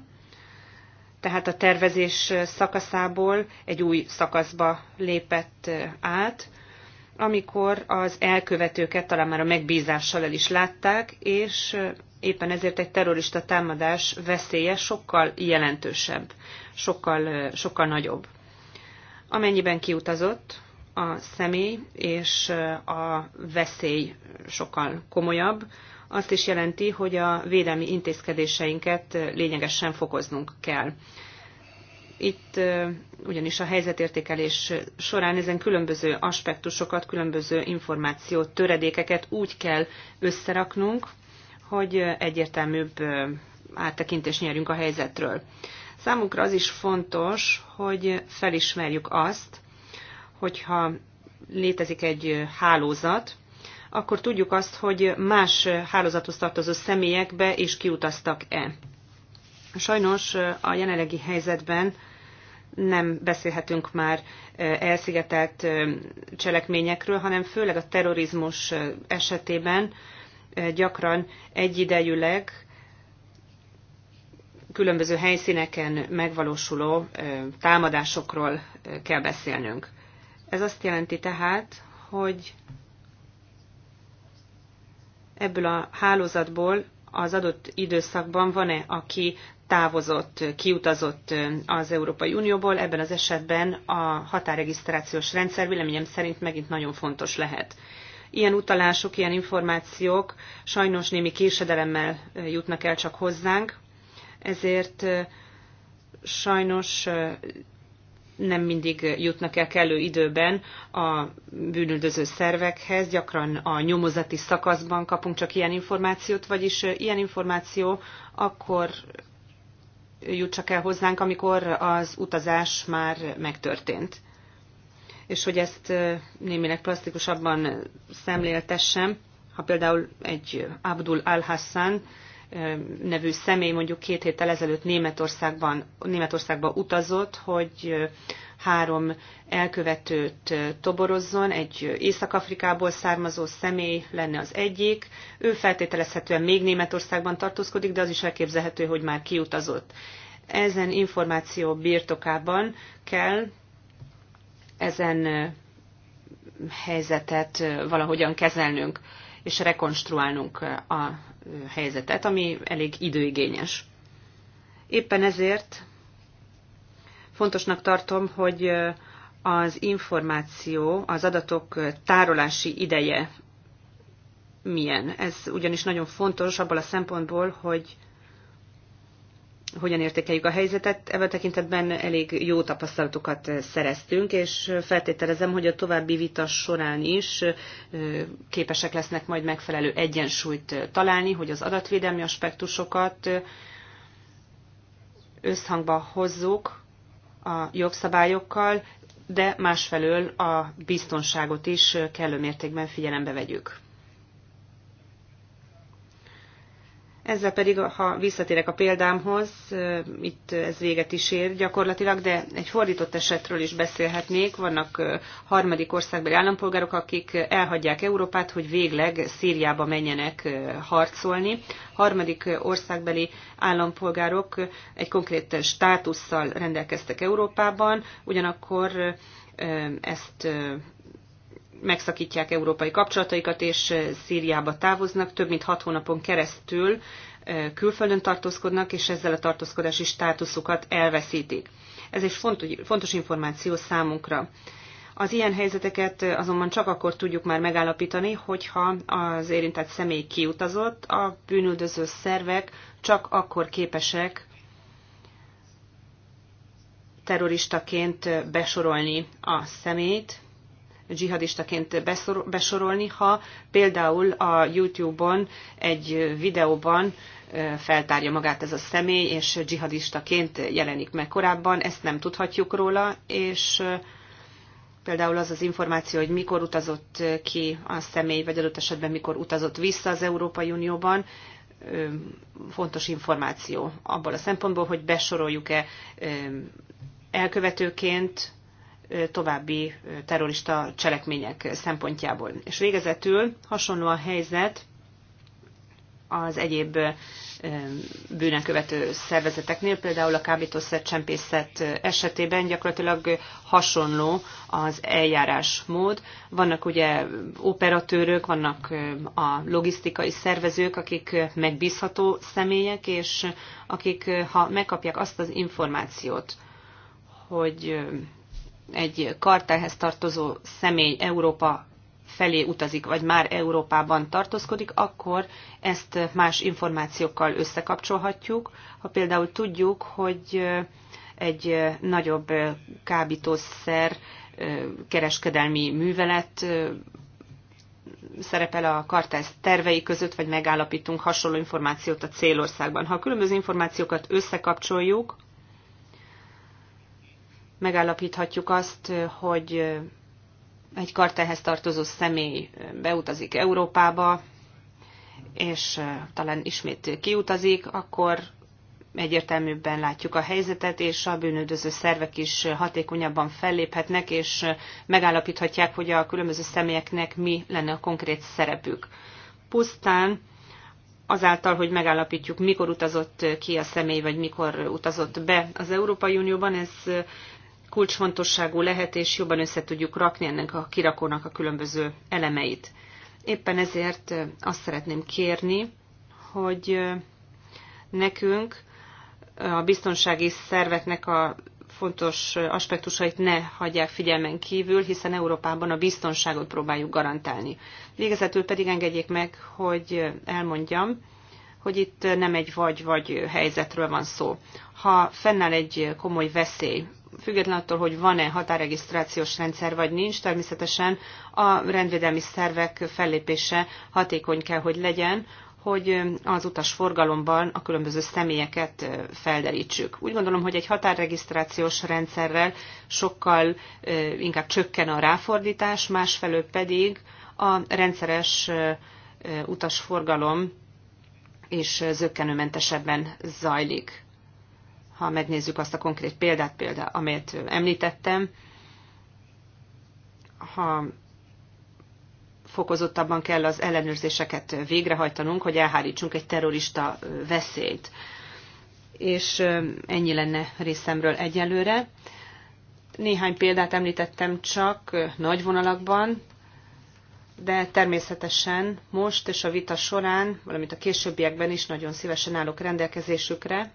tehát a tervezés szakaszából egy új szakaszba lépett át, amikor az elkövetőket talán már a megbízással el is látták, és éppen ezért egy terrorista támadás veszélye sokkal jelentősebb, sokkal, sokkal nagyobb. Amennyiben kiutazott a személy, és a veszély sokkal komolyabb, azt is jelenti, hogy a védelmi intézkedéseinket lényegesen fokoznunk kell. Itt ugyanis a helyzetértékelés során ezen különböző aspektusokat, különböző információt, töredékeket úgy kell összeraknunk, hogy egyértelműbb áttekintést nyerjünk a helyzetről. Számunkra az is fontos, hogy felismerjük azt, hogyha létezik egy hálózat, akkor tudjuk azt, hogy más hálózathoz tartozó személyekbe is kiutaztak-e. Sajnos a jelenlegi helyzetben nem beszélhetünk már elszigetelt cselekményekről, hanem főleg a terrorizmus esetében gyakran egyidejűleg különböző helyszíneken megvalósuló támadásokról kell beszélnünk. Ez azt jelenti tehát, hogy ebből a hálózatból az adott időszakban van-e, aki távozott, kiutazott az Európai Unióból, ebben az esetben a határregisztrációs rendszer véleményem szerint megint nagyon fontos lehet. Ilyen utalások, ilyen információk sajnos némi késedelemmel jutnak el csak hozzánk, ezért sajnos nem mindig jutnak el kellő időben a bűnöldöző szervekhez, gyakran a nyomozati szakaszban kapunk csak ilyen információt, vagyis ilyen információ akkor jut csak el hozzánk, amikor az utazás már megtörtént. És hogy ezt némileg plastikusabban szemléltessem, ha például egy Abdul Al-Hassan nevű személy mondjuk két héttel ezelőtt Németországban, Németországba utazott, hogy három elkövetőt toborozzon, egy Észak-Afrikából származó személy lenne az egyik. Ő feltételezhetően még Németországban tartózkodik, de az is elképzelhető, hogy már kiutazott. Ezen információ birtokában kell ezen helyzetet valahogyan kezelnünk és rekonstruálnunk a helyzetet, ami elég időigényes. Éppen ezért fontosnak tartom, hogy az információ, az adatok tárolási ideje milyen. Ez ugyanis nagyon fontos abból a szempontból, hogy hogyan értékeljük a helyzetet. Ebben a tekintetben elég jó tapasztalatokat szereztünk, és feltételezem, hogy a további vita során is képesek lesznek majd megfelelő egyensúlyt találni, hogy az adatvédelmi aspektusokat összhangba hozzuk a jogszabályokkal, de másfelől a biztonságot is kellő mértékben figyelembe vegyük. Ezzel pedig, ha visszatérek a példámhoz, itt ez véget is ér gyakorlatilag, de egy fordított esetről is beszélhetnék. Vannak harmadik országbeli állampolgárok, akik elhagyják Európát, hogy végleg Szíriába menjenek harcolni. Harmadik országbeli állampolgárok egy konkrét státusszal rendelkeztek Európában, ugyanakkor ezt megszakítják európai kapcsolataikat, és Szíriába távoznak, több mint hat hónapon keresztül külföldön tartózkodnak, és ezzel a tartózkodási státuszukat elveszítik. Ez egy fontos információ számunkra. Az ilyen helyzeteket azonban csak akkor tudjuk már megállapítani, hogyha az érintett személy kiutazott, a bűnüldöző szervek csak akkor képesek terroristaként besorolni a szemét, dzsihadistaként besorolni, ha például a YouTube-on egy videóban feltárja magát ez a személy, és dzsihadistaként jelenik meg korábban, ezt nem tudhatjuk róla, és például az az információ, hogy mikor utazott ki a személy, vagy adott esetben mikor utazott vissza az Európai Unióban, fontos információ abból a szempontból, hogy besoroljuk-e elkövetőként, további terrorista cselekmények szempontjából. És végezetül hasonló a helyzet az egyéb bűnekövető szervezeteknél, például a kábítószer csempészet esetében gyakorlatilag hasonló az eljárásmód. Vannak ugye operatőrök, vannak a logisztikai szervezők, akik megbízható személyek, és akik ha megkapják azt az információt, hogy egy kartelhez tartozó személy Európa felé utazik, vagy már Európában tartózkodik, akkor ezt más információkkal összekapcsolhatjuk. Ha például tudjuk, hogy egy nagyobb kábítószer kereskedelmi művelet szerepel a kartel tervei között, vagy megállapítunk hasonló információt a célországban. Ha a különböző információkat összekapcsoljuk, megállapíthatjuk azt, hogy egy kartelhez tartozó személy beutazik Európába, és talán ismét kiutazik, akkor egyértelműbben látjuk a helyzetet, és a bűnöldöző szervek is hatékonyabban felléphetnek, és megállapíthatják, hogy a különböző személyeknek mi lenne a konkrét szerepük. Pusztán azáltal, hogy megállapítjuk, mikor utazott ki a személy, vagy mikor utazott be az Európai Unióban, ez kulcsfontosságú lehet, és jobban össze tudjuk rakni ennek a kirakónak a különböző elemeit. Éppen ezért azt szeretném kérni, hogy nekünk a biztonsági szerveknek a fontos aspektusait ne hagyják figyelmen kívül, hiszen Európában a biztonságot próbáljuk garantálni. Végezetül pedig engedjék meg, hogy elmondjam, hogy itt nem egy vagy-vagy helyzetről van szó. Ha fennáll egy komoly veszély független attól, hogy van-e határregisztrációs rendszer vagy nincs, természetesen a rendvédelmi szervek fellépése hatékony kell, hogy legyen, hogy az utas forgalomban a különböző személyeket felderítsük. Úgy gondolom, hogy egy határregisztrációs rendszerrel sokkal inkább csökken a ráfordítás, másfelől pedig a rendszeres utasforgalom és zöggenőmentesebben zajlik ha megnézzük azt a konkrét példát, példa, amelyet említettem, ha fokozottabban kell az ellenőrzéseket végrehajtanunk, hogy elhárítsunk egy terrorista veszélyt. És ennyi lenne részemről egyelőre. Néhány példát említettem csak nagy vonalakban, de természetesen most és a vita során, valamint a későbbiekben is nagyon szívesen állok rendelkezésükre,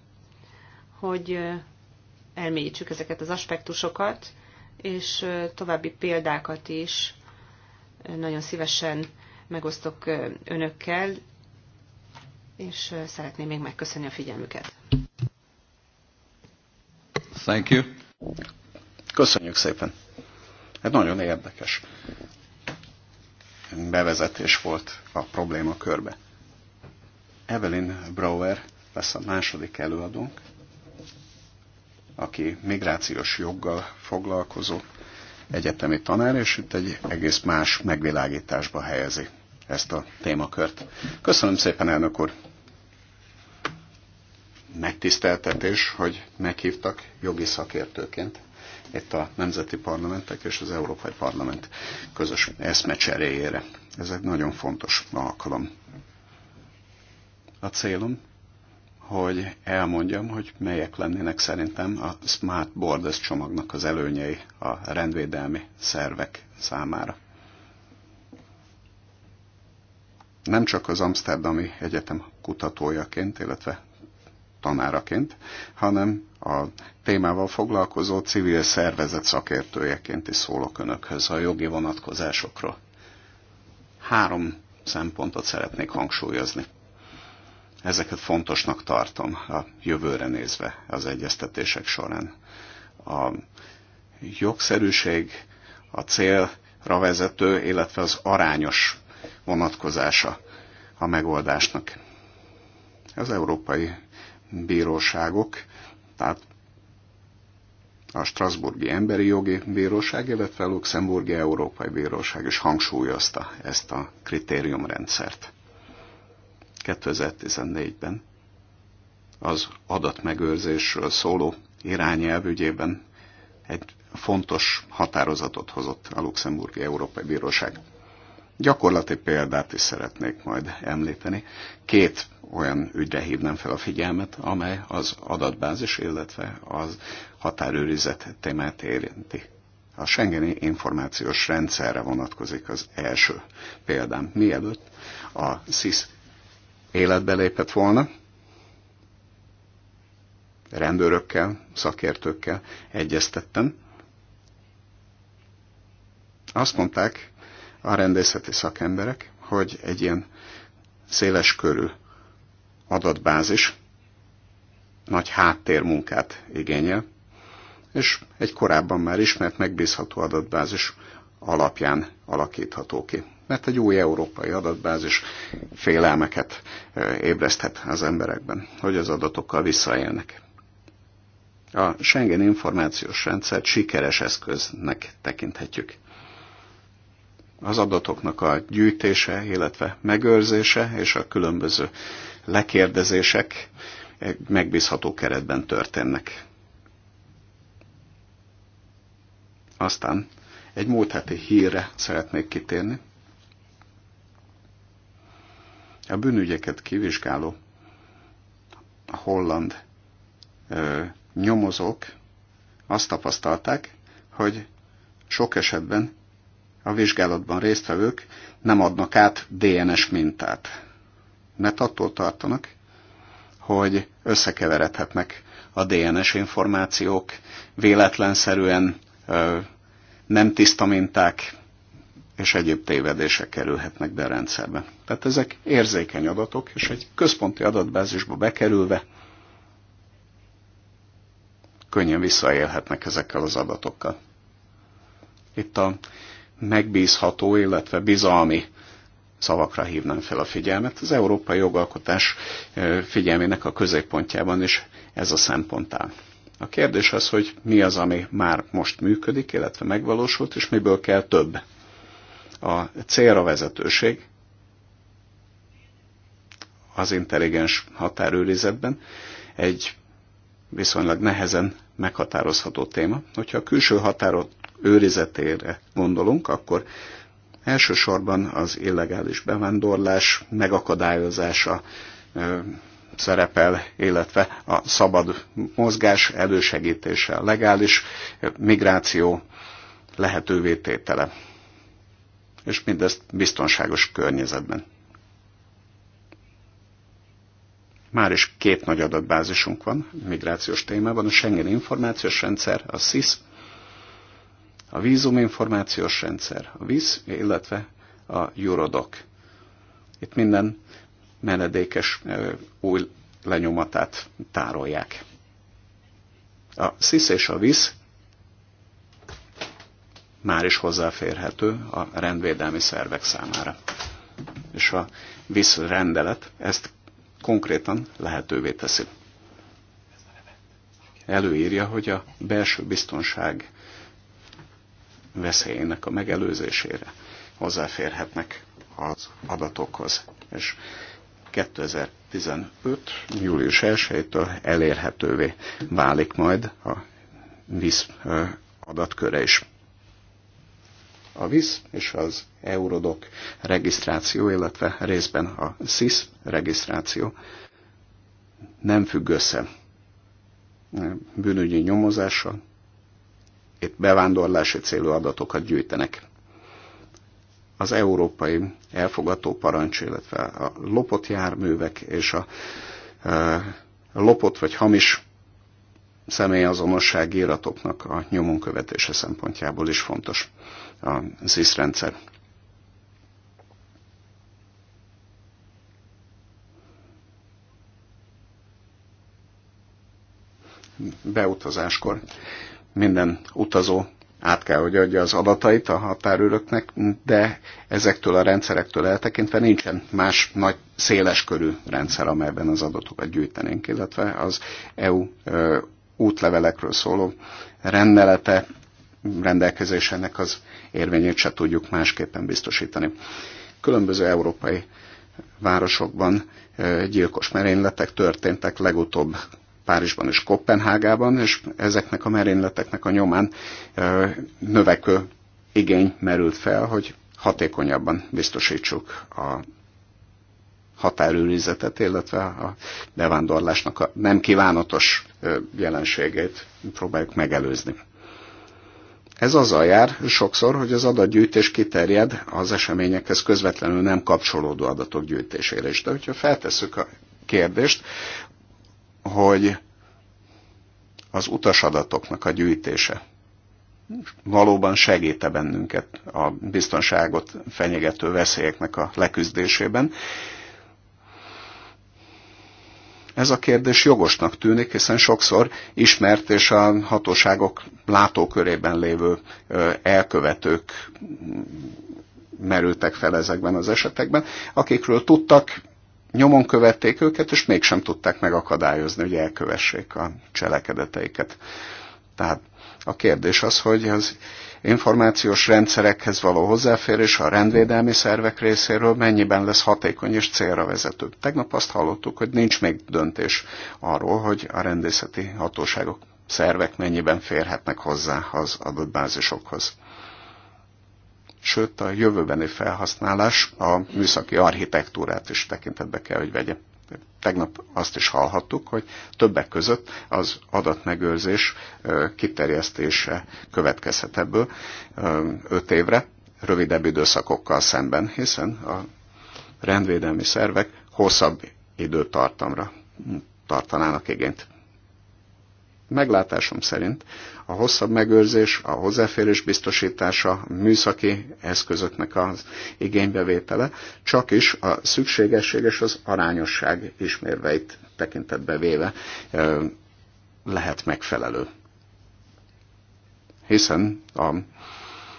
hogy elmélyítsük ezeket az aspektusokat, és további példákat is nagyon szívesen megosztok önökkel, és szeretném még megköszönni a figyelmüket. Thank you. Köszönjük szépen. Ez nagyon érdekes bevezetés volt a probléma körbe. Evelyn Brower lesz a második előadónk, aki migrációs joggal foglalkozó egyetemi tanár, és itt egy egész más megvilágításba helyezi ezt a témakört. Köszönöm szépen, elnök úr! Megtiszteltetés, hogy meghívtak jogi szakértőként itt a nemzeti parlamentek és az Európai Parlament közös eszmecseréjére. Ez egy nagyon fontos alkalom. A célom, hogy elmondjam, hogy melyek lennének szerintem a Smart Borders csomagnak az előnyei a rendvédelmi szervek számára. Nem csak az Amsterdami Egyetem kutatójaként, illetve tanáraként, hanem a témával foglalkozó civil szervezet szakértőjeként is szólok önökhöz a jogi vonatkozásokról. Három szempontot szeretnék hangsúlyozni. Ezeket fontosnak tartom a jövőre nézve az egyeztetések során. A jogszerűség, a célra vezető, illetve az arányos vonatkozása a megoldásnak. Az európai bíróságok, tehát a Strasburgi Emberi Jogi Bíróság, illetve a Luxemburgi Európai Bíróság is hangsúlyozta ezt a kritériumrendszert. 2014-ben az adatmegőrzésről szóló irányelv ügyében egy fontos határozatot hozott a Luxemburgi Európai Bíróság. Gyakorlati példát is szeretnék majd említeni. Két olyan ügyre hívnám fel a figyelmet, amely az adatbázis, illetve az határőrizet témát érinti. A Schengeni információs rendszerre vonatkozik az első példám. Mielőtt a SIS életbe lépett volna, rendőrökkel, szakértőkkel egyeztettem. Azt mondták a rendészeti szakemberek, hogy egy ilyen széles körű adatbázis nagy háttérmunkát igényel, és egy korábban már ismert megbízható adatbázis alapján alakítható ki mert egy új európai adatbázis félelmeket ébreszthet az emberekben, hogy az adatokkal visszaélnek. A Schengen információs rendszert sikeres eszköznek tekinthetjük. Az adatoknak a gyűjtése, illetve megőrzése és a különböző lekérdezések megbízható keretben történnek. Aztán egy múlt heti hírre szeretnék kitérni. A bűnügyeket kivizsgáló holland ö, nyomozók azt tapasztalták, hogy sok esetben a vizsgálatban résztvevők nem adnak át DNS mintát, mert attól tartanak, hogy összekeveredhetnek a DNS információk, véletlenszerűen nem tiszta minták, és egyéb tévedések kerülhetnek be a rendszerbe. Tehát ezek érzékeny adatok, és egy központi adatbázisba bekerülve könnyen visszaélhetnek ezekkel az adatokkal. Itt a megbízható, illetve bizalmi szavakra hívnám fel a figyelmet. Az európai jogalkotás figyelmének a középpontjában is ez a szempont áll. A kérdés az, hogy mi az, ami már most működik, illetve megvalósult, és miből kell több a célra vezetőség az intelligens határőrizetben egy viszonylag nehezen meghatározható téma. Hogyha a külső határok őrizetére gondolunk, akkor elsősorban az illegális bevándorlás megakadályozása szerepel, illetve a szabad mozgás elősegítése, a legális migráció lehetővé tétele és mindezt biztonságos környezetben. Már is két nagy adatbázisunk van migrációs témában, a Schengen információs rendszer, a SIS, a vízum információs rendszer, a VIS, illetve a Eurodoc. Itt minden menedékes új lenyomatát tárolják. A SIS és a VIS már is hozzáférhető a rendvédelmi szervek számára. És a visszrendelet ezt konkrétan lehetővé teszi. Előírja, hogy a belső biztonság veszélyének a megelőzésére hozzáférhetnek az adatokhoz. És 2015. július 1-től elérhetővé válik majd a VISZ adatköre is a VISZ és az Eurodoc regisztráció, illetve részben a SIS regisztráció nem függ össze bűnügyi nyomozással. Itt bevándorlási célú adatokat gyűjtenek. Az európai elfogató parancs, illetve a lopott járművek és a e, lopott vagy hamis személyazonossági iratoknak a nyomon követése szempontjából is fontos a SIS rendszer. Beutazáskor minden utazó át kell, hogy adja az adatait a határőröknek, de ezektől a rendszerektől eltekintve nincsen más nagy széleskörű rendszer, amelyben az adatokat gyűjtenénk, illetve az EU útlevelekről szóló rendelete rendelkezésének az érvényét se tudjuk másképpen biztosítani. Különböző európai városokban gyilkos merényletek történtek legutóbb Párizsban és Kopenhágában, és ezeknek a merényleteknek a nyomán növekő igény merült fel, hogy hatékonyabban biztosítsuk a határőrizetet, illetve a bevándorlásnak a nem kívánatos jelenségét próbáljuk megelőzni. Ez azzal jár sokszor, hogy az adatgyűjtés kiterjed az eseményekhez közvetlenül nem kapcsolódó adatok gyűjtésére is. De hogyha feltesszük a kérdést, hogy az utasadatoknak a gyűjtése valóban segíte bennünket a biztonságot fenyegető veszélyeknek a leküzdésében, ez a kérdés jogosnak tűnik, hiszen sokszor ismert és a hatóságok látókörében lévő elkövetők merültek fel ezekben az esetekben, akikről tudtak, nyomon követték őket, és mégsem tudták megakadályozni, hogy elkövessék a cselekedeteiket. Tehát a kérdés az, hogy az információs rendszerekhez való hozzáférés a rendvédelmi szervek részéről mennyiben lesz hatékony és célra vezető. Tegnap azt hallottuk, hogy nincs még döntés arról, hogy a rendészeti hatóságok szervek mennyiben férhetnek hozzá az adott bázisokhoz. Sőt, a jövőbeni felhasználás a műszaki architektúrát is tekintetbe kell, hogy vegye tegnap azt is hallhattuk, hogy többek között az adatmegőrzés kiterjesztése következhet ebből öt évre, rövidebb időszakokkal szemben, hiszen a rendvédelmi szervek hosszabb időtartamra tartanának igényt. Meglátásom szerint a hosszabb megőrzés, a hozzáférés biztosítása, a műszaki eszközöknek az igénybevétele, csak is a szükségesség és az arányosság ismérveit tekintetbe véve lehet megfelelő. Hiszen a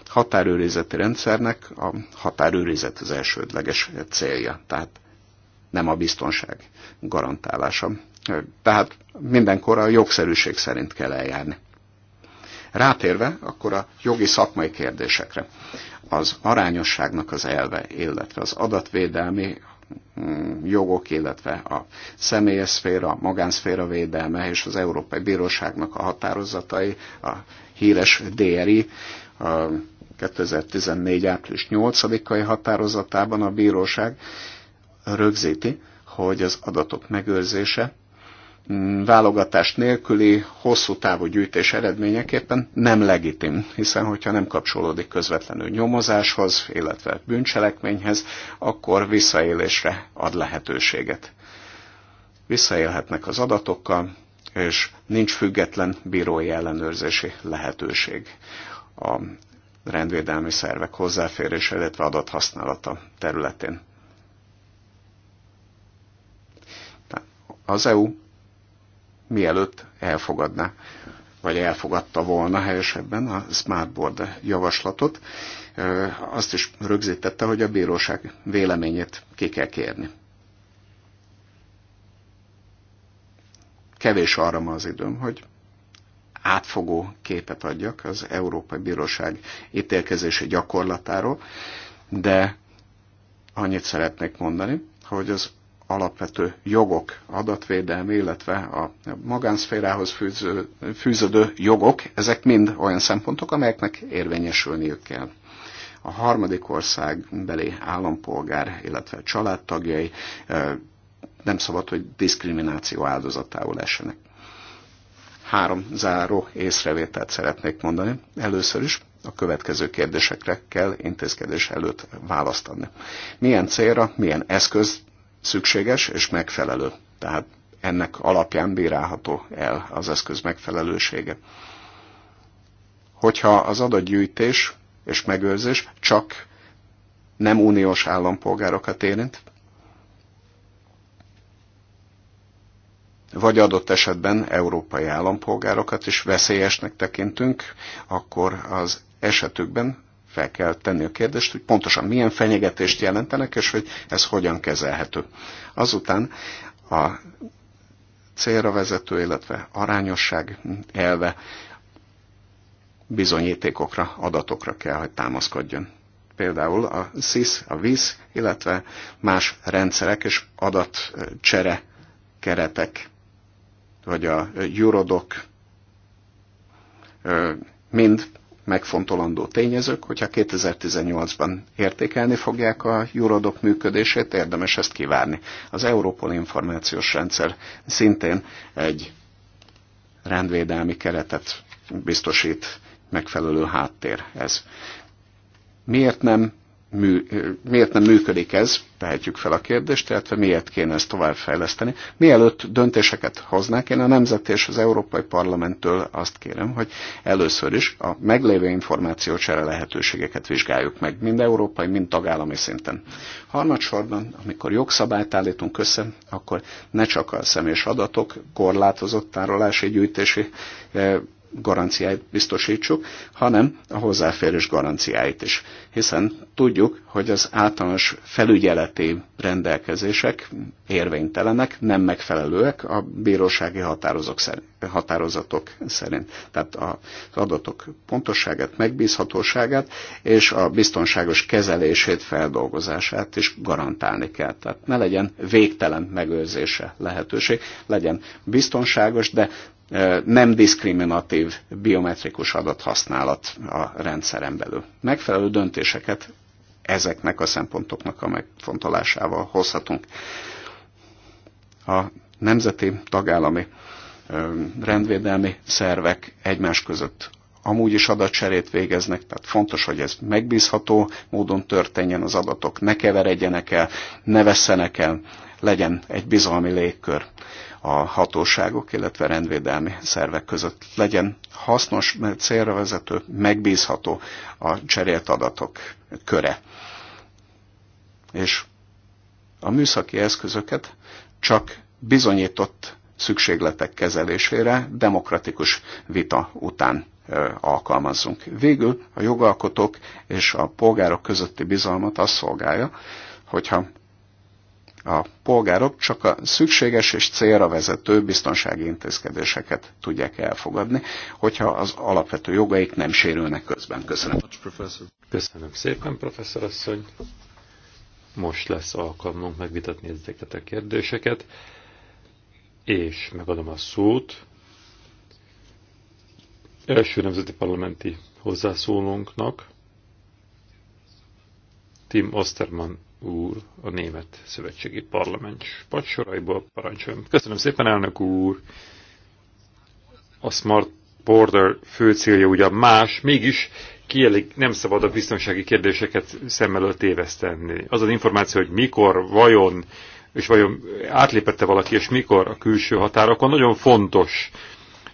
határőrizeti rendszernek a határőrizet az elsődleges célja, tehát nem a biztonság garantálása. Tehát mindenkor a jogszerűség szerint kell eljárni. Rátérve akkor a jogi szakmai kérdésekre. Az arányosságnak az elve, illetve az adatvédelmi mm, jogok, illetve a személyes szféra, a magánszféra védelme és az Európai Bíróságnak a határozatai, a híres DRI, a 2014. április 8-ai határozatában a bíróság rögzíti, hogy az adatok megőrzése Mm, válogatás nélküli hosszú távú gyűjtés eredményeképpen nem legitim, hiszen hogyha nem kapcsolódik közvetlenül nyomozáshoz, illetve bűncselekményhez, akkor visszaélésre ad lehetőséget. Visszaélhetnek az adatokkal, és nincs független bírói ellenőrzési lehetőség a rendvédelmi szervek hozzáférése, illetve adathasználata területén. Az EU mielőtt elfogadná, vagy elfogadta volna helyesebben a smartboard javaslatot, azt is rögzítette, hogy a bíróság véleményét ki kell kérni. Kevés arra ma az időm, hogy átfogó képet adjak az Európai Bíróság ítélkezési gyakorlatáról, de annyit szeretnék mondani, hogy az alapvető jogok adatvédelmi, illetve a magánszférához fűző, fűződő jogok, ezek mind olyan szempontok, amelyeknek érvényesülniük kell. A harmadik ország belé állampolgár, illetve családtagjai nem szabad, hogy diszkrimináció áldozatául essenek. Három záró észrevételt szeretnék mondani. Először is a következő kérdésekre kell intézkedés előtt választ adni. Milyen célra, milyen eszköz szükséges és megfelelő. Tehát ennek alapján bírálható el az eszköz megfelelősége. Hogyha az adatgyűjtés és megőrzés csak nem uniós állampolgárokat érint, vagy adott esetben európai állampolgárokat is veszélyesnek tekintünk, akkor az esetükben fel kell tenni a kérdést, hogy pontosan milyen fenyegetést jelentenek, és hogy ez hogyan kezelhető. Azután a célra vezető, illetve arányosság elve bizonyítékokra, adatokra kell, hogy támaszkodjon. Például a SIS, a VIS, illetve más rendszerek és adatcsere keretek, vagy a Eurodoc mind megfontolandó tényezők, hogyha 2018-ban értékelni fogják a Eurodoc működését, érdemes ezt kivárni. Az Európol információs rendszer szintén egy rendvédelmi keretet biztosít, megfelelő háttér ez. Miért nem mű, miért nem működik ez, tehetjük fel a kérdést, illetve miért kéne ezt továbbfejleszteni. Mielőtt döntéseket hoznák, én a Nemzet és az Európai Parlamenttől azt kérem, hogy először is a meglévő információcsere lehetőségeket vizsgáljuk meg, mind európai, mind tagállami szinten. Harmadsorban, amikor jogszabályt állítunk össze, akkor ne csak a személyes adatok korlátozott tárolási gyűjtési garanciáit biztosítsuk, hanem a hozzáférés garanciáit is. Hiszen tudjuk, hogy az általános felügyeleti rendelkezések érvénytelenek, nem megfelelőek a bírósági szerint, határozatok szerint. Tehát az adatok pontosságát, megbízhatóságát és a biztonságos kezelését, feldolgozását is garantálni kell. Tehát ne legyen végtelen megőrzése lehetőség, legyen biztonságos, de nem diszkriminatív biometrikus adathasználat a rendszeren belül. Megfelelő döntéseket ezeknek a szempontoknak a megfontolásával hozhatunk. A nemzeti tagállami rendvédelmi szervek egymás között amúgy is adatcserét végeznek, tehát fontos, hogy ez megbízható módon történjen az adatok, ne keveredjenek el, ne vesszenek el, legyen egy bizalmi légkör a hatóságok, illetve rendvédelmi szervek között legyen hasznos, célra vezető, megbízható a cserélt adatok köre. És a műszaki eszközöket csak bizonyított szükségletek kezelésére demokratikus vita után alkalmazzunk. Végül a jogalkotók és a polgárok közötti bizalmat azt szolgálja, hogyha a polgárok csak a szükséges és célra vezető biztonsági intézkedéseket tudják elfogadni, hogyha az alapvető jogaik nem sérülnek közben. Köszönöm. Köszönöm szépen, professzor asszony. Most lesz alkalmunk megvitatni ezeket a kérdéseket, és megadom a szót első nemzeti parlamenti hozzászólónknak, Tim Osterman úr a Német Szövetségi Parlament spatsoraiból parancsoljon. Köszönöm szépen, elnök úr! A Smart Border fő célja ugyan más, mégis kielég, nem szabad a biztonsági kérdéseket szem elől téveszteni. Az az információ, hogy mikor, vajon, és vajon átlépette valaki, és mikor a külső határokon, nagyon fontos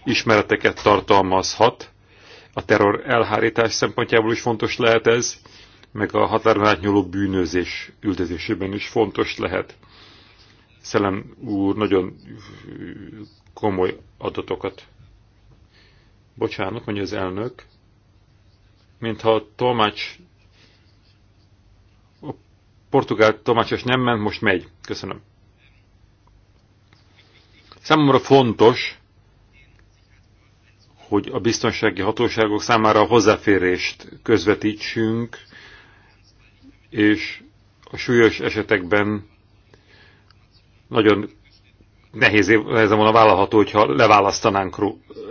ismereteket tartalmazhat. A terror elhárítás szempontjából is fontos lehet ez meg a határon átnyúló bűnözés üldözésében is fontos lehet. Szelem úr nagyon komoly adatokat. Bocsánat, mondja az elnök, mintha a tolmács a portugál tolmácsos nem ment, most megy. Köszönöm. Számomra fontos, hogy a biztonsági hatóságok számára a hozzáférést közvetítsünk, és a súlyos esetekben nagyon nehéz lehezen volna vállalható, hogyha leválasztanánk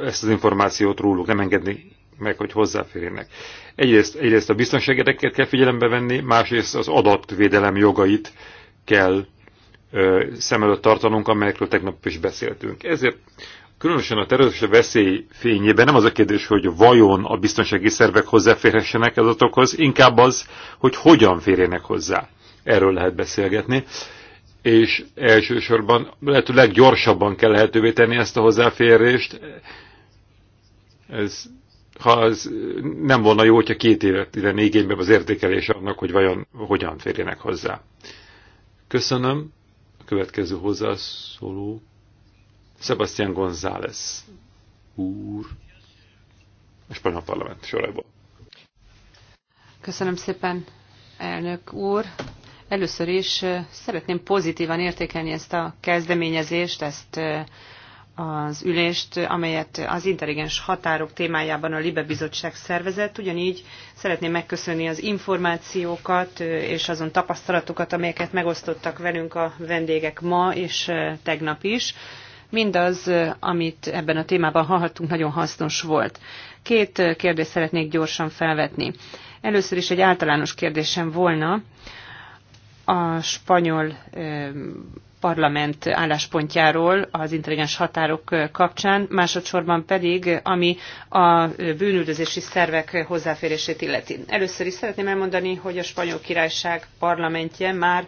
ezt az információt róluk, nem engedni meg, hogy hozzáférjenek. Egyrészt, egyrészt a biztonságedeket kell figyelembe venni, másrészt az adatvédelem jogait kell ö, szem előtt tartanunk, amelyekről tegnap is beszéltünk. Ezért Különösen a terrorista veszély fényében nem az a kérdés, hogy vajon a biztonsági szervek hozzáférhessenek az adatokhoz, inkább az, hogy hogyan férjenek hozzá. Erről lehet beszélgetni és elsősorban lehető leggyorsabban kell lehetővé tenni ezt a hozzáférést. Ez, ha ez nem volna jó, hogyha két évet lenne igénybe az értékelés annak, hogy vajon hogyan férjenek hozzá. Köszönöm. A következő hozzászóló Sebastián González úr, a spanyol parlament soraiból. Köszönöm szépen, elnök úr. Először is szeretném pozitívan értékelni ezt a kezdeményezést, ezt az ülést, amelyet az intelligens határok témájában a Libe Bizottság szervezett. Ugyanígy szeretném megköszönni az információkat és azon tapasztalatokat, amelyeket megosztottak velünk a vendégek ma és tegnap is. Mindaz, amit ebben a témában hallhattunk, nagyon hasznos volt. Két kérdést szeretnék gyorsan felvetni. Először is egy általános kérdésem volna a spanyol parlament álláspontjáról az intelligens határok kapcsán, másodszorban pedig, ami a bűnüldözési szervek hozzáférését illeti. Először is szeretném elmondani, hogy a spanyol királyság parlamentje már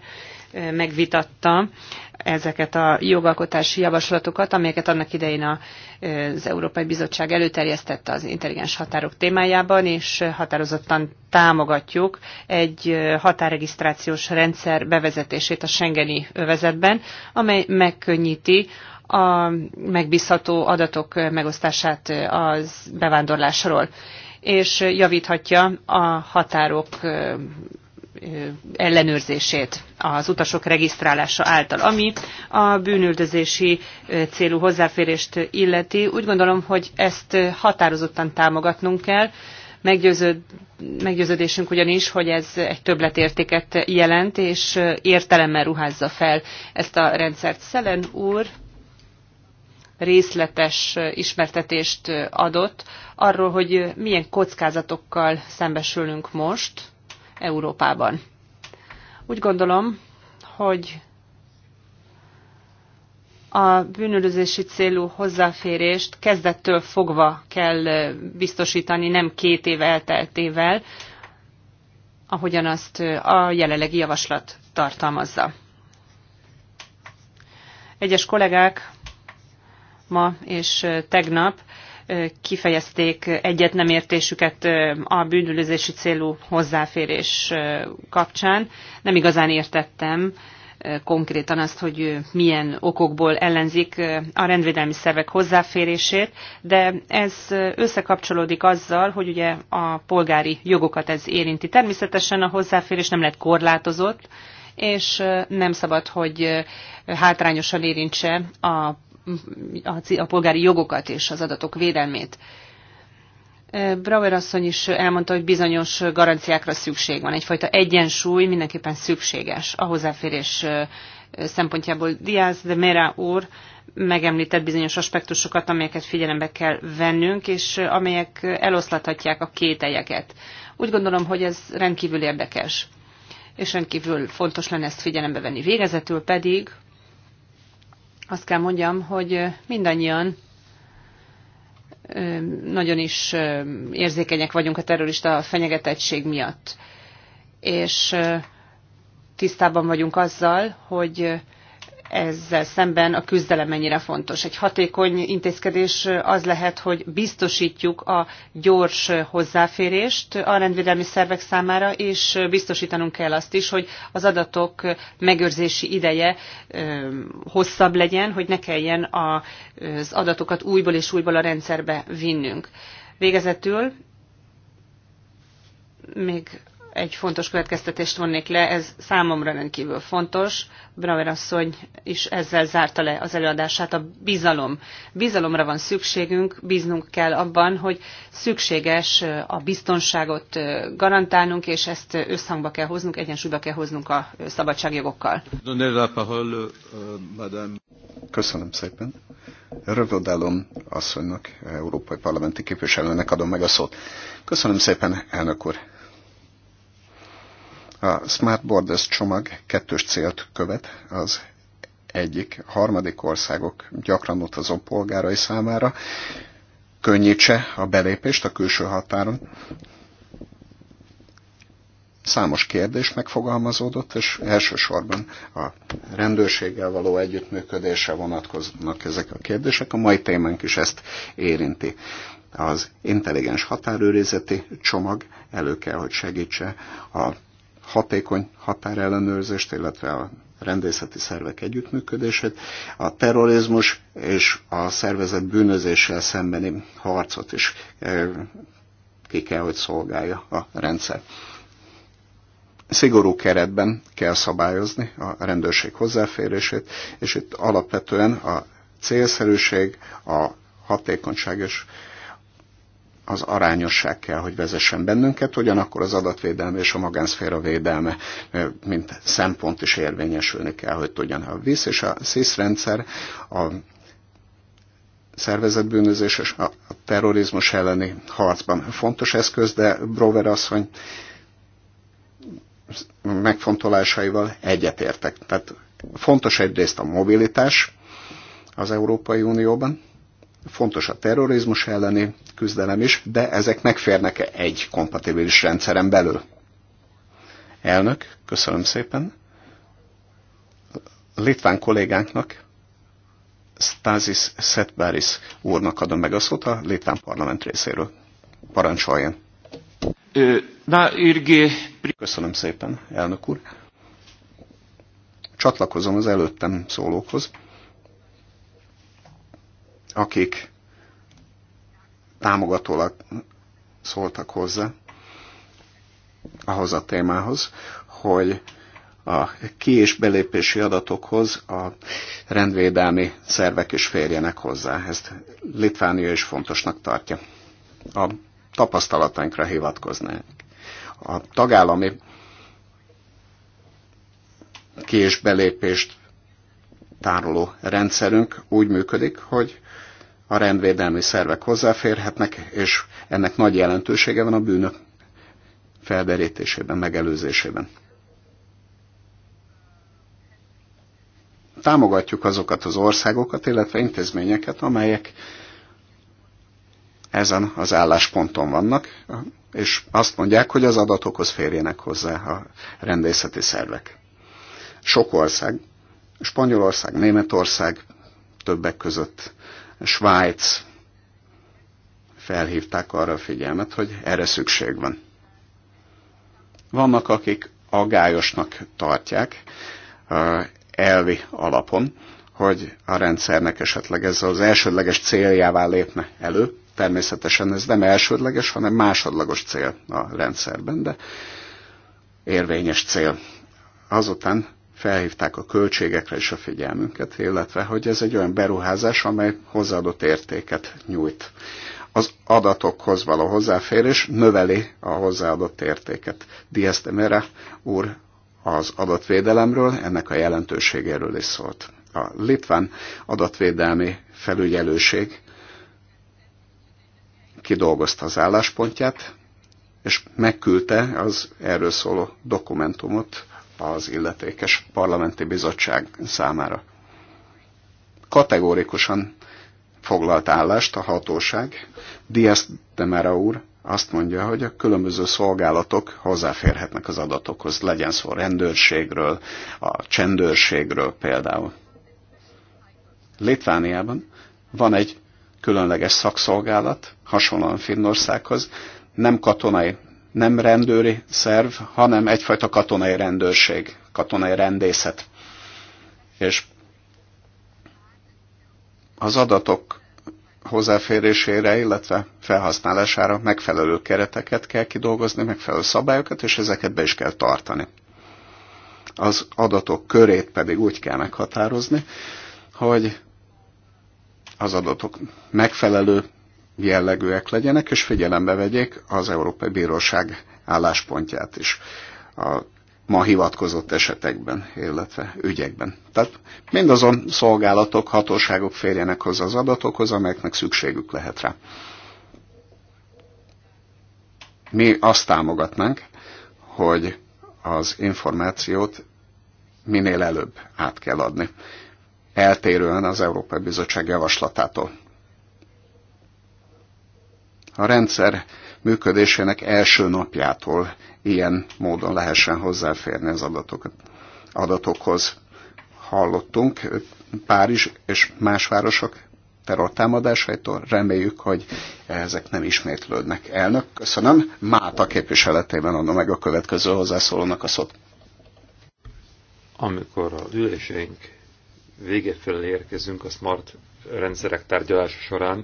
megvitatta ezeket a jogalkotási javaslatokat, amelyeket annak idején az Európai Bizottság előterjesztette az intelligens határok témájában, és határozottan támogatjuk egy határregisztrációs rendszer bevezetését a Schengeni övezetben, amely megkönnyíti a megbízható adatok megosztását az bevándorlásról és javíthatja a határok ellenőrzését az utasok regisztrálása által, ami a bűnüldözési célú hozzáférést illeti. Úgy gondolom, hogy ezt határozottan támogatnunk kell, Meggyőződ, meggyőződésünk ugyanis, hogy ez egy többletértéket jelent, és értelemmel ruházza fel ezt a rendszert. Szelen úr részletes ismertetést adott arról, hogy milyen kockázatokkal szembesülünk most, Európában. Úgy gondolom, hogy a bűnözési célú hozzáférést kezdettől fogva kell biztosítani, nem két év elteltével, ahogyan azt a jelenlegi javaslat tartalmazza. Egyes kollégák ma és tegnap kifejezték egyet nem értésüket a bűnülözési célú hozzáférés kapcsán. Nem igazán értettem konkrétan azt, hogy milyen okokból ellenzik a rendvédelmi szervek hozzáférését, de ez összekapcsolódik azzal, hogy ugye a polgári jogokat ez érinti. Természetesen a hozzáférés nem lett korlátozott, és nem szabad, hogy hátrányosan érintse a a polgári jogokat és az adatok védelmét. Brauer asszony is elmondta, hogy bizonyos garanciákra szükség van. Egyfajta egyensúly mindenképpen szükséges a hozzáférés szempontjából. Diaz de Mera úr megemlített bizonyos aspektusokat, amelyeket figyelembe kell vennünk, és amelyek eloszlathatják a kételyeket. Úgy gondolom, hogy ez rendkívül érdekes, és rendkívül fontos lenne ezt figyelembe venni. Végezetül pedig azt kell mondjam, hogy mindannyian nagyon is érzékenyek vagyunk a terrorista fenyegetettség miatt. És tisztában vagyunk azzal, hogy ezzel szemben a küzdelem mennyire fontos. Egy hatékony intézkedés az lehet, hogy biztosítjuk a gyors hozzáférést a rendvédelmi szervek számára, és biztosítanunk kell azt is, hogy az adatok megőrzési ideje hosszabb legyen, hogy ne kelljen az adatokat újból és újból a rendszerbe vinnünk. Végezetül még egy fontos következtetést vonnék le, ez számomra rendkívül fontos. Braver asszony is ezzel zárta le az előadását, a bizalom. Bizalomra van szükségünk, bíznunk kell abban, hogy szükséges a biztonságot garantálnunk, és ezt összhangba kell hoznunk, egyensúlyba kell hoznunk a szabadságjogokkal. Euh, Köszönöm szépen. Rövidálom asszonynak, európai parlamenti képviselőnek adom meg a szót. Köszönöm szépen, elnök úr. A Smart Borders csomag kettős célt követ az egyik harmadik országok gyakran utazó polgárai számára, könnyítse a belépést a külső határon. Számos kérdés megfogalmazódott, és elsősorban a rendőrséggel való együttműködésre vonatkoznak ezek a kérdések. A mai témánk is ezt érinti. Az intelligens határőrizeti csomag elő kell, hogy segítse a hatékony határellenőrzést, illetve a rendészeti szervek együttműködését, a terrorizmus és a szervezet bűnözéssel szembeni harcot is e, ki kell, hogy szolgálja a rendszer. Szigorú keretben kell szabályozni a rendőrség hozzáférését, és itt alapvetően a célszerűség, a hatékonyság és az arányosság kell, hogy vezessen bennünket, ugyanakkor az adatvédelme és a magánszféra védelme, mint szempont is érvényesülni kell, hogy tudjon. A VISZ és a SZISZ rendszer a szervezetbűnözés és a terrorizmus elleni harcban fontos eszköz, de Brover asszony megfontolásaival egyetértek. Tehát fontos egyrészt a mobilitás az Európai Unióban, Fontos a terrorizmus elleni küzdelem is, de ezek megférnek -e egy kompatibilis rendszeren belül? Elnök, köszönöm szépen. litván kollégánknak, Stasis Szetbáris úrnak adom meg a szót a litván parlament részéről. Parancsoljon. Na, Ürgé... Köszönöm szépen, elnök úr. Csatlakozom az előttem szólókhoz akik támogatólag szóltak hozzá ahhoz a témához, hogy a ki- és belépési adatokhoz a rendvédelmi szervek is férjenek hozzá. Ezt Litvánia is fontosnak tartja. A tapasztalatainkra hivatkoznánk. A tagállami ki- és belépést tároló rendszerünk úgy működik, hogy a rendvédelmi szervek hozzáférhetnek, és ennek nagy jelentősége van a bűnök felderítésében, megelőzésében. Támogatjuk azokat az országokat, illetve intézményeket, amelyek ezen az állásponton vannak, és azt mondják, hogy az adatokhoz férjenek hozzá a rendészeti szervek. Sok ország, Spanyolország, Németország többek között Svájc felhívták arra a figyelmet, hogy erre szükség van. Vannak, akik agályosnak tartják elvi alapon, hogy a rendszernek esetleg ez az elsődleges céljává lépne elő. Természetesen ez nem elsődleges, hanem másodlagos cél a rendszerben, de érvényes cél. Azután felhívták a költségekre is a figyelmünket, illetve hogy ez egy olyan beruházás, amely hozzáadott értéket nyújt. Az adatokhoz való hozzáférés növeli a hozzáadott értéket. Diaz de Mera úr az adatvédelemről, ennek a jelentőségéről is szólt. A Litván adatvédelmi felügyelőség kidolgozta az álláspontját, és megküldte az erről szóló dokumentumot az illetékes parlamenti bizottság számára. Kategórikusan foglalt állást a hatóság. Diaz de Mera úr azt mondja, hogy a különböző szolgálatok hozzáférhetnek az adatokhoz, legyen szó rendőrségről, a csendőrségről például. Litvániában van egy különleges szakszolgálat, hasonlóan Finnországhoz, nem katonai nem rendőri szerv, hanem egyfajta katonai rendőrség, katonai rendészet. És az adatok hozzáférésére, illetve felhasználására megfelelő kereteket kell kidolgozni, megfelelő szabályokat, és ezeket be is kell tartani. Az adatok körét pedig úgy kell meghatározni, hogy az adatok megfelelő jellegűek legyenek, és figyelembe vegyék az Európai Bíróság álláspontját is a ma hivatkozott esetekben, illetve ügyekben. Tehát mindazon szolgálatok, hatóságok férjenek hozzá az adatokhoz, amelyeknek szükségük lehet rá. Mi azt támogatnánk, hogy az információt minél előbb át kell adni. Eltérően az Európai Bizottság javaslatától a rendszer működésének első napjától ilyen módon lehessen hozzáférni az adatokat, adatokhoz. Hallottunk Párizs és más városok terrortámadásaitól. Reméljük, hogy ezek nem ismétlődnek. Elnök, köszönöm. Máta képviseletében adom meg a következő hozzászólónak a szót. Amikor a üléseink vége felé érkezünk a smart rendszerek tárgyalása során,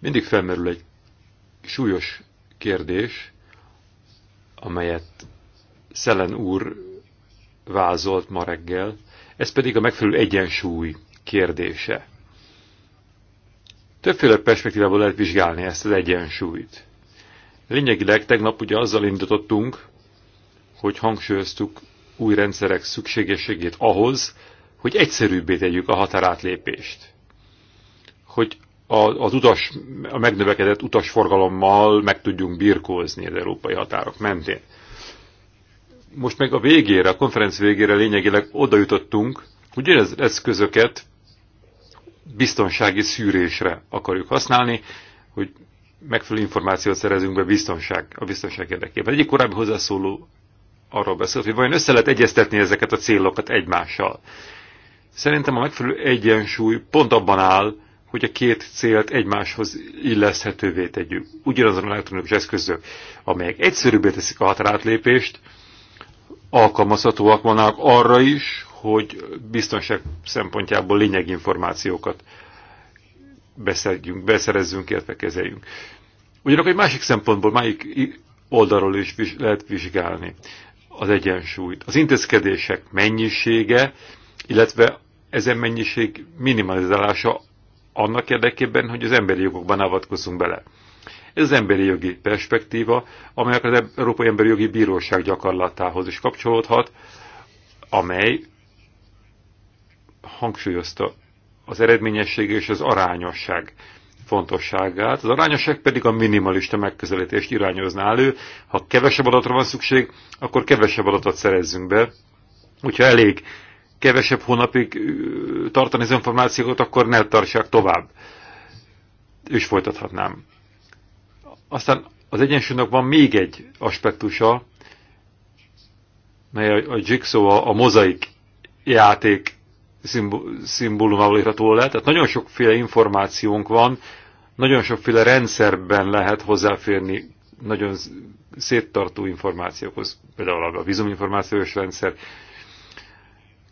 mindig felmerül egy súlyos kérdés, amelyet Szelen úr vázolt ma reggel, ez pedig a megfelelő egyensúly kérdése. Többféle perspektívából lehet vizsgálni ezt az egyensúlyt. Lényegileg tegnap ugye azzal indítottunk, hogy hangsúlyoztuk új rendszerek szükségességét ahhoz, hogy egyszerűbbé tegyük a határátlépést. Hogy az utas, a megnövekedett utasforgalommal meg tudjunk birkózni az európai határok mentén. Most meg a végére, a konferenc végére lényegileg oda jutottunk, hogy az eszközöket biztonsági szűrésre akarjuk használni, hogy megfelelő információt szerezünk be biztonság, a biztonság érdekében. Egyik korábbi hozzászóló arról beszélt, hogy vajon össze lehet egyeztetni ezeket a célokat egymással. Szerintem a megfelelő egyensúly pont abban áll, hogy a két célt egymáshoz illeszhetővé tegyük. Ugyanazon elektronikus eszközök, amelyek egyszerűbbé teszik a határátlépést, alkalmazhatóak vannak arra is, hogy biztonság szempontjából lényeginformációkat beszedjünk, beszerezzünk, illetve kezeljünk. Ugyanakkor egy másik szempontból, másik oldalról is lehet vizsgálni az egyensúlyt. Az intézkedések mennyisége, illetve ezen mennyiség minimalizálása annak érdekében, hogy az emberi jogokban avatkozzunk bele. Ez az emberi jogi perspektíva, amely az Európai Emberi Jogi Bíróság gyakorlatához is kapcsolódhat, amely hangsúlyozta az eredményesség és az arányosság fontosságát. Az arányosság pedig a minimalista megközelítést irányozná elő. Ha kevesebb adatra van szükség, akkor kevesebb adatot szerezzünk be. Hogyha elég kevesebb hónapig tartani az információkat, akkor ne tartsák tovább. És folytathatnám. Aztán az egyensúlynak van még egy aspektusa, mely a, a jigsaw, a, a mozaik játék szimbólumával írható le. Tehát nagyon sokféle információnk van, nagyon sokféle rendszerben lehet hozzáférni nagyon széttartó információkhoz, például a vízuminformációs rendszer,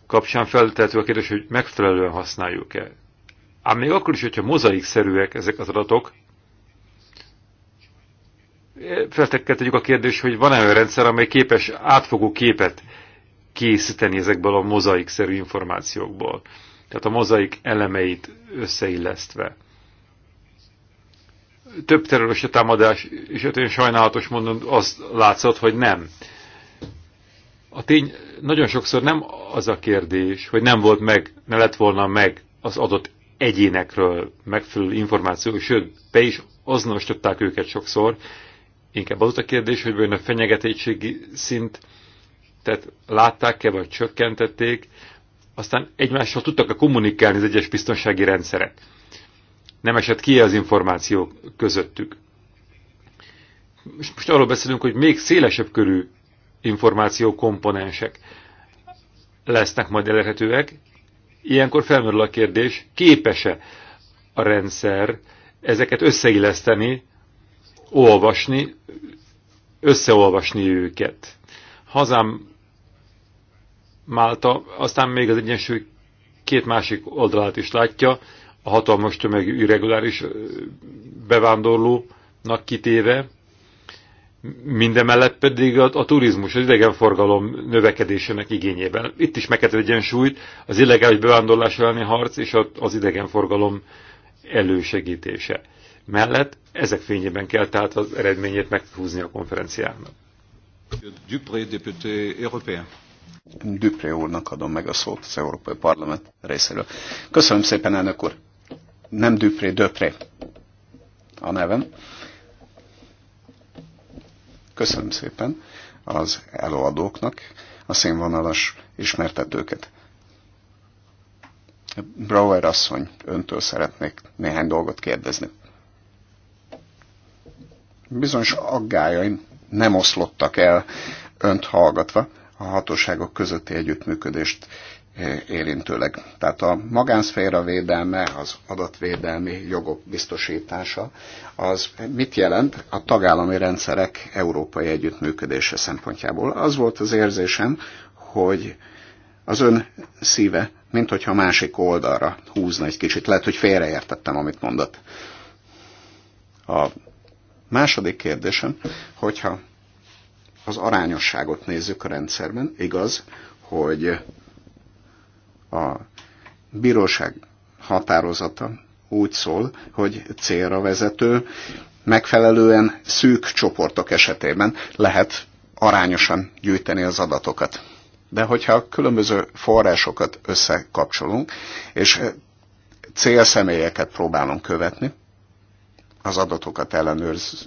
kapcsán feltehető a kérdés, hogy megfelelően használjuk-e. Ám még akkor is, hogyha szerűek ezek az adatok, feltekkeltetjük a kérdés, hogy van-e olyan rendszer, amely képes átfogó képet készíteni ezekből a mozaik szerű információkból. Tehát a mozaik elemeit összeillesztve. Több a támadás, és ötén hát sajnálatos mondom, azt látszott, hogy nem a tény nagyon sokszor nem az a kérdés, hogy nem volt meg, ne lett volna meg az adott egyénekről megfelelő információ, sőt, be is azonosították őket sokszor. Inkább az a kérdés, hogy vajon a fenyegetettségi szint, tehát látták-e, vagy csökkentették, aztán egymással tudtak-e kommunikálni az egyes biztonsági rendszerek. Nem esett ki az információ közöttük. Most, most arról beszélünk, hogy még szélesebb körű információ komponensek lesznek majd elérhetőek. Ilyenkor felmerül a kérdés, képes-e a rendszer ezeket összeilleszteni, olvasni, összeolvasni őket. Hazám Málta, aztán még az egyensúly két másik oldalát is látja, a hatalmas tömegű irreguláris bevándorlónak kitéve, mindemellett pedig a, a turizmus, az idegenforgalom növekedésének igényében. Itt is meg kell egyensúlyt az illegális bevándorlás elleni harc és a, az idegenforgalom elősegítése. Mellett ezek fényében kell tehát az eredményét meghúzni a konferenciának. Dupré, député européen. Dupré úrnak adom meg a szót az Európai Parlament részéről. Köszönöm szépen, elnök úr. Nem Dupré, Döpré a nevem. Köszönöm szépen az előadóknak a színvonalas ismertetőket. Brower asszony, öntől szeretnék néhány dolgot kérdezni. Bizonyos aggájaim nem oszlottak el önt hallgatva a hatóságok közötti együttműködést érintőleg. Tehát a magánszféra védelme, az adatvédelmi jogok biztosítása, az mit jelent a tagállami rendszerek európai együttműködése szempontjából? Az volt az érzésem, hogy az ön szíve, mint hogyha másik oldalra húzna egy kicsit. Lehet, hogy félreértettem, amit mondott. A második kérdésem, hogyha az arányosságot nézzük a rendszerben, igaz, hogy a bíróság határozata úgy szól, hogy célra vezető, megfelelően szűk csoportok esetében lehet arányosan gyűjteni az adatokat. De hogyha különböző forrásokat összekapcsolunk, és célszemélyeket próbálunk követni, az adatokat ellenőrz,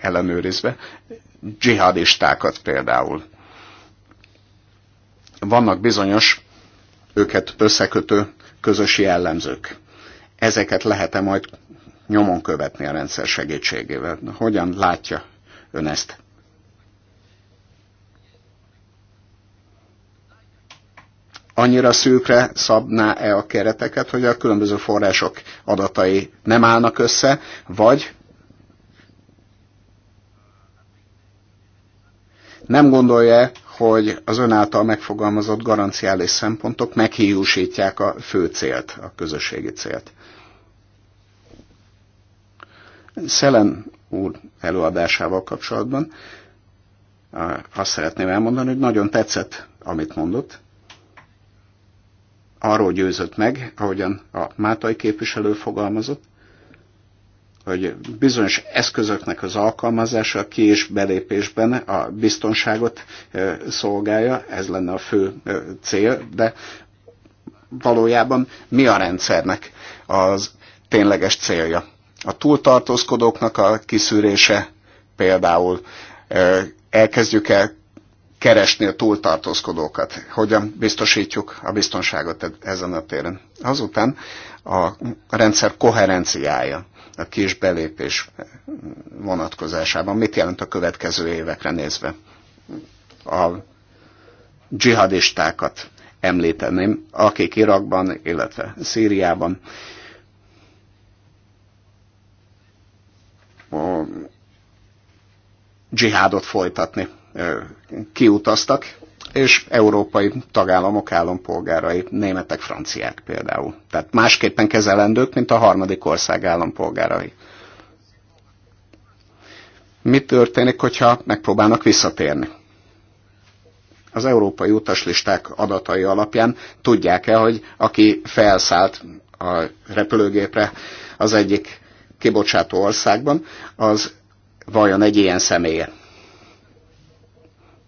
ellenőrizve, dzsihadistákat például. Vannak bizonyos őket összekötő közös jellemzők. Ezeket lehet-e majd nyomon követni a rendszer segítségével? Hogyan látja ön ezt? annyira szűkre szabná-e a kereteket, hogy a különböző források adatai nem állnak össze, vagy nem gondolja, hogy az ön által megfogalmazott garanciális szempontok meghiúsítják a fő célt, a közösségi célt. Szelen úr előadásával kapcsolatban azt szeretném elmondani, hogy nagyon tetszett, amit mondott. Arról győzött meg, ahogyan a Mátai képviselő fogalmazott, hogy bizonyos eszközöknek az alkalmazása ki- és belépésben a biztonságot szolgálja, ez lenne a fő cél, de valójában mi a rendszernek az tényleges célja? A túltartózkodóknak a kiszűrése például elkezdjük el keresni a túltartózkodókat, hogyan biztosítjuk a biztonságot e- ezen a téren. Azután a rendszer koherenciája a kis belépés vonatkozásában. Mit jelent a következő évekre nézve? A dzsihadistákat említeném, akik Irakban, illetve Szíriában dzsihádot folytatni kiutaztak, és európai tagállamok állampolgárai, németek, franciák például. Tehát másképpen kezelendők, mint a harmadik ország állampolgárai. Mi történik, hogyha megpróbálnak visszatérni? Az európai utaslisták adatai alapján tudják-e, hogy aki felszállt a repülőgépre az egyik kibocsátó országban, az vajon egy ilyen személye?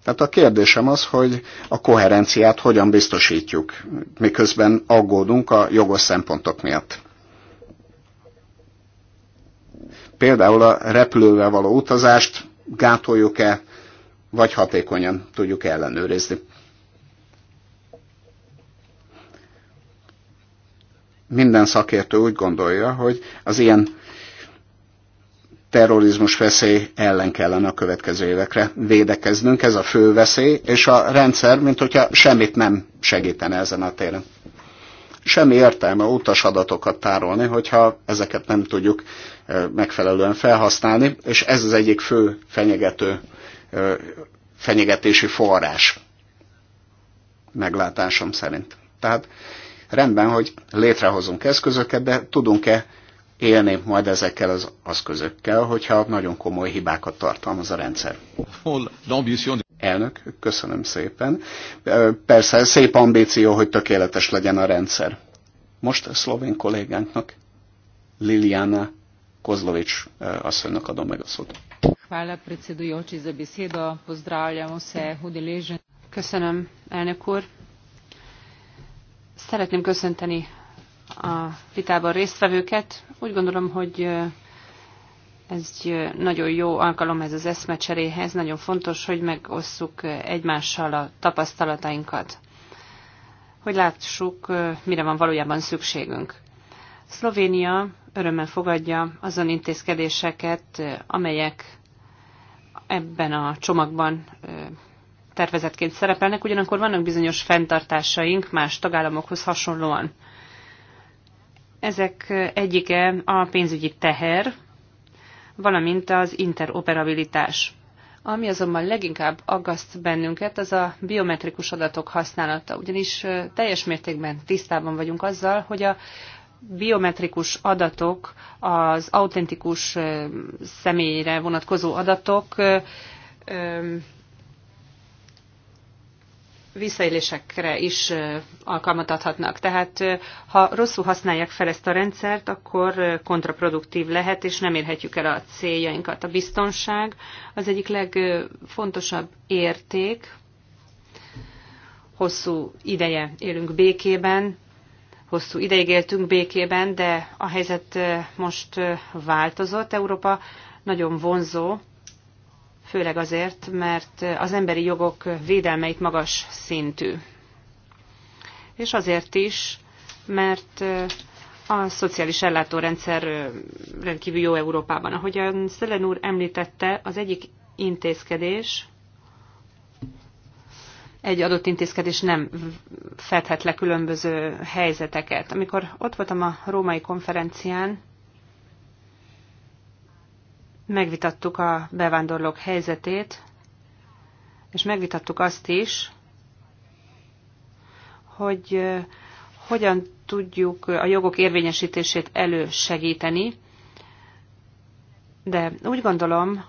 Tehát a kérdésem az, hogy a koherenciát hogyan biztosítjuk, miközben aggódunk a jogos szempontok miatt. Például a repülővel való utazást gátoljuk-e, vagy hatékonyan tudjuk ellenőrizni. Minden szakértő úgy gondolja, hogy az ilyen terrorizmus veszély ellen kellene a következő évekre védekeznünk, ez a fő veszély, és a rendszer, mint hogyha semmit nem segítene ezen a téren. Semmi értelme utas adatokat tárolni, hogyha ezeket nem tudjuk megfelelően felhasználni, és ez az egyik fő fenyegető, fenyegetési forrás meglátásom szerint. Tehát rendben, hogy létrehozunk eszközöket, de tudunk-e élni majd ezekkel az eszközökkel, hogyha nagyon komoly hibákat tartalmaz a rendszer. Elnök, köszönöm szépen. Persze, szép ambíció, hogy tökéletes legyen a rendszer. Most a szlovén kollégánknak, Liliana Kozlovics asszonynak adom meg a szót. Köszönöm, elnök úr. Szeretném köszönteni a vitában résztvevőket. Úgy gondolom, hogy ez egy nagyon jó alkalom ez az eszmecseréhez. Nagyon fontos, hogy megosszuk egymással a tapasztalatainkat, hogy lássuk, mire van valójában szükségünk. Szlovénia örömmel fogadja azon intézkedéseket, amelyek ebben a csomagban tervezetként szerepelnek, ugyanakkor vannak bizonyos fenntartásaink más tagállamokhoz hasonlóan. Ezek egyike a pénzügyi teher, valamint az interoperabilitás. Ami azonban leginkább aggaszt bennünket, az a biometrikus adatok használata, ugyanis teljes mértékben tisztában vagyunk azzal, hogy a biometrikus adatok, az autentikus személyre vonatkozó adatok visszaélésekre is alkalmat adhatnak. Tehát ha rosszul használják fel ezt a rendszert, akkor kontraproduktív lehet, és nem érhetjük el a céljainkat. A biztonság az egyik legfontosabb érték. Hosszú ideje élünk békében, hosszú ideig éltünk békében, de a helyzet most változott. Európa nagyon vonzó főleg azért, mert az emberi jogok védelme itt magas szintű. És azért is, mert a szociális ellátórendszer rendkívül jó Európában. a Szelen úr említette, az egyik intézkedés, egy adott intézkedés nem fedhet le különböző helyzeteket. Amikor ott voltam a római konferencián, megvitattuk a bevándorlók helyzetét, és megvitattuk azt is, hogy hogyan tudjuk a jogok érvényesítését elősegíteni, de úgy gondolom,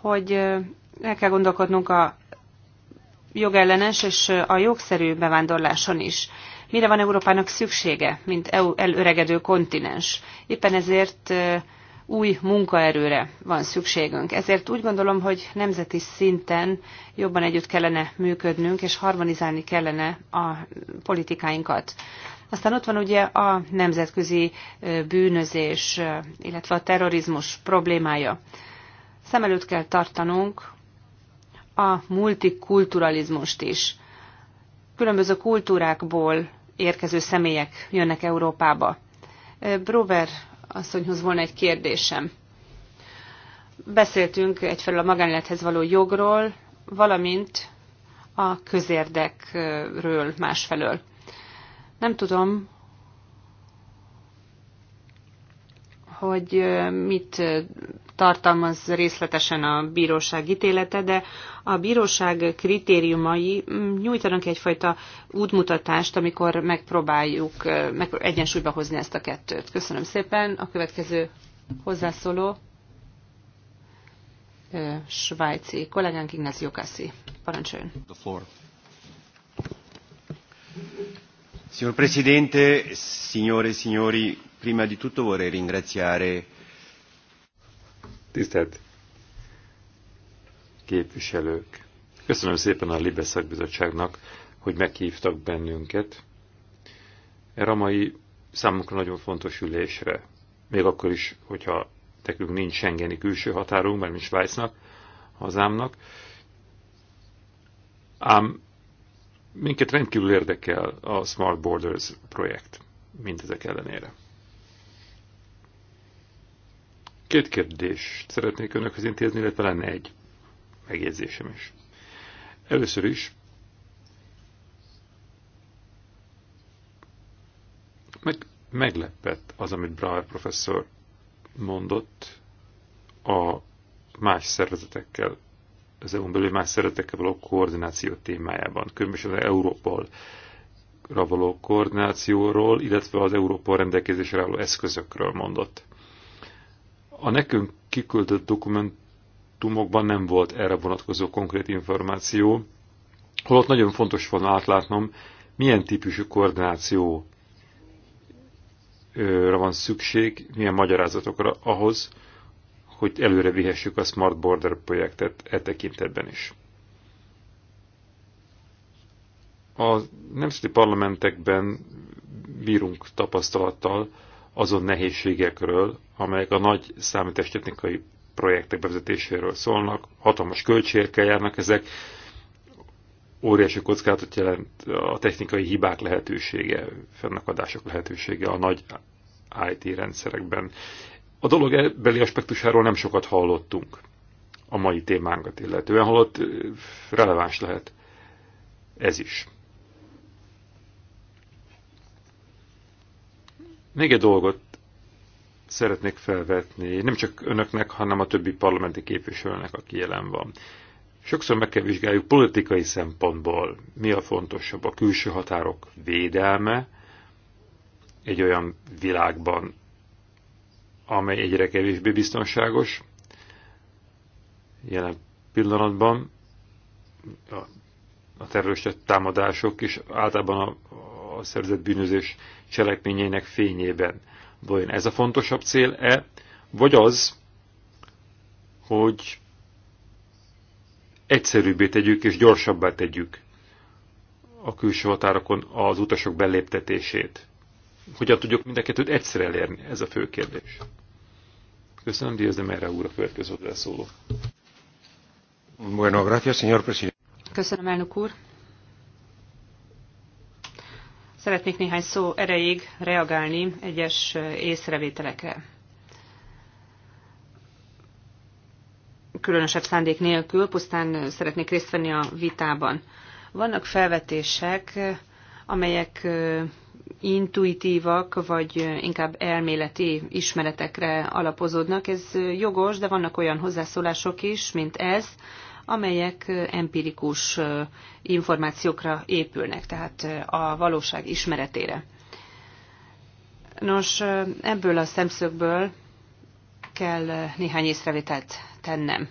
hogy el kell gondolkodnunk a jogellenes és a jogszerű bevándorláson is. Mire van Európának szüksége, mint EU elöregedő kontinens? Éppen ezért új munkaerőre van szükségünk. Ezért úgy gondolom, hogy nemzeti szinten jobban együtt kellene működnünk, és harmonizálni kellene a politikáinkat. Aztán ott van ugye a nemzetközi bűnözés, illetve a terrorizmus problémája. Szem előtt kell tartanunk a multikulturalizmust is. Különböző kultúrákból érkező személyek jönnek Európába. Brover asszonyhoz volna egy kérdésem. Beszéltünk egyfelől a magánélethez való jogról, valamint a közérdekről másfelől. Nem tudom, hogy mit tartalmaz részletesen a bíróság ítélete, de a bíróság kritériumai mm, nyújtanak egyfajta útmutatást, amikor megpróbáljuk meg egyensúlyba hozni ezt a kettőt. Köszönöm szépen. A következő hozzászóló svájci kollégánk Ignacio Cassi. Parancsoljon. Signor Presidente, signore e signori prima di tutto vorrei ringraziare... Tisztelt képviselők! Köszönöm szépen a Libeszak bizottságnak, hogy meghívtak bennünket erre a mai számunkra nagyon fontos ülésre. Még akkor is, hogyha nekünk nincs Schengeni külső határunk, mert mint Svájcnak, hazámnak. Ám minket rendkívül érdekel a Smart Borders projekt, mint ezek ellenére. Két kérdést szeretnék önökhöz intézni, illetve lenne egy megjegyzésem is. Először is meg, meglepett az, amit Brauer professzor mondott a más szervezetekkel, az EU-n belül más szervezetekkel való koordináció témájában, különösen az Európol való koordinációról, illetve az Európol rendelkezésre álló eszközökről mondott. A nekünk kiküldött dokumentumokban nem volt erre vonatkozó konkrét információ, holott nagyon fontos volna átlátnom, milyen típusú koordinációra van szükség, milyen magyarázatokra ahhoz, hogy előre vihessük a Smart Border projektet e tekintetben is. A nemzeti parlamentekben bírunk tapasztalattal, azon nehézségekről, amelyek a nagy számítástechnikai projektek bevezetéséről szólnak, hatalmas költségekkel járnak ezek, óriási kockázatot jelent a technikai hibák lehetősége, fennakadások lehetősége a nagy IT rendszerekben. A dolog beli aspektusáról nem sokat hallottunk a mai témánkat illetően, holott releváns lehet ez is. Még egy dolgot szeretnék felvetni, nem csak önöknek, hanem a többi parlamenti képviselőnek, aki jelen van. Sokszor meg kell vizsgáljuk politikai szempontból, mi a fontosabb, a külső határok védelme egy olyan világban, amely egyre kevésbé biztonságos jelen pillanatban, a, a terrorista támadások is általában a szerzett bűnözés cselekményeinek fényében. Vajon ez a fontosabb cél-e, vagy az, hogy egyszerűbbé tegyük és gyorsabbá tegyük a külső határokon az utasok beléptetését. Hogyan tudjuk mind a kettőt egyszer elérni? Ez a fő kérdés. Köszönöm, Díaz de Merre úr a következőre szóló. Bueno, gracias, señor presidente. Köszönöm, elnök úr. Szeretnék néhány szó erejéig reagálni egyes észrevételekre. Különösebb szándék nélkül, pusztán szeretnék részt venni a vitában. Vannak felvetések, amelyek intuitívak, vagy inkább elméleti ismeretekre alapozódnak. Ez jogos, de vannak olyan hozzászólások is, mint ez, amelyek empirikus információkra épülnek, tehát a valóság ismeretére. Nos, ebből a szemszögből kell néhány észrevételt tennem.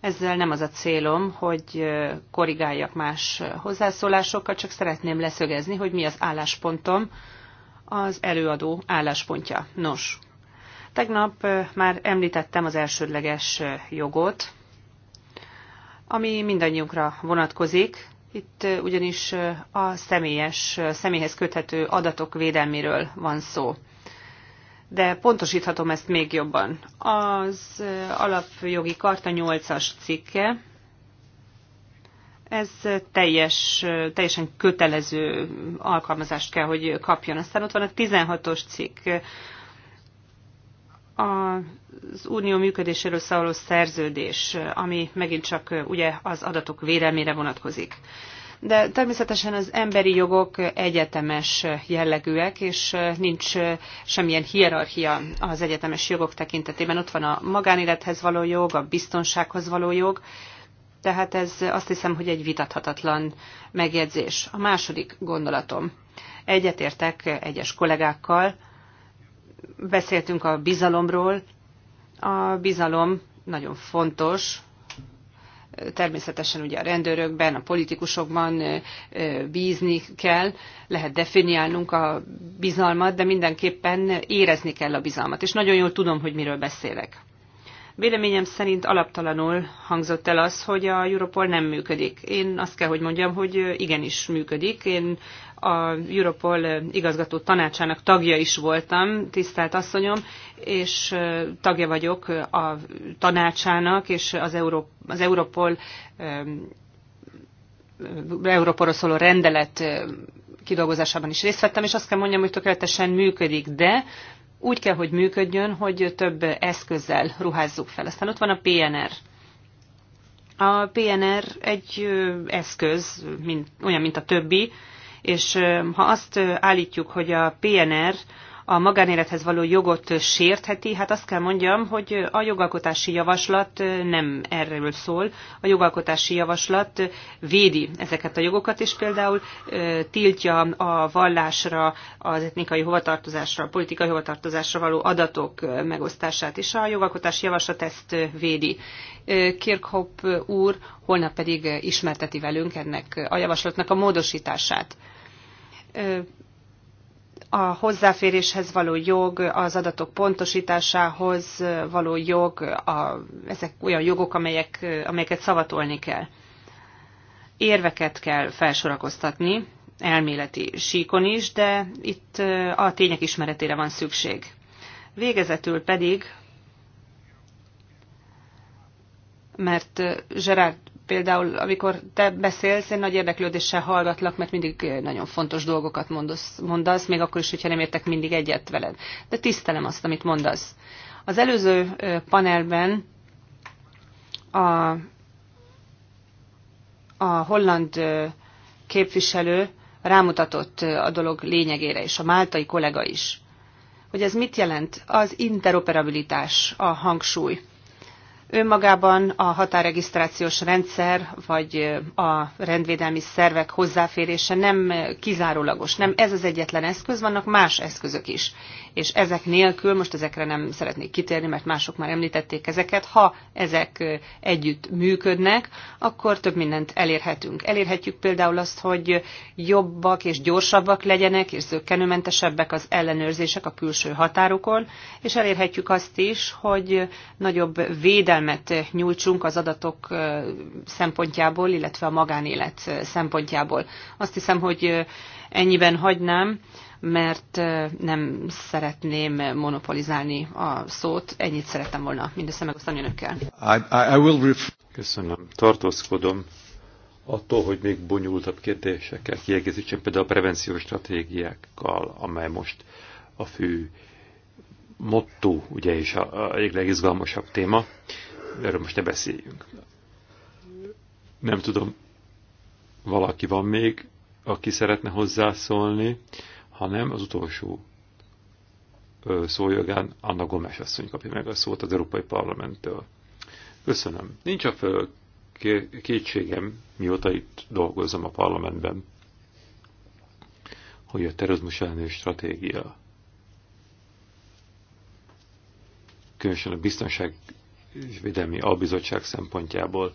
Ezzel nem az a célom, hogy korrigáljak más hozzászólásokat, csak szeretném leszögezni, hogy mi az álláspontom, az előadó álláspontja. Nos, tegnap már említettem az elsődleges jogot, ami mindannyiunkra vonatkozik. Itt ugyanis a személyes, személyhez köthető adatok védelméről van szó. De pontosíthatom ezt még jobban. Az alapjogi karta 8-as cikke, ez teljes, teljesen kötelező alkalmazást kell, hogy kapjon. Aztán ott van a 16-os cikk, az unió működéséről szóló szerződés, ami megint csak ugye az adatok védelmére vonatkozik. De természetesen az emberi jogok egyetemes jellegűek, és nincs semmilyen hierarchia az egyetemes jogok tekintetében. Ott van a magánélethez való jog, a biztonsághoz való jog, tehát ez azt hiszem, hogy egy vitathatatlan megjegyzés. A második gondolatom. Egyetértek egyes kollégákkal, Beszéltünk a bizalomról. A bizalom nagyon fontos, természetesen ugye a rendőrökben, a politikusokban bízni kell, lehet definiálnunk a bizalmat, de mindenképpen érezni kell a bizalmat. És nagyon jól tudom, hogy miről beszélek. Véleményem szerint alaptalanul hangzott el az, hogy a Europol nem működik. Én azt kell, hogy mondjam, hogy igenis működik. Én a Europol igazgató tanácsának tagja is voltam, tisztelt asszonyom, és tagja vagyok a tanácsának, és az, Euró, az Europol Európáról szóló rendelet kidolgozásában is részt vettem, és azt kell mondjam, hogy tökéletesen működik, de úgy kell, hogy működjön, hogy több eszközzel ruházzuk fel. Aztán ott van a PNR. A PNR egy eszköz, mint, olyan, mint a többi, és ha azt állítjuk, hogy a PNR a magánélethez való jogot sértheti, hát azt kell mondjam, hogy a jogalkotási javaslat nem erről szól. A jogalkotási javaslat védi ezeket a jogokat, és például tiltja a vallásra, az etnikai hovatartozásra, a politikai hovatartozásra való adatok megosztását, és a jogalkotási javaslat ezt védi. Kirchhoff úr holnap pedig ismerteti velünk ennek a javaslatnak a módosítását a hozzáféréshez való jog, az adatok pontosításához való jog, a, ezek olyan jogok, amelyek, amelyeket szavatolni kell. Érveket kell felsorakoztatni, elméleti síkon is, de itt a tények ismeretére van szükség. Végezetül pedig, mert Gerard például, amikor te beszélsz, én nagy érdeklődéssel hallgatlak, mert mindig nagyon fontos dolgokat mondasz, mondasz még akkor is, hogyha nem értek mindig egyet veled. De tisztelem azt, amit mondasz. Az előző panelben a, a holland képviselő rámutatott a dolog lényegére, és a máltai kollega is. Hogy ez mit jelent? Az interoperabilitás, a hangsúly Önmagában a határregisztrációs rendszer vagy a rendvédelmi szervek hozzáférése nem kizárólagos, nem ez az egyetlen eszköz, vannak más eszközök is. És ezek nélkül, most ezekre nem szeretnék kitérni, mert mások már említették ezeket, ha ezek együtt működnek, akkor több mindent elérhetünk. Elérhetjük például azt, hogy jobbak és gyorsabbak legyenek, és zöggenőmentesebbek az ellenőrzések a külső határokon, és elérhetjük azt is, hogy nagyobb védelmi figyelmet nyújtsunk az adatok szempontjából, illetve a magánélet szempontjából. Azt hiszem, hogy ennyiben hagynám, mert nem szeretném monopolizálni a szót. Ennyit szerettem volna mindössze megosztani önökkel. I, I will Köszönöm. Tartózkodom attól, hogy még bonyolultabb kérdésekkel kiegészítsen, például a prevenciós stratégiákkal, amely most a fő motto, ugye, és a, a egyik legizgalmasabb téma erről most ne beszéljünk. Nem tudom, valaki van még, aki szeretne hozzászólni, hanem az utolsó szójogán Anna Gomes asszony kapja meg a szót az Európai Parlamenttől. Köszönöm. Nincs a föl kétségem, mióta itt dolgozom a parlamentben, hogy a terrorizmus elleni stratégia, különösen a biztonság és Védelmi Albizottság szempontjából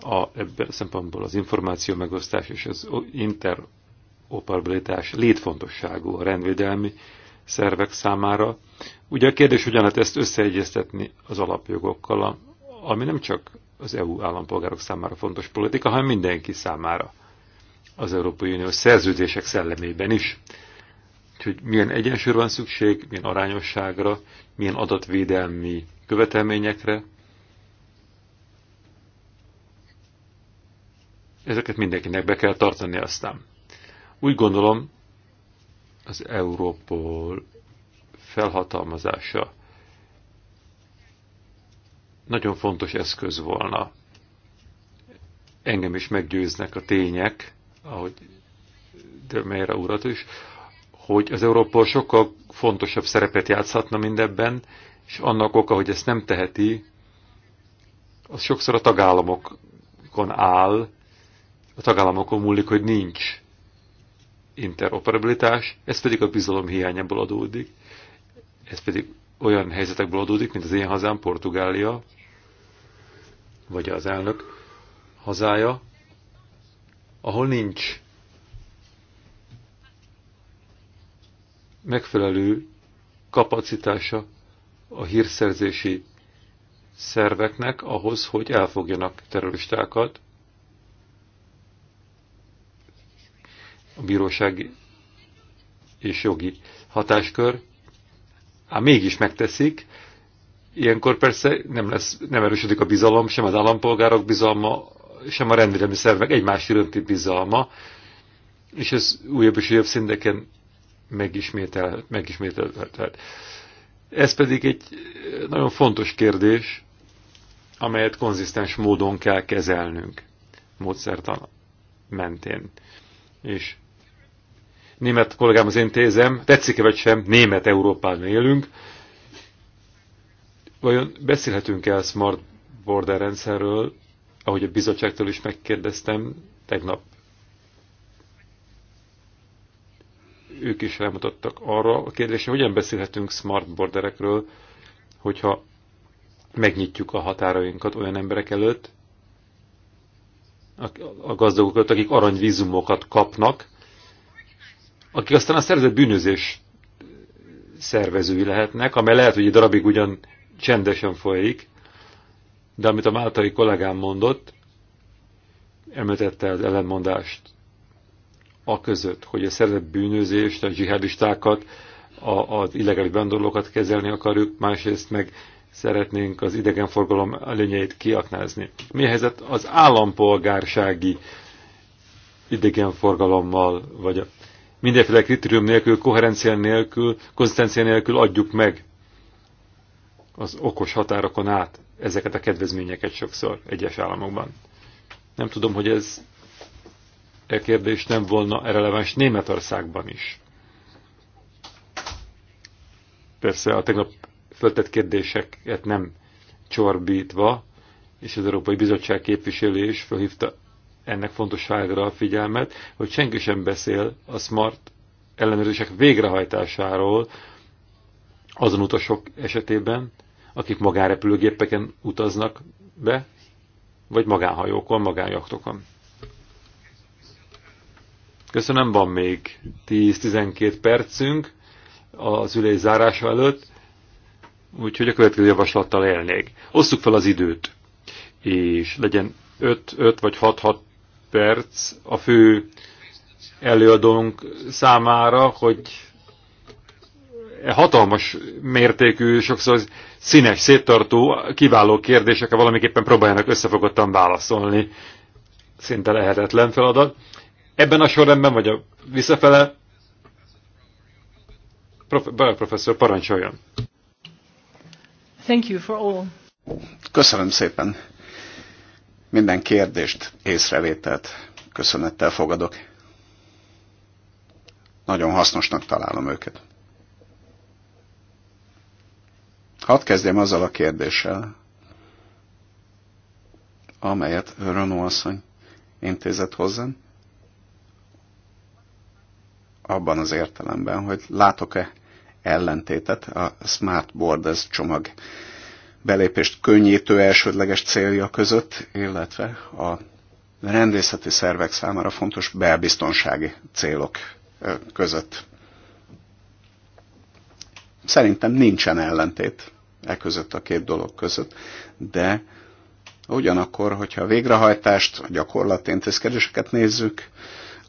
a, ebben a szempontból az információ megosztás és az interoperabilitás létfontosságú a rendvédelmi szervek számára. Ugye a kérdés hogyan lehet ezt összeegyeztetni az alapjogokkal, ami nem csak az EU állampolgárok számára fontos politika, hanem mindenki számára az Európai Unió szerződések szellemében is. Úgyhogy milyen egyensúlyra van szükség, milyen arányosságra, milyen adatvédelmi követelményekre. Ezeket mindenkinek be kell tartani aztán. Úgy gondolom, az Európol felhatalmazása nagyon fontos eszköz volna. Engem is meggyőznek a tények, ahogy de melyre urat is, hogy az Európa sokkal fontosabb szerepet játszhatna mindebben, és annak oka, hogy ezt nem teheti, az sokszor a tagállamokon áll, a tagállamokon múlik, hogy nincs interoperabilitás, ez pedig a bizalom hiányából adódik, ez pedig olyan helyzetekből adódik, mint az én hazám, Portugália, vagy az elnök hazája, ahol nincs megfelelő kapacitása a hírszerzési szerveknek ahhoz, hogy elfogjanak terroristákat. A bíróság és jogi hatáskör, ám mégis megteszik, Ilyenkor persze nem, lesz, nem erősödik a bizalom, sem az állampolgárok bizalma, sem a rendvédelmi szervek egymás iránti bizalma, és ez újabb és újabb szinteken megismételhet. megismételhet. Ez pedig egy nagyon fontos kérdés, amelyet konzisztens módon kell kezelnünk módszertan mentén. És német kollégám az én tézem, tetszik-e vagy sem, német Európában élünk. Vajon beszélhetünk el Smart Border rendszerről, ahogy a bizottságtól is megkérdeztem tegnap ők is elmutattak arra a kérdésre, hogyan beszélhetünk smart borderekről, hogyha megnyitjuk a határainkat olyan emberek előtt, a gazdagok előtt, akik aranyvízumokat kapnak, akik aztán a szerzett bűnözés szervezői lehetnek, amely lehet, hogy egy darabig ugyan csendesen folyik, de amit a máltai kollégám mondott, említette az ellenmondást a között, hogy a szervezett bűnözést, a zsihadistákat, a, az illegális bandolókat kezelni akarjuk, másrészt meg szeretnénk az idegenforgalom előnyeit kiaknázni. Mi a helyzet az állampolgársági idegenforgalommal, vagy a mindenféle kritérium nélkül, koherencia nélkül, konzisztencia nélkül adjuk meg az okos határokon át ezeket a kedvezményeket sokszor egyes államokban. Nem tudom, hogy ez e kérdés nem volna releváns Németországban is. Persze a tegnap föltett kérdéseket nem csorbítva, és az Európai Bizottság képviselő is felhívta ennek fontosságára a figyelmet, hogy senki sem beszél a smart ellenőrzések végrehajtásáról azon utasok esetében, akik magánrepülőgépeken utaznak be, vagy magánhajókon, magánjaktokon. Köszönöm, van még 10-12 percünk az ülés zárása előtt, úgyhogy a következő javaslattal élnék. Osszuk fel az időt, és legyen 5-5 vagy 6-6 perc a fő előadónk számára, hogy e hatalmas mértékű, sokszor színes, széttartó, kiváló kérdésekre valamiképpen próbáljanak összefogottan válaszolni. Szinte lehetetlen feladat. Ebben a sorrendben, vagy a visszafele? Prof, professzor, parancsoljon. Thank you for all. Köszönöm szépen. Minden kérdést, észrevételt köszönettel fogadok. Nagyon hasznosnak találom őket. Hadd kezdjem azzal a kérdéssel, amelyet Renault asszony intézett hozzám abban az értelemben, hogy látok-e ellentétet a Smart Borders csomag belépést könnyítő elsődleges célja között, illetve a rendészeti szervek számára fontos belbiztonsági célok között. Szerintem nincsen ellentét e között a két dolog között, de ugyanakkor, hogyha a végrehajtást, a gyakorlati intézkedéseket nézzük,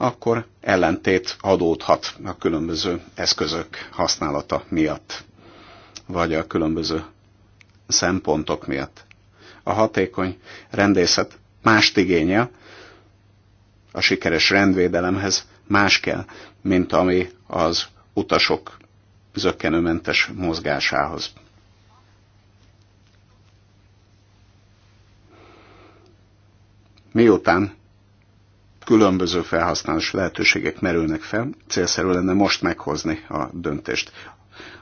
akkor ellentét adódhat a különböző eszközök használata miatt, vagy a különböző szempontok miatt. A hatékony rendészet mást igénye, a sikeres rendvédelemhez más kell, mint ami az utasok zökkenőmentes mozgásához. Miután különböző felhasználás lehetőségek merülnek fel, célszerű lenne most meghozni a döntést.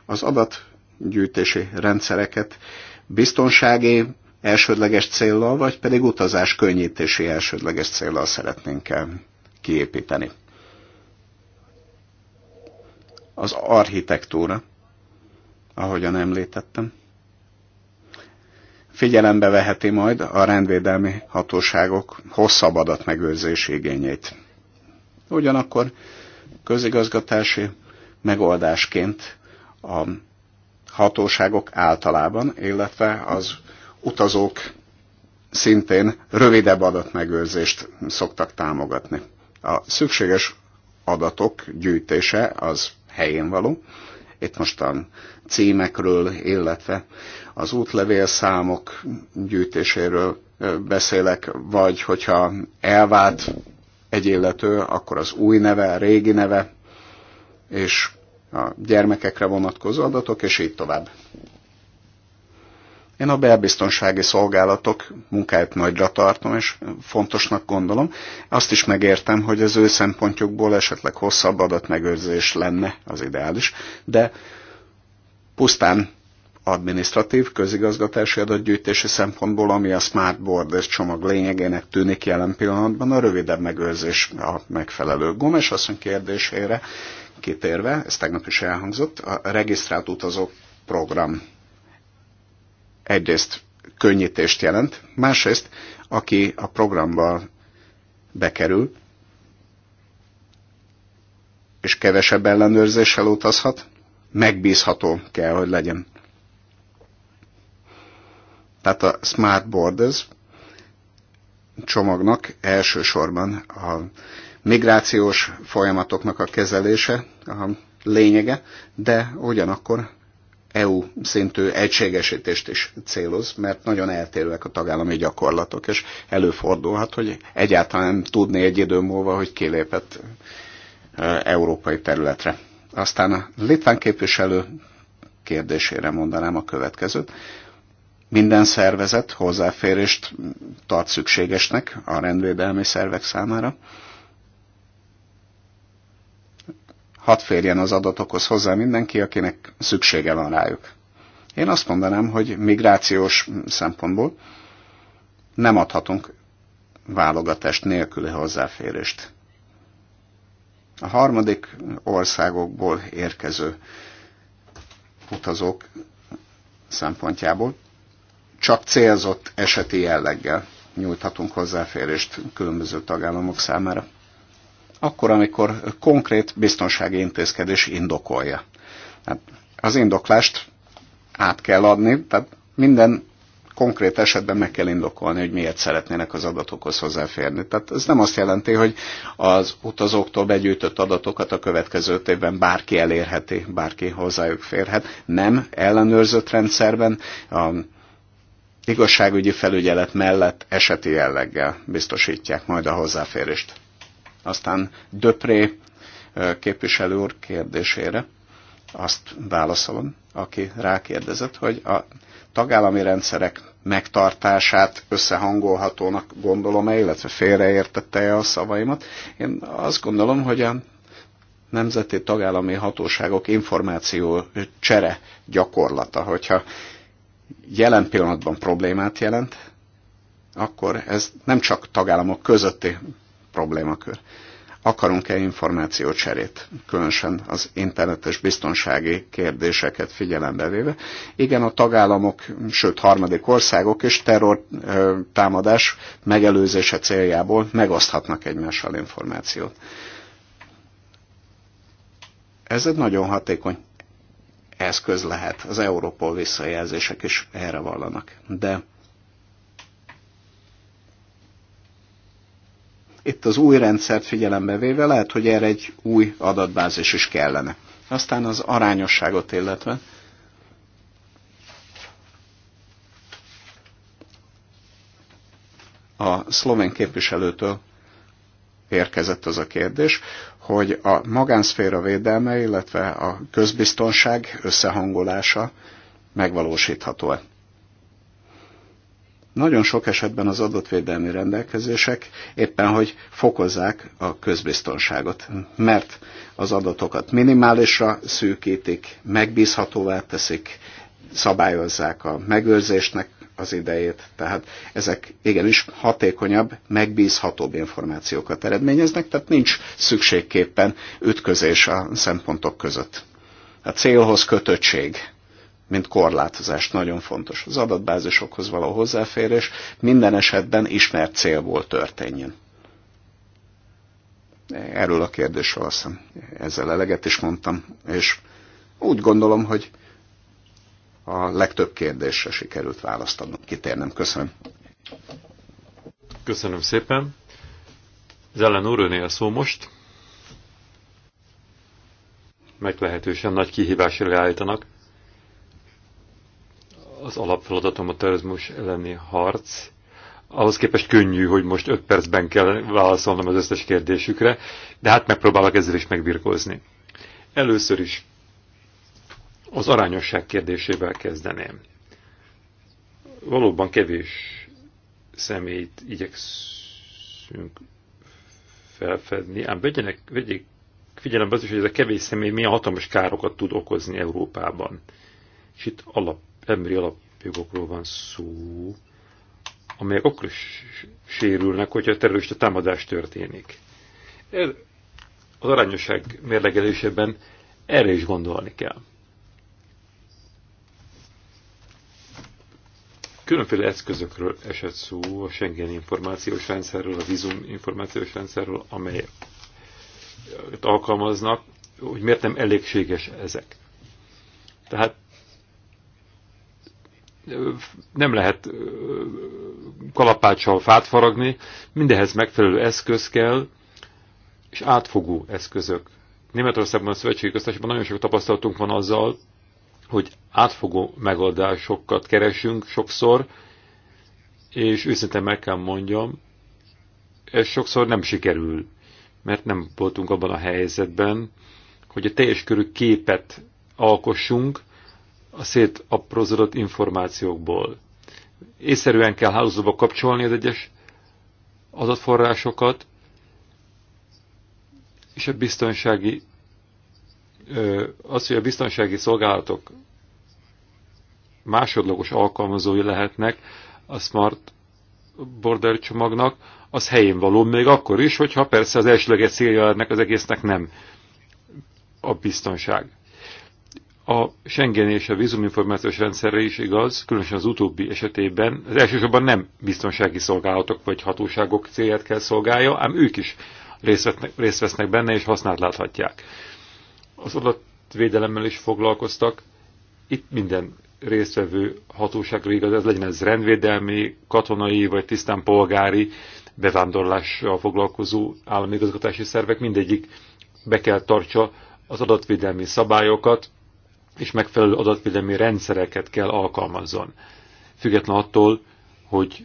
Az adatgyűjtési rendszereket biztonsági elsődleges célral, vagy pedig utazás könnyítési elsődleges célral szeretnénk el kiépíteni. Az architektúra, ahogyan említettem, figyelembe veheti majd a rendvédelmi hatóságok hosszabb adatmegőrzési igényeit. Ugyanakkor közigazgatási megoldásként a hatóságok általában, illetve az utazók szintén rövidebb adatmegőrzést szoktak támogatni. A szükséges adatok gyűjtése az helyén való. Itt most a címekről, illetve az útlevélszámok gyűjtéséről beszélek, vagy hogyha elvált egy illető, akkor az új neve, a régi neve, és a gyermekekre vonatkozó adatok, és így tovább. Én a belbiztonsági szolgálatok munkáját nagyra tartom, és fontosnak gondolom. Azt is megértem, hogy az ő szempontjukból esetleg hosszabb adatmegőrzés lenne az ideális, de pusztán administratív, közigazgatási adatgyűjtési szempontból, ami a Smart Board és csomag lényegének tűnik jelen pillanatban, a rövidebb megőrzés a megfelelő. Gomes asszony kérdésére kitérve, ez tegnap is elhangzott, a regisztrált utazók program egyrészt könnyítést jelent, másrészt, aki a programba bekerül, és kevesebb ellenőrzéssel utazhat, megbízható kell, hogy legyen. Tehát a Smart Borders csomagnak elsősorban a migrációs folyamatoknak a kezelése a lényege, de ugyanakkor EU szintű egységesítést is céloz, mert nagyon eltérőek a tagállami gyakorlatok, és előfordulhat, hogy egyáltalán nem tudni egy idő múlva, hogy kilépett európai területre. Aztán a litván képviselő kérdésére mondanám a következőt. Minden szervezet hozzáférést tart szükségesnek a rendvédelmi szervek számára. Hadd férjen az adatokhoz hozzá mindenki, akinek szüksége van rájuk. Én azt mondanám, hogy migrációs szempontból nem adhatunk válogatást nélküli hozzáférést. A harmadik országokból érkező utazók szempontjából csak célzott eseti jelleggel nyújthatunk hozzáférést különböző tagállamok számára. Akkor, amikor konkrét biztonsági intézkedés indokolja. Hát, az indoklást át kell adni, tehát minden konkrét esetben meg kell indokolni, hogy miért szeretnének az adatokhoz hozzáférni. Tehát ez nem azt jelenti, hogy az utazóktól begyűjtött adatokat a következő évben bárki elérheti, bárki hozzájuk férhet. Nem ellenőrzött rendszerben, a igazságügyi felügyelet mellett eseti jelleggel biztosítják majd a hozzáférést. Aztán Döpré képviselő úr kérdésére azt válaszolom, aki rákérdezett, hogy a tagállami rendszerek megtartását összehangolhatónak gondolom-e, illetve félreértette-e a szavaimat. Én azt gondolom, hogy a nemzeti tagállami hatóságok információ csere gyakorlata, hogyha jelen pillanatban problémát jelent, akkor ez nem csak tagállamok közötti problémakör. Akarunk-e információcserét, különösen az internetes biztonsági kérdéseket figyelembe véve? Igen, a tagállamok, sőt harmadik országok és terror támadás megelőzése céljából megoszthatnak egymással információt. Ez egy nagyon hatékony eszköz lehet. Az Európol visszajelzések is erre vallanak. De itt az új rendszert figyelembe véve lehet, hogy erre egy új adatbázis is kellene. Aztán az arányosságot illetve. A szlovén képviselőtől érkezett az a kérdés, hogy a magánszféra védelme, illetve a közbiztonság összehangolása megvalósítható-e. Nagyon sok esetben az adott védelmi rendelkezések éppen, hogy fokozzák a közbiztonságot, mert az adatokat minimálisra szűkítik, megbízhatóvá teszik, szabályozzák a megőrzésnek az idejét. Tehát ezek igenis hatékonyabb, megbízhatóbb információkat eredményeznek, tehát nincs szükségképpen ütközés a szempontok között. A célhoz kötöttség, mint korlátozás nagyon fontos. Az adatbázisokhoz való hozzáférés minden esetben ismert célból történjen. Erről a kérdésről azt hiszem ezzel eleget is mondtam, és úgy gondolom, hogy a legtöbb kérdésre sikerült választ adnom, kitérnem. Köszönöm. Köszönöm szépen. Zellen úr, a szó most. Meglehetősen nagy kihívásra állítanak. Az alapfeladatom a terrorizmus elleni harc. Ahhoz képest könnyű, hogy most 5 percben kell válaszolnom az összes kérdésükre, de hát megpróbálok ezzel is megbirkózni. Először is az arányosság kérdésével kezdeném. Valóban kevés személyt igyekszünk felfedni, ám vegyenek, vegyék figyelembe az is, hogy ez a kevés személy milyen hatalmas károkat tud okozni Európában. És itt alap, emberi alapjogokról van szó, amelyek akkor is sérülnek, hogyha a terrorista támadás történik. az arányosság mérlegelésében erre is gondolni kell. Különféle eszközökről esett szó, a Schengen információs rendszerről, a vízum információs rendszerről, amelyet alkalmaznak, hogy miért nem elégséges ezek. Tehát nem lehet kalapáccsal fát faragni, mindehez megfelelő eszköz kell, és átfogó eszközök. Németországban a Szövetségi Köztársaságban nagyon sok tapasztalatunk van azzal, hogy átfogó megoldásokat keresünk sokszor, és őszintén meg kell mondjam, ez sokszor nem sikerül, mert nem voltunk abban a helyzetben, hogy a teljes körű képet alkossunk a szétaprozódott információkból. Észszerűen kell hálózóba kapcsolni az egyes adatforrásokat, és a biztonsági az, hogy a biztonsági szolgálatok másodlagos alkalmazói lehetnek a Smart Border csomagnak, az helyén való még akkor is, hogyha persze az elsőleges célja ennek az egésznek nem a biztonság. A Schengen és a vízuminformációs rendszerre is igaz, különösen az utóbbi esetében, az elsősorban nem biztonsági szolgálatok vagy hatóságok célját kell szolgálja, ám ők is részt, vesznek benne és hasznát láthatják az adatvédelemmel is foglalkoztak. Itt minden résztvevő hatóság igaz, ez legyen ez rendvédelmi, katonai vagy tisztán polgári bevándorlással foglalkozó állami igazgatási szervek, mindegyik be kell tartsa az adatvédelmi szabályokat, és megfelelő adatvédelmi rendszereket kell alkalmazzon. Független attól, hogy,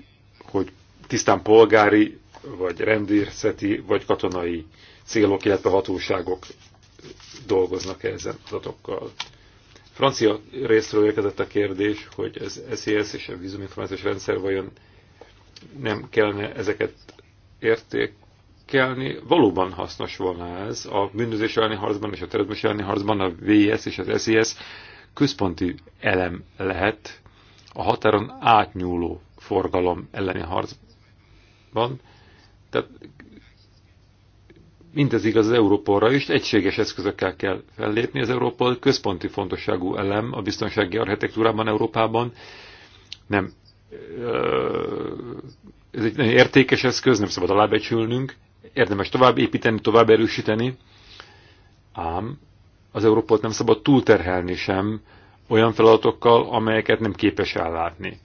hogy tisztán polgári, vagy rendészeti, vagy katonai célok, illetve hatóságok dolgoznak -e ezen adatokkal. Francia részről érkezett a kérdés, hogy az SES e és a vízuminformációs rendszer vajon nem kellene ezeket értékelni. Valóban hasznos volna ez a bűnözés elleni harcban és a terrorizmus elleni harcban a VIS e és az SES e központi elem lehet a határon átnyúló forgalom elleni harcban. Tehát mindez igaz az Európolra is, egységes eszközökkel kell fellépni. Az Európol központi fontosságú elem a biztonsági architektúrában Európában. Nem, ez egy nagyon értékes eszköz, nem szabad alábecsülnünk, érdemes tovább építeni, tovább erősíteni, ám az Európolt nem szabad túlterhelni sem olyan feladatokkal, amelyeket nem képes ellátni.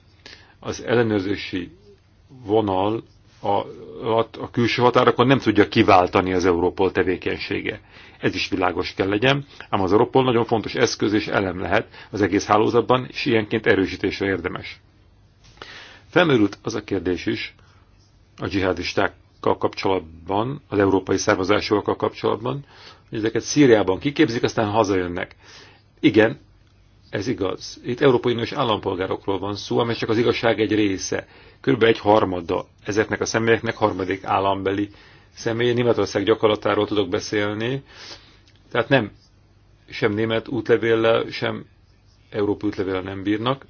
Az ellenőrzési vonal a, a, a külső határokon nem tudja kiváltani az Európol tevékenysége. Ez is világos kell legyen, ám az Europol nagyon fontos eszköz és elem lehet az egész hálózatban, és ilyenként erősítésre érdemes. Felmerült az a kérdés is a dzsihadistákkal kapcsolatban, az európai származásúakkal kapcsolatban, hogy ezeket Szíriában kiképzik, aztán hazajönnek. Igen, ez igaz. Itt Európai nős állampolgárokról van szó, amely csak az igazság egy része kb. egy harmada ezeknek a személyeknek harmadik állambeli személy. Németország gyakorlatáról tudok beszélni, tehát nem sem német útlevéllel, sem európai útlevéllel nem bírnak.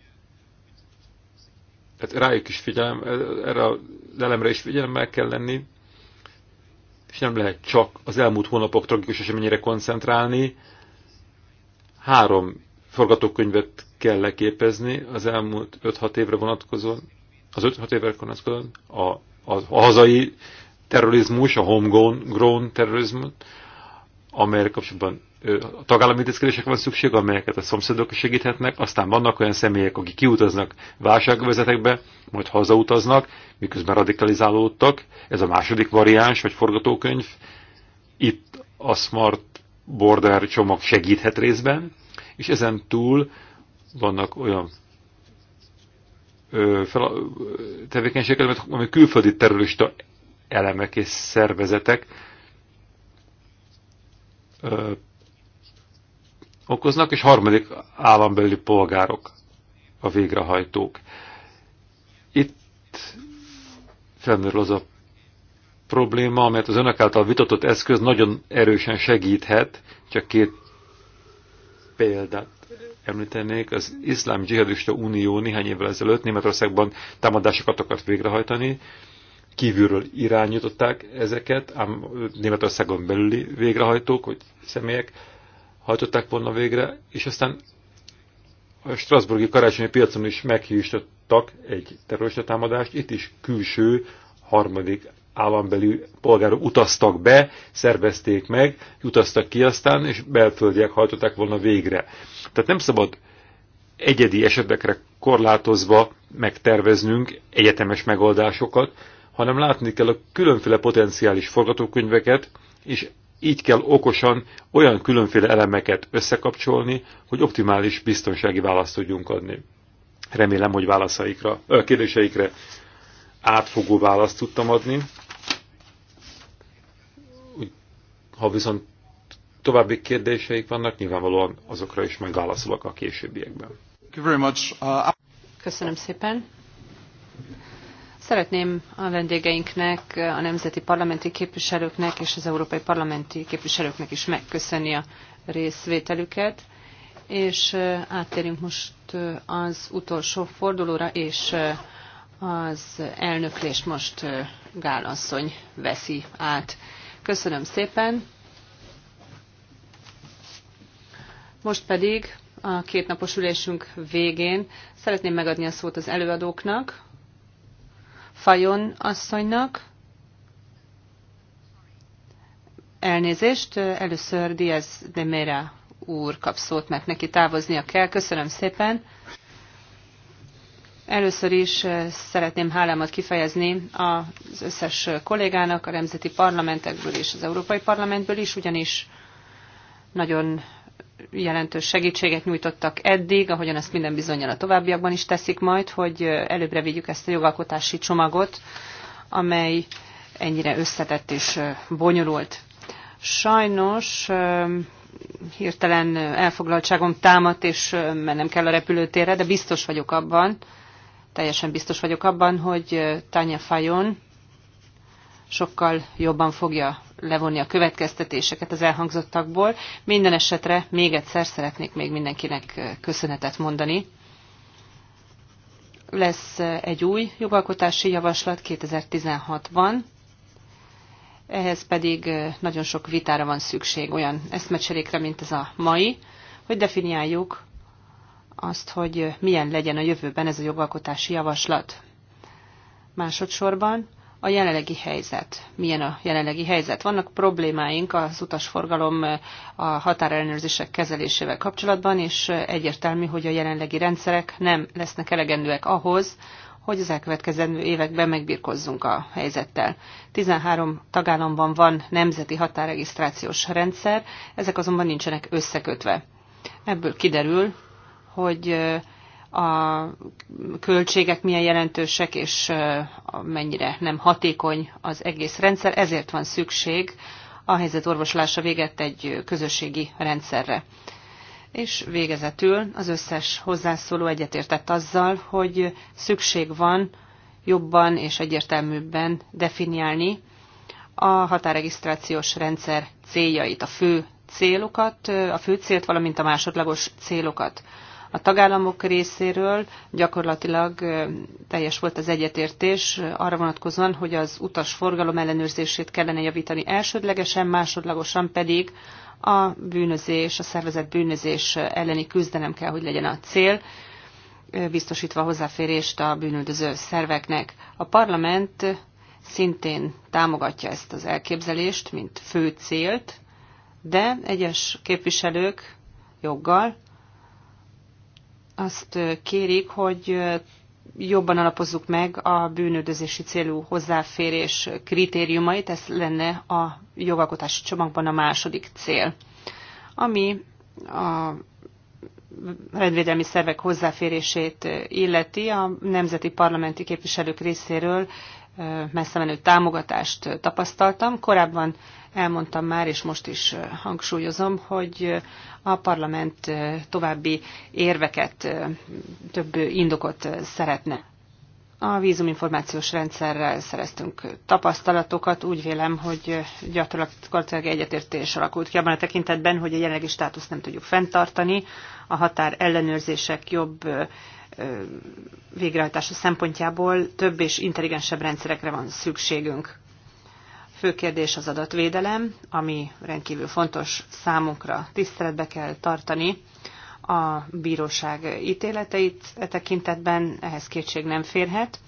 Tehát rájuk is figyelem, erre a lelemre is figyelemmel kell lenni, és nem lehet csak az elmúlt hónapok tragikus eseményére koncentrálni. Három forgatókönyvet kell leképezni az elmúlt 5-6 évre vonatkozóan, az 56 évvel konaszkodóan a, a, a hazai terrorizmus, a homegrown terrorizmus, amelyek kapcsolatban a tagállami intézkedésekre van szükség, amelyeket a szomszédok segíthetnek, aztán vannak olyan személyek, akik kiutaznak válságvezetekbe, majd hazautaznak, miközben radikalizálódtak. Ez a második variáns, vagy forgatókönyv. Itt a Smart Border csomag segíthet részben, és ezen túl vannak olyan fel, tevékenységet, ami külföldi terrorista elemek és szervezetek ö, okoznak, és harmadik állambeli polgárok a végrehajtók. Itt felmerül az a probléma, amelyet az önök által vitatott eszköz nagyon erősen segíthet, csak két példát említenék, az Iszlám Dzsihadista Unió néhány évvel ezelőtt Németországban támadásokat akart végrehajtani, kívülről irányították ezeket, ám Németországon belüli végrehajtók, vagy személyek hajtották volna végre, és aztán a Strasburgi karácsonyi piacon is meghiúsítottak egy terrorista támadást, itt is külső harmadik állambeli polgárok utaztak be, szervezték meg, utaztak ki aztán, és belföldiek hajtották volna végre. Tehát nem szabad egyedi esetekre korlátozva megterveznünk egyetemes megoldásokat, hanem látni kell a különféle potenciális forgatókönyveket, és így kell okosan olyan különféle elemeket összekapcsolni, hogy optimális biztonsági választ tudjunk adni. Remélem, hogy válaszaikra, kérdéseikre átfogó választ tudtam adni. Ha viszont további kérdéseik vannak, nyilvánvalóan azokra is megválaszolok a későbbiekben. Uh, Köszönöm szépen. Szeretném a vendégeinknek, a nemzeti parlamenti képviselőknek és az európai parlamenti képviselőknek is megköszönni a részvételüket, és áttérünk most az utolsó fordulóra, és az elnöklést most Gálasszony veszi át. Köszönöm szépen. Most pedig a kétnapos ülésünk végén szeretném megadni a szót az előadóknak, Fajon asszonynak. Elnézést, először Diaz de Mera úr kap szót, mert neki távoznia kell. Köszönöm szépen. Először is eh, szeretném hálámat kifejezni az összes kollégának a nemzeti parlamentekből és az Európai Parlamentből is, ugyanis nagyon jelentős segítséget nyújtottak eddig, ahogyan ezt minden bizonyal a továbbiakban is teszik majd, hogy eh, előbbre vigyük ezt a jogalkotási csomagot, amely ennyire összetett és eh, bonyolult. Sajnos hirtelen elfoglaltságom támadt, és mennem kell a repülőtérre, de biztos vagyok abban, Teljesen biztos vagyok abban, hogy Tanya Fajon sokkal jobban fogja levonni a következtetéseket az elhangzottakból. Minden esetre még egyszer szeretnék még mindenkinek köszönetet mondani. Lesz egy új jogalkotási javaslat 2016-ban, ehhez pedig nagyon sok vitára van szükség, olyan eszmecserékre, mint ez a mai, hogy definiáljuk azt, hogy milyen legyen a jövőben ez a jogalkotási javaslat. Másodszorban a jelenlegi helyzet. Milyen a jelenlegi helyzet? Vannak problémáink az utasforgalom a határellenőrzések kezelésével kapcsolatban, és egyértelmű, hogy a jelenlegi rendszerek nem lesznek elegendőek ahhoz, hogy az elkövetkező években megbirkozzunk a helyzettel. 13 tagállamban van nemzeti határregisztrációs rendszer, ezek azonban nincsenek összekötve. Ebből kiderül, hogy a költségek milyen jelentősek, és mennyire nem hatékony az egész rendszer. Ezért van szükség a helyzet orvoslása véget egy közösségi rendszerre. És végezetül az összes hozzászóló egyetértett azzal, hogy szükség van jobban és egyértelműbben definiálni a határregisztrációs rendszer céljait, a fő célokat, a fő célt, valamint a másodlagos célokat. A tagállamok részéről gyakorlatilag teljes volt az egyetértés arra vonatkozóan, hogy az forgalom ellenőrzését kellene javítani elsődlegesen, másodlagosan pedig a bűnözés, a szervezett bűnözés elleni küzdelem kell, hogy legyen a cél biztosítva a hozzáférést a bűnöldöző szerveknek. A parlament szintén támogatja ezt az elképzelést, mint fő célt, de egyes képviselők joggal azt kérik, hogy jobban alapozzuk meg a bűnöldözési célú hozzáférés kritériumait, ez lenne a jogalkotási csomagban a második cél. Ami a rendvédelmi szervek hozzáférését illeti, a nemzeti parlamenti képviselők részéről messze menő támogatást tapasztaltam. Korábban elmondtam már, és most is hangsúlyozom, hogy a parlament további érveket, több indokot szeretne. A vízuminformációs rendszerrel szereztünk tapasztalatokat. Úgy vélem, hogy gyakorlatilag egyetértés alakult ki abban a tekintetben, hogy a jelenlegi státuszt nem tudjuk fenntartani, a határ ellenőrzések jobb végrehajtása szempontjából több és intelligensebb rendszerekre van szükségünk. Fő kérdés az adatvédelem, ami rendkívül fontos számunkra. Tiszteletbe kell tartani a bíróság ítéleteit e tekintetben, ehhez kétség nem férhet.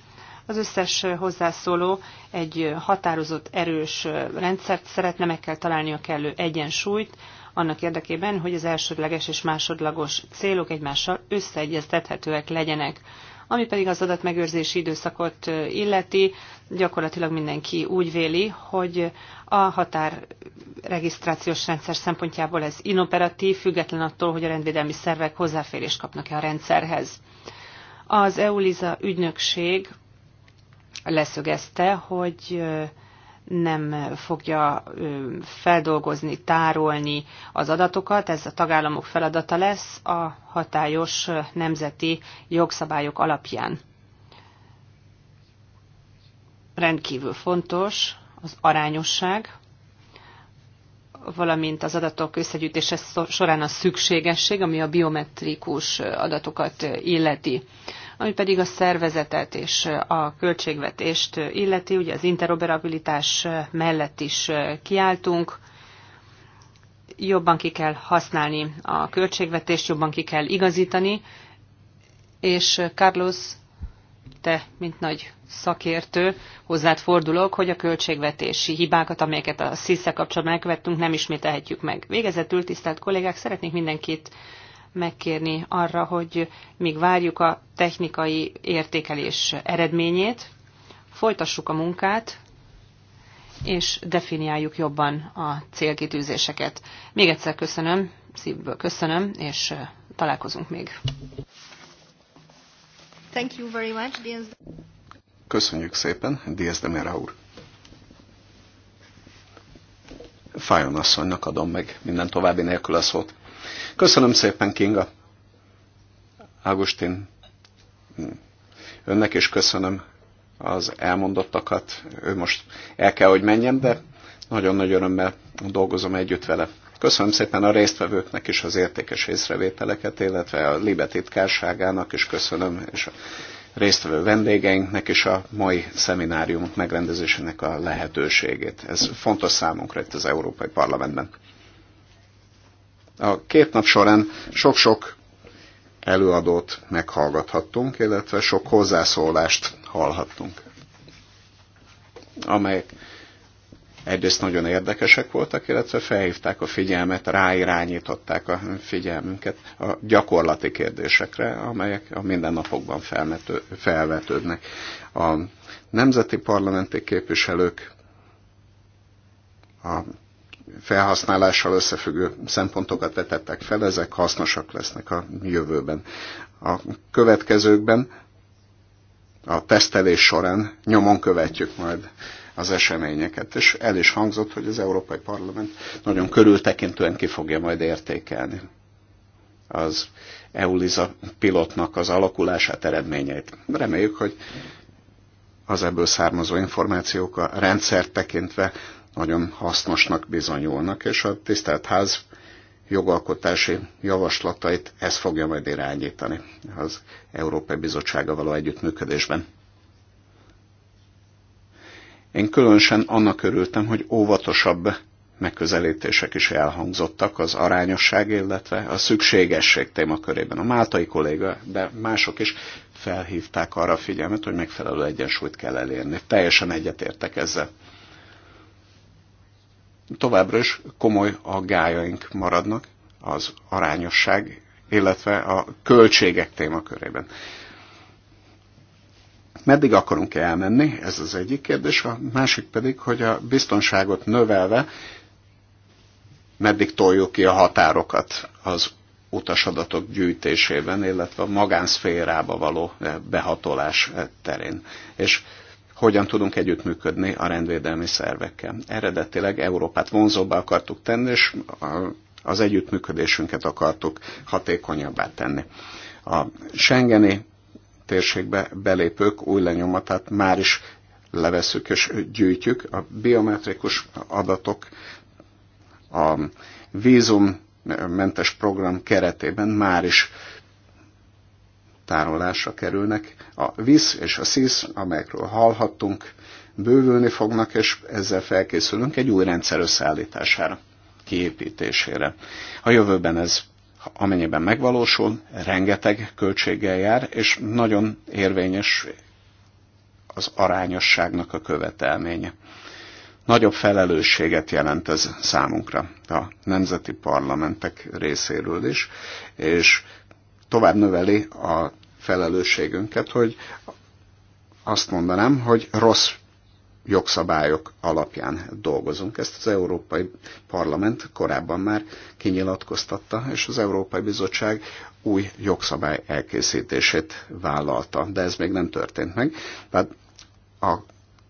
Az összes hozzászóló egy határozott, erős rendszert szeretne, meg kell találni a kellő egyensúlyt, annak érdekében, hogy az elsődleges és másodlagos célok egymással összeegyeztethetőek legyenek. Ami pedig az adatmegőrzési időszakot illeti, gyakorlatilag mindenki úgy véli, hogy a határ regisztrációs rendszer szempontjából ez inoperatív, független attól, hogy a rendvédelmi szervek hozzáférést kapnak-e a rendszerhez. Az EULISA ügynökség leszögezte, hogy nem fogja feldolgozni, tárolni az adatokat, ez a tagállamok feladata lesz a hatályos nemzeti jogszabályok alapján. Rendkívül fontos az arányosság, valamint az adatok összegyűjtése során a szükségesség, ami a biometrikus adatokat illeti ami pedig a szervezetet és a költségvetést illeti, ugye az interoperabilitás mellett is kiálltunk, jobban ki kell használni a költségvetést, jobban ki kell igazítani, és Carlos, te, mint nagy szakértő, hozzád fordulok, hogy a költségvetési hibákat, amelyeket a SZISZ-szel kapcsolatban elkövettünk, nem ismételhetjük meg. Végezetül, tisztelt kollégák, szeretnék mindenkit megkérni arra, hogy még várjuk a technikai értékelés eredményét, folytassuk a munkát, és definiáljuk jobban a célkitűzéseket. Még egyszer köszönöm, szívből köszönöm, és találkozunk még. Thank you very much, Köszönjük szépen, Díaz de Mera úr. Fájon asszonynak adom meg minden további nélkül a szót. Köszönöm szépen, Kinga. Águstin, önnek is köszönöm az elmondottakat. Ő most el kell, hogy menjen, de nagyon nagy örömmel dolgozom együtt vele. Köszönöm szépen a résztvevőknek is az értékes észrevételeket, illetve a Libe titkárságának is köszönöm, és a résztvevő vendégeinknek is a mai szemináriumok megrendezésének a lehetőségét. Ez fontos számunkra itt az Európai Parlamentben. A két nap során sok-sok előadót meghallgathattunk, illetve sok hozzászólást hallhattunk, amelyek egyrészt nagyon érdekesek voltak, illetve felhívták a figyelmet, ráirányították a figyelmünket a gyakorlati kérdésekre, amelyek a mindennapokban felmető, felvetődnek. A nemzeti parlamenti képviselők a felhasználással összefüggő szempontokat vetettek fel, ezek hasznosak lesznek a jövőben. A következőkben a tesztelés során nyomon követjük majd az eseményeket. És el is hangzott, hogy az Európai Parlament nagyon körültekintően ki fogja majd értékelni az EULISA pilotnak az alakulását, eredményeit. Reméljük, hogy az ebből származó információk a rendszer tekintve nagyon hasznosnak bizonyulnak, és a tisztelt ház jogalkotási javaslatait ez fogja majd irányítani az Európai Bizottsága való együttműködésben. Én különösen annak örültem, hogy óvatosabb megközelítések is elhangzottak az arányosság, illetve a szükségesség témakörében. A máltai kolléga, de mások is felhívták arra a figyelmet, hogy megfelelő egyensúlyt kell elérni. Teljesen egyetértek ezzel továbbra is komoly a gájaink maradnak az arányosság, illetve a költségek témakörében. Meddig akarunk -e elmenni? Ez az egyik kérdés. A másik pedig, hogy a biztonságot növelve meddig toljuk ki a határokat az utasadatok gyűjtésében, illetve a magánszférába való behatolás terén. És hogyan tudunk együttműködni a rendvédelmi szervekkel. Eredetileg Európát vonzóbbá akartuk tenni, és az együttműködésünket akartuk hatékonyabbá tenni. A Schengeni térségbe belépők új lenyomatát már is leveszük és gyűjtjük. A biometrikus adatok a vízummentes program keretében már is tárolásra kerülnek. A víz és a SZISZ, amelyekről hallhattunk, bővülni fognak, és ezzel felkészülünk egy új rendszer összeállítására, kiépítésére. A jövőben ez amennyiben megvalósul, rengeteg költséggel jár, és nagyon érvényes az arányosságnak a követelménye. Nagyobb felelősséget jelent ez számunkra a nemzeti parlamentek részéről is, és tovább növeli a felelősségünket, hogy azt mondanám, hogy rossz jogszabályok alapján dolgozunk. Ezt az Európai Parlament korábban már kinyilatkoztatta, és az Európai Bizottság új jogszabály elkészítését vállalta, de ez még nem történt meg. Tehát a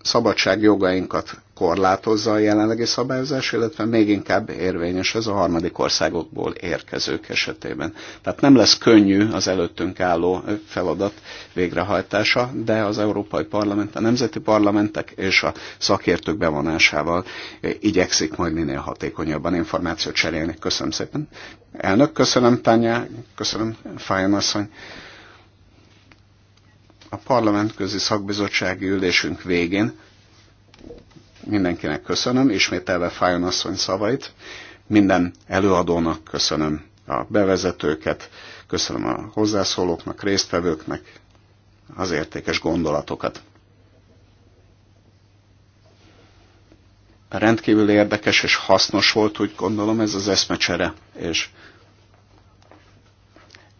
szabadság jogainkat korlátozza a jelenlegi szabályozás, illetve még inkább érvényes ez a harmadik országokból érkezők esetében. Tehát nem lesz könnyű az előttünk álló feladat végrehajtása, de az Európai Parlament, a nemzeti parlamentek és a szakértők bevonásával igyekszik majd minél hatékonyabban információt cserélni. Köszönöm szépen. Elnök, köszönöm Tanya, köszönöm Fájan asszony a parlamentközi szakbizottsági ülésünk végén Mindenkinek köszönöm, ismételve Fájon asszony szavait. Minden előadónak köszönöm a bevezetőket, köszönöm a hozzászólóknak, résztvevőknek az értékes gondolatokat. rendkívül érdekes és hasznos volt, úgy gondolom, ez az eszmecsere, és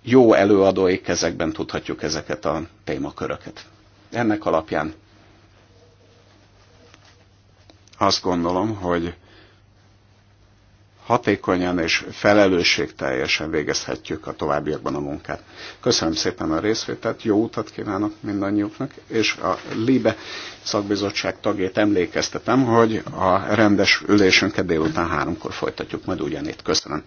jó előadóik ezekben tudhatjuk ezeket a témaköröket. Ennek alapján azt gondolom, hogy hatékonyan és felelősségteljesen végezhetjük a továbbiakban a munkát. Köszönöm szépen a részvételt, jó utat kívánok mindannyiuknak, és a LIBE szakbizottság tagjét emlékeztetem, hogy a rendes ülésünket délután háromkor folytatjuk, majd ugyanitt. Köszönöm.